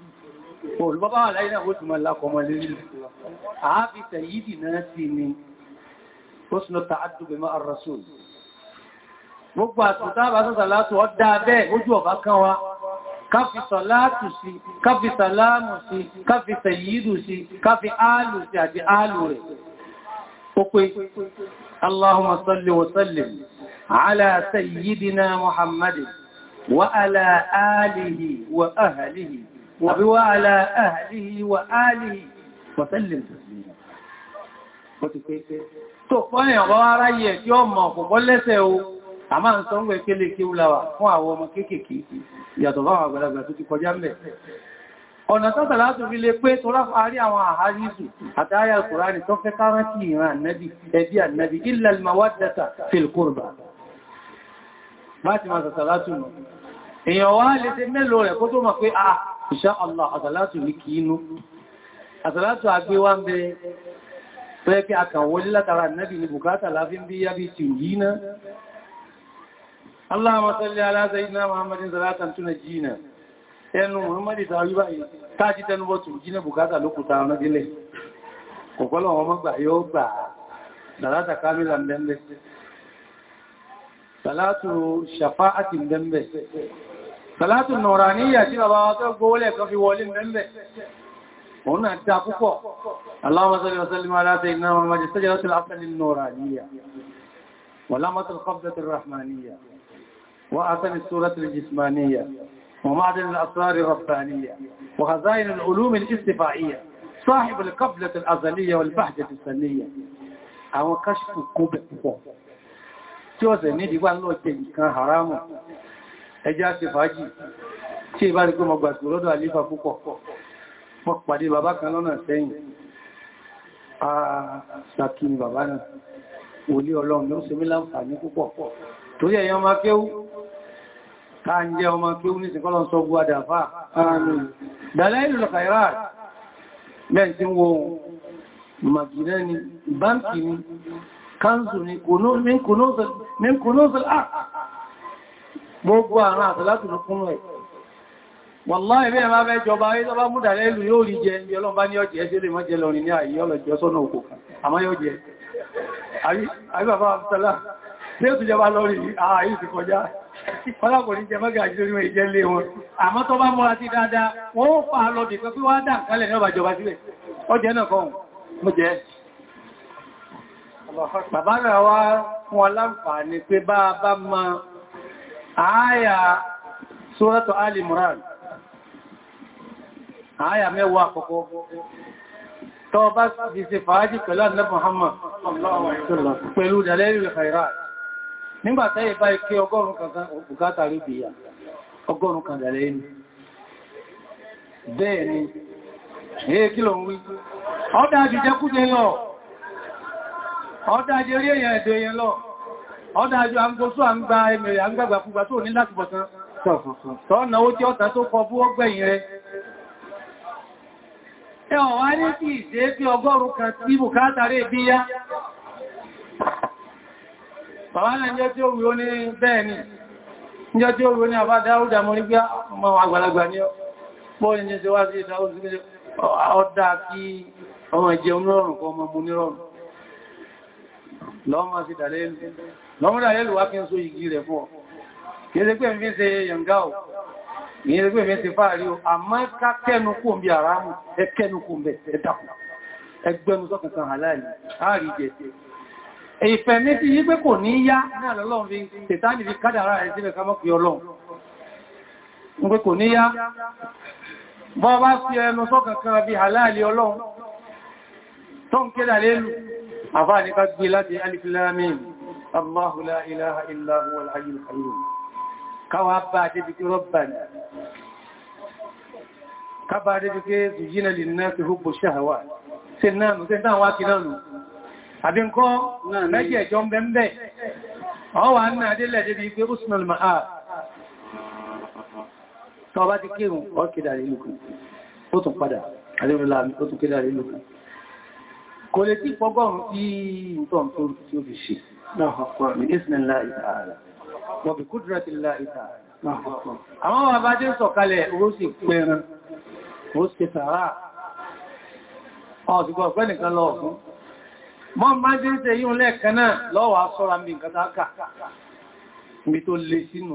[SPEAKER 2] olùbọ́bá wà láyé náà ó túnmọ̀ lákọmọ̀ lérí àábí tẹ̀yìdì náà sí ni ó sínú tààdùgbé máa rasul gbogbo àtútàbà sọ́sà látò ọdá bẹ́ẹ̀ ojú ọ̀bá kan wa káfí sọ̀látù sí káfí sàlámù sí káfí tẹ̀yìdù sí káfí áàlù sí àti áàlù rẹ̀ ó pé Allahumma salli wa sallim ala sayyidina Muhammadin wa ala alihi wa ahlihi وعلى أهله وآله وسلم تسليما tó fọ́nà ọ̀rọ̀ ara yẹ̀ tí ó mọ̀ ọ̀pọ̀ lẹ́sẹ̀ o a máa ń sọ ń wẹ́ kéle kí ó láwà fún àwọn ọmọ ọ̀nà tọ́tà látò fi lè pé tó ráfàárí àwọn àhárísù àtàyà Kùránì tó fẹ́ káràkì ìran ànẹ́bì ẹbí ànẹ́bì illa al-mawaddata fil qurba bá ti máa sàtàlátù èèyàn wá lè ṣe mélòó rẹ̀ kó tó mọ̀ pé ah, Insha Allah àtàlátù ní kí inú. Àtàlátù àgbéwá ń bẹ pẹ́ kí àkànwọlé látara nẹ́bì ní bukata láfí ń bí yábí tí ò yína. Allahumma salli ala sayyidina Muhammadin salatan tunajjina. Ẹnu Muhammadi ta wí báyìí, táàjí tẹnubọ́ tí ò yína bukata Sàlátù Nọ̀ràníyà tí bàbá tó gólẹ̀ kan fi wọlé mẹ́mẹ́. Òun náà dá púpọ̀. Allahumma salli wa sallim ala sayyidina Muhammadin sajaratul asali an-nuraniyya wa lamatul qabdati ar-rahmaniyya wa asali as-surati al-jismaniyya wa ma'dan al-asrar ar-rabbaniyya wa khazain al-ulum al-istifa'iyya صاحب القبلة الأزلية والبهجة السنية àwọn káṣùkú kó bẹ̀ púpọ̀ tí ó sì ní ìdíwà lọ́ọ̀tẹ̀ nǹkan haramu ẹjá sí fàájì tí ìbá rí pé mọ gbàsùn lọ́dọ̀ àlífà púpọ̀ mọ́ pàdé bàbá kan lọ́nà sẹ́yìn àṣàkí ni bàbá náà wòlé ọlọ́run ló ṣe mí láǹfààní púpọ̀ torí ẹ̀yàn ọmọ kéwú ká ń jẹ́ ọmọ kéwú ní ìsìnkọ́lọ́ sọ bú àdàfà ààrùn dàlẹ́ ìlú kàírà bẹ́ẹ̀ tí wo màgìrẹ́ gbogbo àwọn àtàlátù ló kúnnú ẹ̀ wọ̀lá ẹ̀rẹ́ ẹ̀rẹ́ abẹ́ jọba ayé tọ́bá múdàrẹ́ ìlú yóò rí jẹ ní ọlọ́mbá ní ọjẹ́ ẹjẹ́ lè mọ́ jẹ lọrin ní àyí ọlọ́jọ́ sọ́nà òkò àmá yóò jẹ àbí bàbá àbúsọ́lá tí ó tùjọba lọrin àyí ti kọjá ọlọ́pọ̀ ní jẹ mọ́gà jí orí ìjẹ́ lé wọn àmá tọ́ bá múra àáyà sóràtọ̀ alìmùran àáyà mẹ́wàá àkọ́kọ́ tó bá ti ṣe fàájì pẹ̀lú àdínlẹ́ Muhammad pẹ̀lú jàlẹ́rì ìfàìrà nígbàtẹ́ ìbá ikẹ́ ọgọ́rùn kan bùkátà rí bìyà ọgọ́rùn kan jàlẹ́rì bẹ́ẹ̀ ni èé kí lọ ń wí ọdá Ọ lọ èèyàn èèyàn lọ ọdájú agbóṣù àgbà ẹmẹ̀rẹ̀ àgbàgbà fúgbà tó ní láti bọ̀tán tọ́ọ̀nà ó tí ọ̀tà tó kọ bú ọgbẹ̀yìn rẹ̀ ẹ̀họ̀n wá ní kí ìṣẹ́ bí ọgọ́rùn kan tí bùkátà rẹ̀ yá bàbá náà jẹ́ tí ọmọ ní lọ́mọ sí dàlẹ́lù lọ́mọ dàlẹ́lù wá kí ń só igi rẹ̀ fún ọ kìí pé mi ṣe yànga ò ìyẹn pé mi ṣe fáàrí o àmọ́ ká kẹ́nukú bí àrámù ẹ kẹ́nukú bẹ̀ ẹ dàkù ẹgbẹ́nu sọ́kùnkan àláàlì àárí jẹ ìfẹ́ mi ti yí pé kò tó ń kédà lélùú àfáà ní ká gbé láti alif lam mim Allahu la ilaha illa huwal hayyul qayyum káwà bá débi pé rọ́bàní ká bá débi pé zùyínà lè náà ti hubbu ṣàhàwà sí náà nù sí náà wá kí náà nù mẹ́mẹ́ àwọn wà náà délẹ̀ débi pé usnul ma'a tọ́ bá ti kírùn ọ́ kédà rí ó tún padà alẹ́rùn láàmì ó tún kédà rí kò lè tí fọ́gọ́rùn tí nǹkan tó tí ó fi ṣe àwọn bàbá jẹ́ sọ̀kalẹ̀ owó sì pẹ̀rẹ̀ ó sì sàárà ọ̀sìgbọ̀ ọ̀pẹ́ nìkan lọ ọ̀fún mọ́ má jẹ́ ṣe yíò lẹ́ẹ̀kan náà lọ́wọ́ sọ́ra mi nǹkan tákà ibi tó lè sínú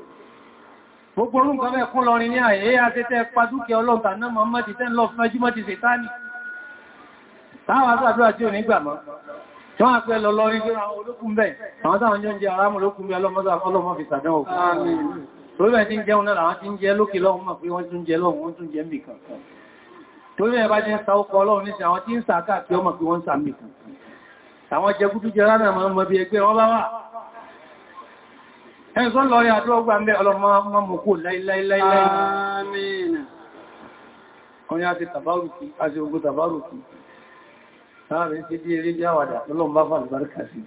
[SPEAKER 2] gbogbo orú nǹkan mẹ́ kún lọrin ní àyè àtẹ́tẹ́ padúkẹ́ ọlọ́ta náà mọ́ mọ́tí tẹ́ lọ fún ẹjúmọ́ ti sètáni táwọn àdúrà tí ò ní gbà mọ́ tí wọ́n pẹ́ lọ lọrin gbé àwọn olókùn bẹ̀ àwọn táwọn jọ ń jẹ aráàmù olókùn bẹ̀ ọlọ́mọ́ fi sàdán òkú torí ẹ̀ tí ń jẹun náà àwọn tí ń jẹ lókè lọ́hun mọ̀ pé wọ́n tún jẹ lọ́hun wọ́n tún jẹ mìkan torí ẹ̀ bá jẹ́ ń sa ẹ̀sọ́ lọ rí àdúrà gbà mẹ́ ọlọ́mọ mọ́kú láíláíláíláí àmín ọ̀yá àti tàbárùkì àti ogun tàbárùkì láàrin tí bí eré bí àwàdà lọ́lọ́m bá fàlùbáríkà sí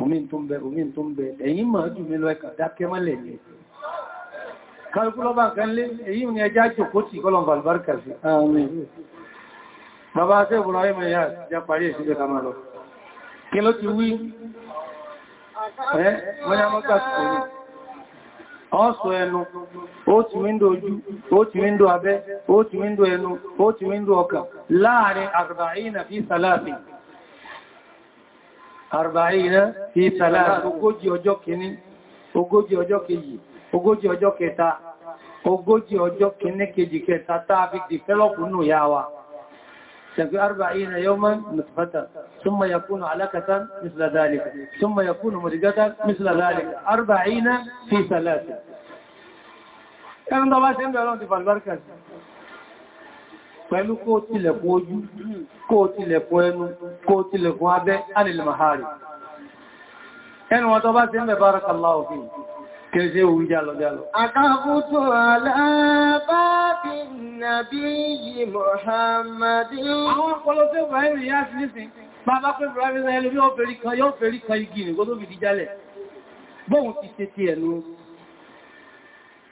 [SPEAKER 2] omin tó ń bẹ omin tó ń bẹ ẹ̀yìn máa jù mí lọ ẹ̀kà dákẹ́ mọ́lẹ̀ ní kálukú lọ́bà kan lé èyí ni ẹjá jòkó tí kọ́lọ̀m fàlùbáríkà sí àmín bàbá àti ìbùrọ̀ ayé mẹ́yà já Ọ́sọ ẹnu, ó ti wíńdò ojú, ó ti wíńdò abẹ́, ó ti wíńdò ẹnu, ó ti wíńdò ọkà láàrin àrùbáyínà fi sàláàfì. Àrùbáyínà fi sàláàfì ogójì ọjọ́ kìíní, ogójì ọjọ́ kejì, ogójì ọjọ́ kẹta, ogójì ọjọ́ kìíní kejì kẹta tàbí dìfẹ́lọ́pù nù yá wa. في أربعين يوما نطفة ثم يكون علقة مثل ذلك ثم يكون مرجة مثل ذلك أربعين في ثلاثة ẹ̀rùn tọba ṣe ń bẹ̀rẹ̀ ọ̀dí balbarka sí pẹ̀lú kó tilẹ̀kùn ojú kó tilẹ̀kùn ẹnu kó tilẹ̀kùn abẹ́ alìlmahari ẹnu wọn tọba ṣe ń bẹ̀ bárakàlá òfin Kẹsẹ́ òun jálọ jálọ. Àkàbútò alábábí nàbí yìí Mọ̀hàmàdí. Àwọn ọpọlọ tí ó bá ẹ̀rìn yá sí nísìn, bàbá pé Bùrábí sáyẹ lórí ó fèrí kan yóò fèrí kan igi nìkó tó fi di jálẹ̀. Bóhun ti ṣe ti ẹ̀nu.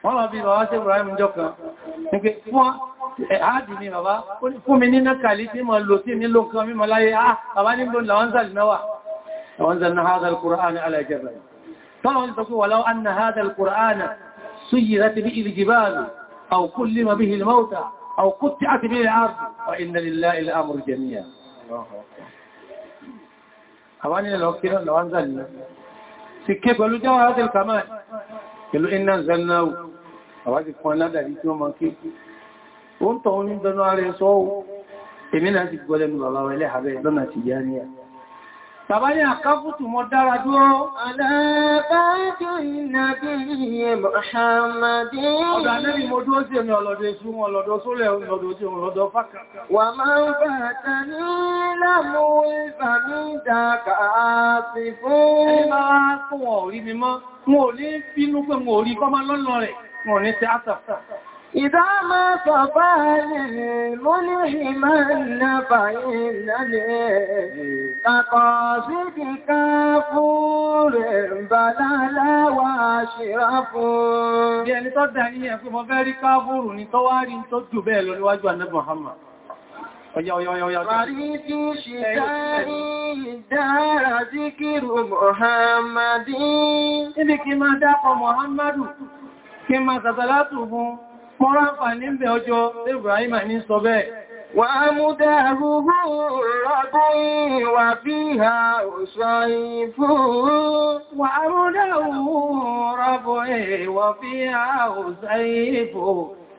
[SPEAKER 2] Wọ́n lọ bí bàbá sí Bùrábí jọ kan. Nígbé fún àádì ni bàbá, fún mi ní nákàlí tí mọ̀ lò sí nílò kan mímọ̀ láyé, ah, bàbá nígbò làwọn zàlì mẹ́wàá. Àwọn zàlì náà hádà al-Qur'an ala jabal tọ́lọ́wọ́n sọ pé walau anna hadha al-Qur'ana suyirat bihi al-jibalu aw kullima bihi al-mawta aw qutti'at bihi al-ardu wa inna lillahi al-amru jami'a àwọn ilẹ̀ lọ kí lọ́nà wọ́n zàlì náà ti ké pẹ̀lú jẹ́ wọ́n rádìl kàmá pẹ̀lú iná zannáwò àwọn dánú ààrẹ sọ́wọ́ èmì náà ti gbọ́lẹ̀nu bàbá wẹlẹ́ àbẹ́ lọ́nà ti yá ní à Bàbá ní àkáfùtù mọ dára dúró. Ọ̀dọ̀bájú ìnàbí iye Mọ̀ṣàmàdé. Ọ̀dọ̀ anẹ́bí mo dúró sí ẹni ọlọ́dọ̀ èṣù wọn lọ́dọ̀ sólẹ̀ lọ́dọ̀ sí wọn lọ́dọ̀ fákà.
[SPEAKER 3] Wà máa ń bàtà ní
[SPEAKER 2] lámú ìfàmí ìdàkà àti fún. Ẹ bá kún wọn rí mi إذا ما تفعل ملحما فإنني كقاصد كافور بلا لا واشرف Bí ẹni tó dá ní ẹ̀kùn mọ́ fẹ́ rí káfúrù ní tó wá rí tó jù bẹ́ẹ̀ lọ níwájú Ànábì Muhammad. Ọya ọya ọya ọya. Fàrí tí ṣìdárí dára zíkìrù Muhammadin. Ibi kí máa dákọ Muhammadu, kí máa sàtàlátù fún Mọ́ráfà ní bẹ̀ ọjọ́ Ibrahima ní sọ bẹ́ẹ̀. Wà á mú dáhù rọ́gún wà fi ha òṣọ́ ìfú. Wà á mú dáhù rọ́gún wà fi ha òṣọ́ ìfú.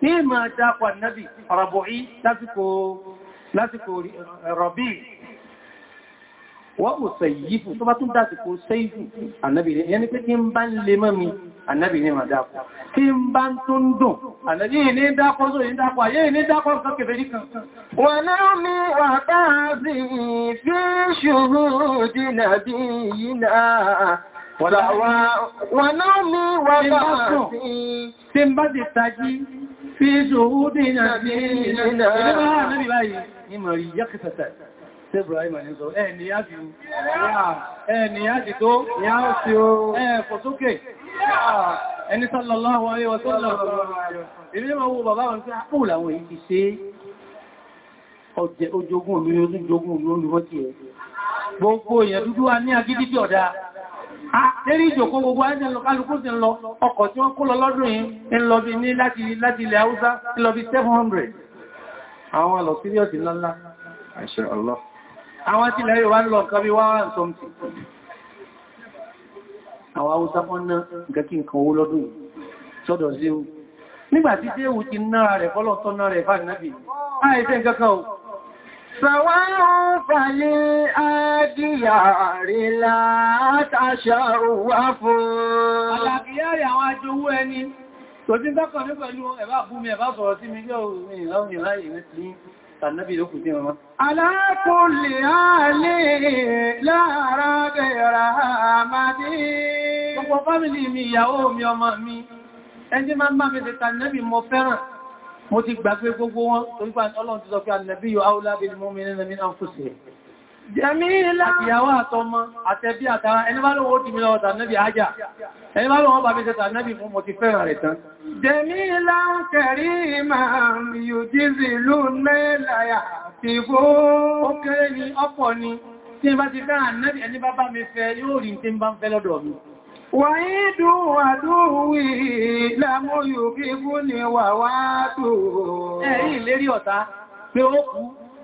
[SPEAKER 2] Ní máa lásìkò rọ̀bí. Wọ́n Ànábì ní máa dákọ̀. Kí ń bá ń tó ń dùn, Ànábì ní dákọ̀ só ní dákọ̀, ayé ní dákọ̀ sọ kèfèrí kan. Wà náà mi àtàzì fi ṣùgbù dínà bí yìí náà. Wà náà mi wà tàzì tí ń bá ti tají fi ṣùgbù dínà bí yìí náà. Ibrahim ni sọ, ẹ ni á ti tó, ẹ kò sókè, ẹni sallallahu alaihi wa sallam ilé ma wo bàbá wọn tí a kó làwọn èyí ti ṣe ọjẹ́ ojogun omi ojú jogun omi olùmọ́tí ẹ̀ gbogbo èèyàn dúdú wa ní agídí tí ọ̀dá lérí ìjòkó gbogbo ẹ̀jẹ̀ lọ kálukú ti lọ ọkọ̀ tí wọ́n kó lọ lọ́dún yìí ń lọ bí ní láti ilẹ̀ haúsá ń lọ bí 700 àwọn lọ síríọ̀sì lọ́lá àwọn tilẹ̀ yóò wá ń lọ nǹkan bí 1 something àwọn haúsá wọ́n ná nǹkan kí nǹkan owó lọ́dún sọ́dọ̀ sí o nígbàtí tí èwù ti náà rẹ̀ fọ́lọ̀ tọ́ náà rẹ̀ fàrí náàbì àìsẹ́ nǹkan o sàwárán àdíyàrí látàṣà fún alábíyàrí àwọn ajówó ẹni Tànàbí ló kù sí ọmọ. Alákùnlé àálé láàárá gẹ̀rà àmàdé. Gbogbo fámìlì mi, ìyàwó mi, ọmọ mi, ẹni máa máa mẹ́sẹ̀ tànàbí mo fẹ́ràn. Mo ti gbàgbé gbogbo wọn, torípa ọlọ́run ti sọ pé ànàbí yóò áúlá bí Jẹ́mílá. Ìyàwó àtọmọ, àtẹ̀bí àtàrà, ẹni bá lówó ti mílọ ọ̀tà nẹ́bì ajá, ẹni bá mo ti fẹ́ràn rẹ̀ tán. Jẹ́mílá kẹrí máa yóò jízi ló mẹ́láyà ti fó. Ó kéré ni, ọ̀pọ̀ ni, tí bá ti fẹ́ràn nẹ́bì ẹni bá bá mi fẹ́ yóò rí tí bá ń fẹ́ lọ́dọ̀ mi. Wàídù àdúwì lámú kí fún ni wà wá tó.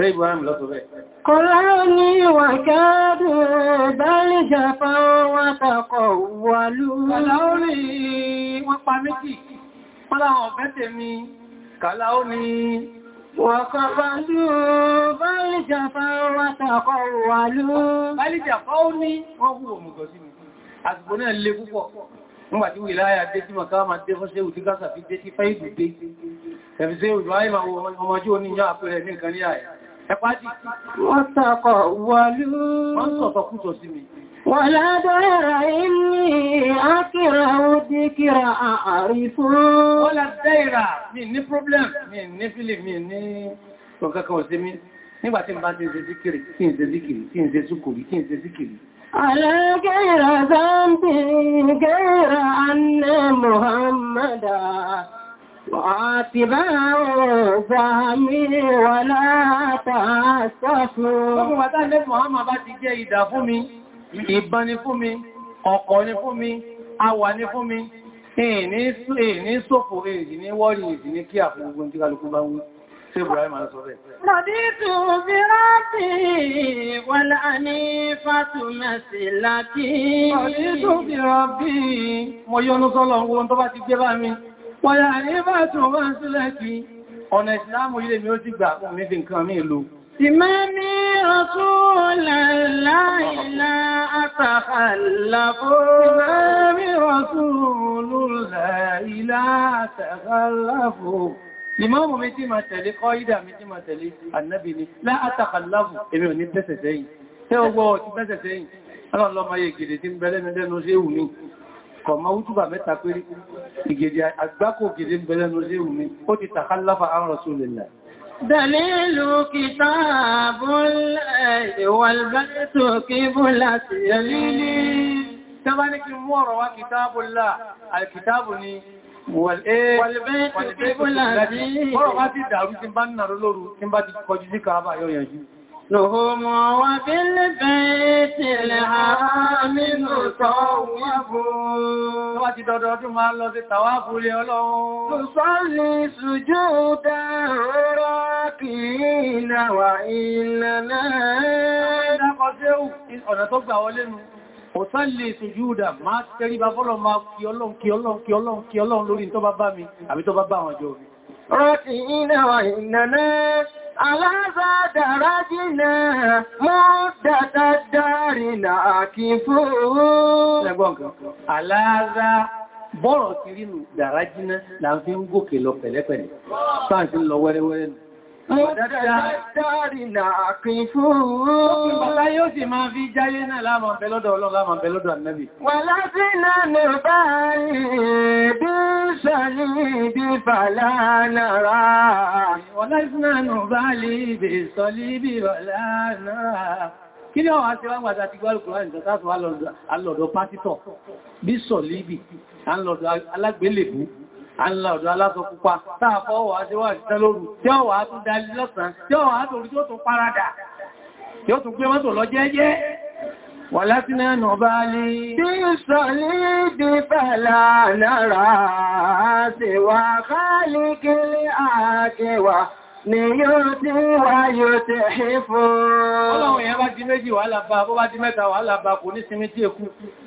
[SPEAKER 2] Ṣé Ibrahim lọ́tọ̀ bẹ́ẹ̀?
[SPEAKER 3] Kọ̀lọ́rọ̀ ní ìwà
[SPEAKER 1] kẹ́ẹ̀dù bẹ́lìjà fáwọn wátàkọ̀ wà lúrú. Kàláórí
[SPEAKER 2] wọ́n pa méjì, wọ́n láwọn ọ̀fẹ́ lú bẹ́lìjà fáwọn wátàkọ̀ wà ní wọ́n wù òmùgọ̀ sí mi, àsìkò náà lé púpọ̀ nígbàtí wìláyà dé tí màkà máa dé fún ṣéhù tí káṣà fi dé tí fẹ́ ìbùdé. Ẹ̀fẹ́ ṣéhù ìbáyìí ọmọjú oníyàn àpẹẹrẹ ní nǹkan ní àyà ẹ̀pájì. Wọ́n tàkọ̀ wọlú. Wọ́n sọ̀tọ̀ kúsọ̀ sí mi. Wọ̀lá dọ́rọ̀ inú àkírà ó dé kíra àárí fún. Ó láti ìrà mi ní problem, mi ní fílì, mi ní ọ̀kankan ò sí mi. Nígbàtí mo bá ti ń ṣe síkìrì, kí ń ṣe síkìrì, kí ń ṣe súkòrí, kí ń ṣe síkìrì.
[SPEAKER 3] على وعاتباه فهمي ولا تأسفوا
[SPEAKER 2] Ọmọ bàtà ilẹ̀ fún mi, ni fún mi, ọ̀kọ̀ ni fún mi, awà ni fún mi, ìní sọ́fò èyí ní wọ́rí ìdí ní kí àfúgbogbo tí kálukú bá wú. Ṣé Ibrahim a sọ bẹ́ẹ̀? Lọ́dí tó fi rántí wà láàní fàtúmẹ̀sì láti. Lọ́dí tó fi rántí, Wọ́n yà ní bá tó wá ń sílẹ̀ kí ọ̀nà ìsìlámù ilé mi ó ti gbà fún mi fi nǹkan mí lò. Ìmẹ́ni Rasulullah àtàkàlàfó. Ìmẹ́ni Rasulullah àtàkàlàfó. Ìmáàmù tí máa tẹ̀lé kọ́ ìdà mi tí máa tẹ̀lé ànábì ni látàkàláàbù èmi ò ní bẹ́sẹ̀ sẹ́yìn. Tẹ́ ọgbọ́ ti bẹ́sẹ̀ sẹ́yìn. Ọlọ́run yẹ gèdè tí ń bẹ́lẹ́nu lẹ́nu ṣe wù ní kọ̀mọ́ wútúbà mẹ́ta péré ìgèdè àgbákò gèdè ń bẹ̀rẹ̀ ló léwu mi ó ti tàkálàfà àwọn rasulillah dalilu kitabul wal baytu qiblati yamini kí mú ọ̀rọ̀ wá kitabullah نهم وفي البيت العامل طوف Wọ́n ti dọ̀dọ̀ ọdún máa lọ sí tàwáfù lé ọlọ́run. Nùsọ́lì sùjú dáàrọ kì í na wà ìlànà. Ìdákọ̀ tí ó ọ̀nà tó gbà wọlé nù. Òsọ́lì sùjú dà máa tẹ́rí bá fọ́lọ̀ máa kí ọlọ́run kí ọlọ́run kí ọlọ́run kí ọlọ́run lórí tó bá bá mi àbí tó bá bá àwọn jọ mi aláàzá dára jìnà mọ́ dàdà dárìnà àkí fún aláàzá bọ́rọ̀ kìrínù dára jìnà là Mọ́tàdárìnà àkín fún òun. Bàbá yóò sì máa fi jáyé náà láàmà bẹ̀lọ́dọ̀ ọlọ́run láàmà bẹ̀lọ́dọ̀ ànẹ́bì. Wà láti náà nà báyìí bí sàní bí fàlá náà. Wà láti náà nà báyìí bí sọlí bí fàlá ọwà tí wá gbàdá ti gbọ́ alùkùnrin àìsàn tàbí alọ́dọ̀ pásítọ̀ bí sọ̀líbì, alọ́dọ̀ alágbélébú, àlà ọ̀dọ̀ aláṣọ pupa táàfọ́ wà síwá ìṣẹ́ lóru tí ó wà tún dalí lọ́sàn tí ó wà torí tí ó tún parada tí ó tún gbé mọ́tò lọ jẹ́jẹ́ wà láti náà nà bá lè tí sọ̀lé dìbẹ̀lá nára sí wà káàlì kiri àkẹwà ni yóò tí wà yóò tẹ̀ ṣe fún ọlọ́run yẹn bá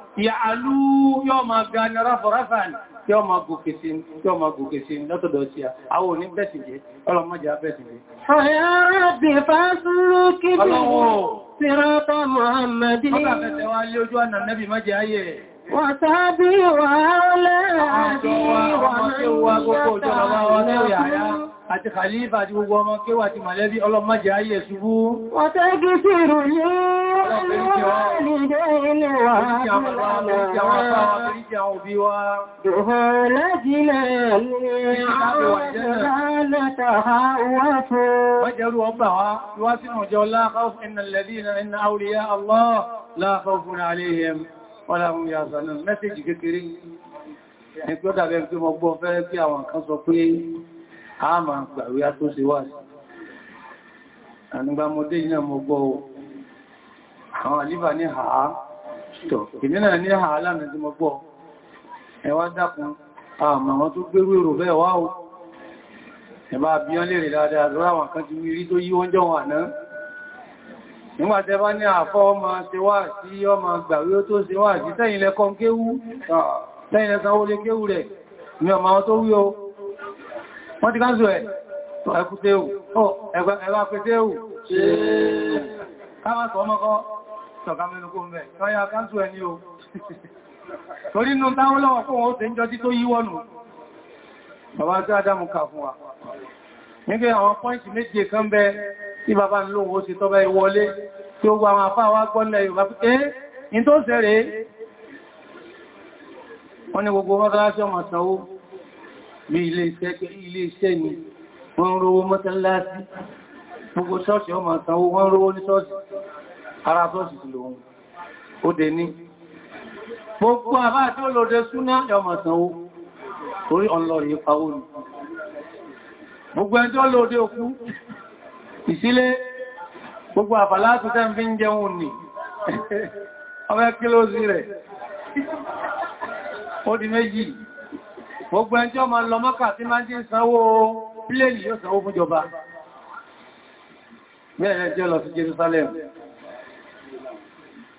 [SPEAKER 2] ìyàlú yóò máa ga ní ráfọ̀ráfà tí ó máa gòkè sí tí ó máa gòkè sí lọ́tọ̀dọ̀ sí àwọn òní bẹ́sìn jẹ́ ọlọ́mọ́jẹ́ abẹ́sìn jẹ́
[SPEAKER 1] Wàtàbí wà lẹ́rẹ̀ àti wà mẹ́wàá gbogbo òjọ́lọ́wà wọn lẹ́rẹ̀ àyá
[SPEAKER 2] àti Khalifa àti gbogbo ọmọ kéwà ti mọ̀lẹ́bí ọlọ́mọ́jẹ́ ayé ṣubú.
[SPEAKER 3] Wàtàbí sí ìròyìn
[SPEAKER 2] Dùhọ́lájìlá ní àwọn ọ̀dọ́látàhá wá fún. Wájẹ́rú ọba wá, ìwá sínú jẹ́ ọlá kọ́fún iná lẹ́dí iná àwòrìyá Allah láàkọ́fún àléhìm, wọ́lá mú yà sànà. Mẹ́sẹ̀jì kékeré, ẹgbẹ́ dàbẹ́ pé mọ́ gbọ́ fẹ́rẹ́ pé àwọn kan sọ pé a máa gbàrí àwọn àlífà ní àá
[SPEAKER 3] tọ̀ ìdínà ní
[SPEAKER 2] àá lánàá tí mọ́ pọ̀ ẹwà dákun àmà wọn tó gbérú èrò bẹ́ẹ̀ wá o ẹ̀bá bí wọ́n lè rí dáadáa lọ́rọ̀ àwọn kan ti rí tó yí oúnjẹ wọn àná nígbàtẹ́ bá ní àfọ́ ọmọ ṣe wà sí ọmọ gbàwé tó ṣe wà sí tẹ́yìn lẹ́kọ́ kéwú tẹ́yìn lẹ́sanwó lé kéwú rẹ̀ ní ọmọ àwọn tó wí o wọ́n ti káwàtọ̀ ọmọkọ́ sọ̀ká mẹ́nu kó mẹ́ tọ́yá káńtù ẹni o torí nù táwọn lọ́wọ́ fún oó tẹ́ ń jọjí tó yíwọ́nù bàbá tí ádámù kà fún wa nígbé àwọn pọ́ìntì méje kan bẹ tí bàbá ń lóhun ó ti tọ́bẹ wọlé tí ó gba àwọn afá wá gbọ́lẹ̀ Yorùbá pé in tó sẹ́rẹ̀ wọ́n ní gbogbo mọ́sálásí ọmọ sanwó bí ara sọ́ọ̀sì ti lòun ó dé ní gbogbo àbá tí ó lòdẹ súná ẹmọ̀sánwó torí ọlọ́rin pàwó ní gbogbo ẹjọ́ lòdẹ òkú ìsílé gbogbo àbàlá tó tẹ́ fi ń jẹun nì ọmọ kílósì rẹ̀ ó di méjì gbogbo ẹjọ́ ma lọ mọ́kà tí máa jí sanwó pílẹ̀lì yóò sanwó fún ìjọba Mẹ́rin ẹjọ́ lọ sí Jerusalem.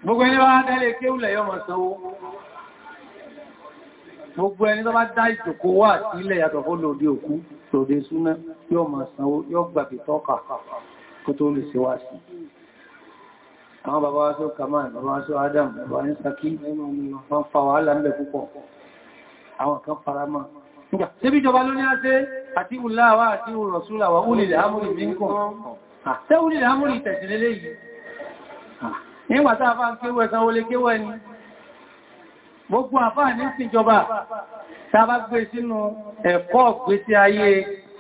[SPEAKER 2] Gbogbo ẹni bá dálé kéwùlẹ̀ yọmọ̀ sanwó. Gbogbo ẹni tó bá dá ìjòkó wà sí ilẹ̀ yàtọ̀ fún lòdí òkú, lòdí súná, yọmọ̀ sanwó, yọ gbàgbé tọ́ka kó tó lè síwá Àwọn bàbá wa sọ Adam, bàbá ní Saki, wọ́n fa wàhálà ńlẹ̀ púpọ̀. Àwọn kan fara mọ́. Ṣébí ìjọba ló ní á ṣe àti ìwùláwà àti ó lè nígbàtá àfá ń kéwẹ́ kan olè kéwẹ́ ni gbogbo àfá ní síjọba tàbá gbé sínú ẹ̀kọ́ gbé sí ayé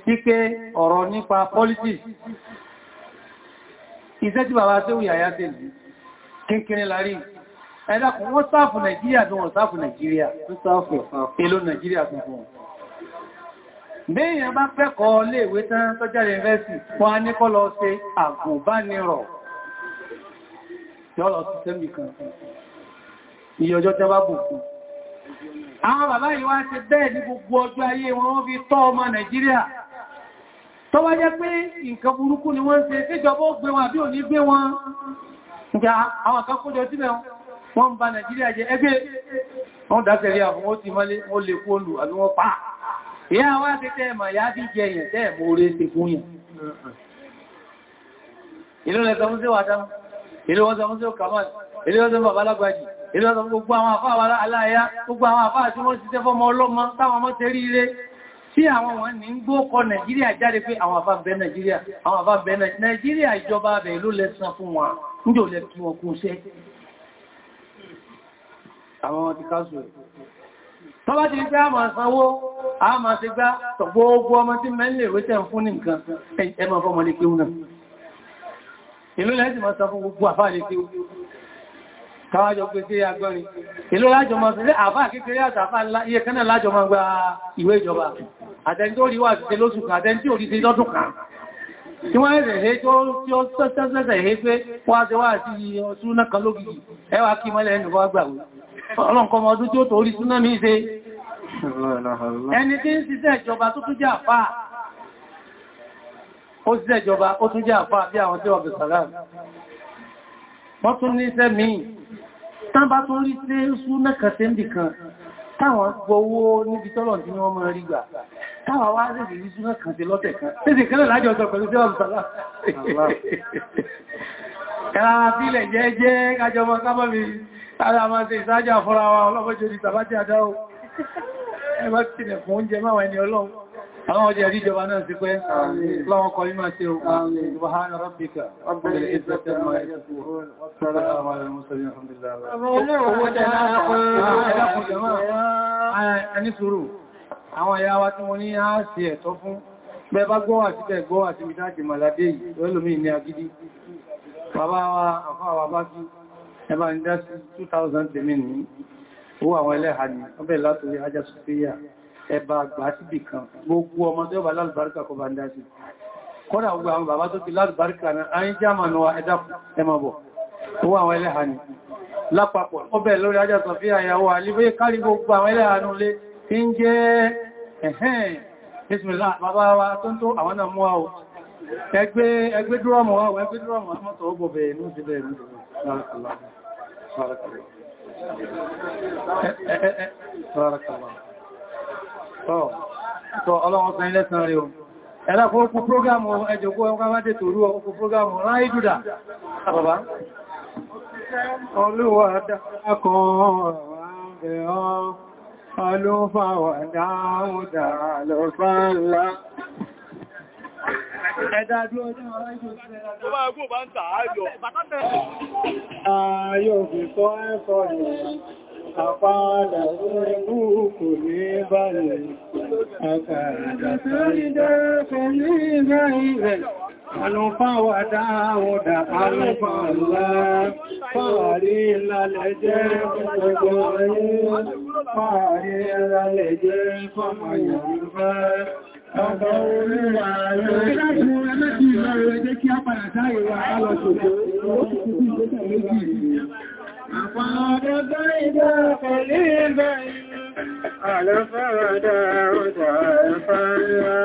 [SPEAKER 2] pípé ọ̀rọ̀ nípa politics iṣẹ́ tí bàbá tó wùyà yáṣẹ́ lè kínkínrin lárí ẹ̀dàkùn wọ́n sáàfù nàìjíríà tó wọ́n sáàfù nàìjíríà tó sáàfù èlò nàìjíríà tuntun béèyàn bá lọ́rọ̀ ti tẹ́mì kan iye ọjọ́ tẹ́ bá bùkún. Àwọn bàbá yìí wá ṣe bẹ́ẹ̀ ní gbogbo ọjọ́ ayé wọn wọ́n fi tọ́ ọmọ Nàìjíríà. Tó wá jẹ́ pé nǹkan burúkú ni wọ́n ṣe síjọba ó gbé wọn àbí ò ní gbé wọn. Nǹkan àwọn àkọ́kójọ síbẹ̀ wọ́n ń ba Nàìjíríà jẹ ẹgbẹ́ wọ́n dáṣẹ̀rí àwọn ó ti mọ́lé wọ́n lè kó lù àbí wọ́n pa. Ìyá wá ti tẹ́ ẹ̀mọ̀ ìyá bí jẹ yẹn tẹ́ ẹ̀mọ̀ oore ṣe fún yẹn. Ìlú rẹ̀ sọ fún sí ilé wọ́n sọmọ́ sí ó kàmọ́ ilé wọ́n sọmọ́ babalágbàjì ilé wọ́n sọmọ́ gbogbo àwọn àfáà wà aláyá gbogbo àwọn àfáà tí wọ́n ṣiṣẹ́ fọ́mọ ọlọ́mọ táwọn ọmọ tẹ́rí ire tí àwọn wọn ní ń gbó kọ nàìjíríà jáde pé àwọn àfáà bẹ nàìjíríà àwọn àfáà bẹ nàìjíríà ìjọba abẹ ló lẹ́san fún wọn níjò lẹ kí wọn kún iṣẹ́ àwọn ti káṣù ẹ̀ tó bá ti rí pé a máa sanwó a máa ṣe gbá tọ̀gbọ́ ogun ọmọ tí mẹ́lẹ̀ wẹ́tẹ̀ fún ní ẹ máa fọ́mọ ní pé ó náà ìlú lẹ́jì máa sọ fún gbogbo àfáà ní kí káwàjọ pé sí agbọ́rin ìlú lájọ máa sí àfáà kékeré àtàfà iye kanáà lájọ máa gba ìwé ìjọba àtẹni tó rí wà sí lóṣù kan àtẹni tí ò rí sí lọ́dún kan tí wọ́n rẹ̀ hé tó tí ó sẹ́sẹ́sẹ́ hé pé wọ́n á ti wá sí súnà kan lógìgì ẹwà kí mọ́lẹ̀ ẹnu wá gbàwó ọlọ́nkọmọ ọdún tí ó tó rí súnà mí ṣe ẹni tí ń ṣiṣẹ́ ìjọba tó tún jẹ́ àfáà ó sì jẹjọba ó tún jẹ́ àfá bí àwọn tí wọ́n bẹ̀ sàlám wọ́n tún ní iṣẹ́ míì tán bá tún rí tí ó sún mẹ́kà sí ń bìkan táwọn gbowó níbi tọ́lọ̀ tí wọ́n máa rí gbà táwọn wá rí sún mẹ́kà sí lọ́tẹ̀ kan tẹ́sì kan lájọ sọ pẹ̀lú sí ọ̀rùn sàlám ẹ̀rà sílẹ̀ jẹ́jẹ́ kájọmọ kábọ̀mí ara máa ṣe ìsájà fọ́ra wa ọlọ́bọ̀jọ́ ìtàbátí àdáwò ẹgbẹ́ tilẹ̀ fún oúnjẹ máwọn ẹni àwọn ọjọ́ ìjọba náà sí pé láwọn kọ ní máa ṣe ìbáhánà rọ́bìkà ọgbẹ̀rẹ̀ ìzẹ́tẹ̀ máa ẹjọ́ sí ọ̀rọ̀ ọ̀sọ̀rọ̀ àwọn ọmọ ìsọ̀rọ̀ alhamdulillah àwọn ìyá wa tí mo ní á sí ẹ̀tọ́ fún bẹba gbọ́wà sí tẹ́ gbọ́wà sí mi dájì màlàdé yìí olómi ní agidi bàbá wa àfáwà bá kí ẹba ń dá sí 2000 ẹba àgbà síbì kan gbogbo ọmọ tó bá lálùbáríkà kọ bá ń dá sí kọ́dà gbogbo àwọn bàbá tó ti lálùbáríkà náà a ń jámà náà ẹ̀dàkù ẹmọ̀bọ̀ owó àwọn ẹlẹ́hà ni lápapọ̀ ó bẹ̀ lórí ajá sọfíà ìyàwó àlíbé kárí gbogbo àwọn ẹlẹ́hà nú lé tí ń jẹ́ ẹ̀hẹ́n bismillah bàbá wa tó ń tó àwọn náà mú wa o ẹgbẹ́ ẹgbẹ́ dúrọ́mù wa ẹgbẹ́ dúrọ́mù wa mọ́tò ó bọ̀bẹ̀ inú ti Tọ́ ọlọ́wọ́n sọ ilẹ̀ sàn rí o. Ẹ̀lá fún okùn prógámù ẹjọ̀kú ọkọ̀ máa dé tòrú okùn prógámù ráyé dúdà. Bàbá. Olúwa dákọ̀ ọ̀rọ̀ Ayọ̀ fi kọ́ ẹ̀kọ́ ìrìn. أقال سلوك لبل أكاد سجدا في غير ألف وداود ألف الله فاريل الجيف تقول فاريل الجيف ما ينفى Ọgbọ̀n
[SPEAKER 3] orí أطال بيدا قليلا على فردا
[SPEAKER 1] وتعفى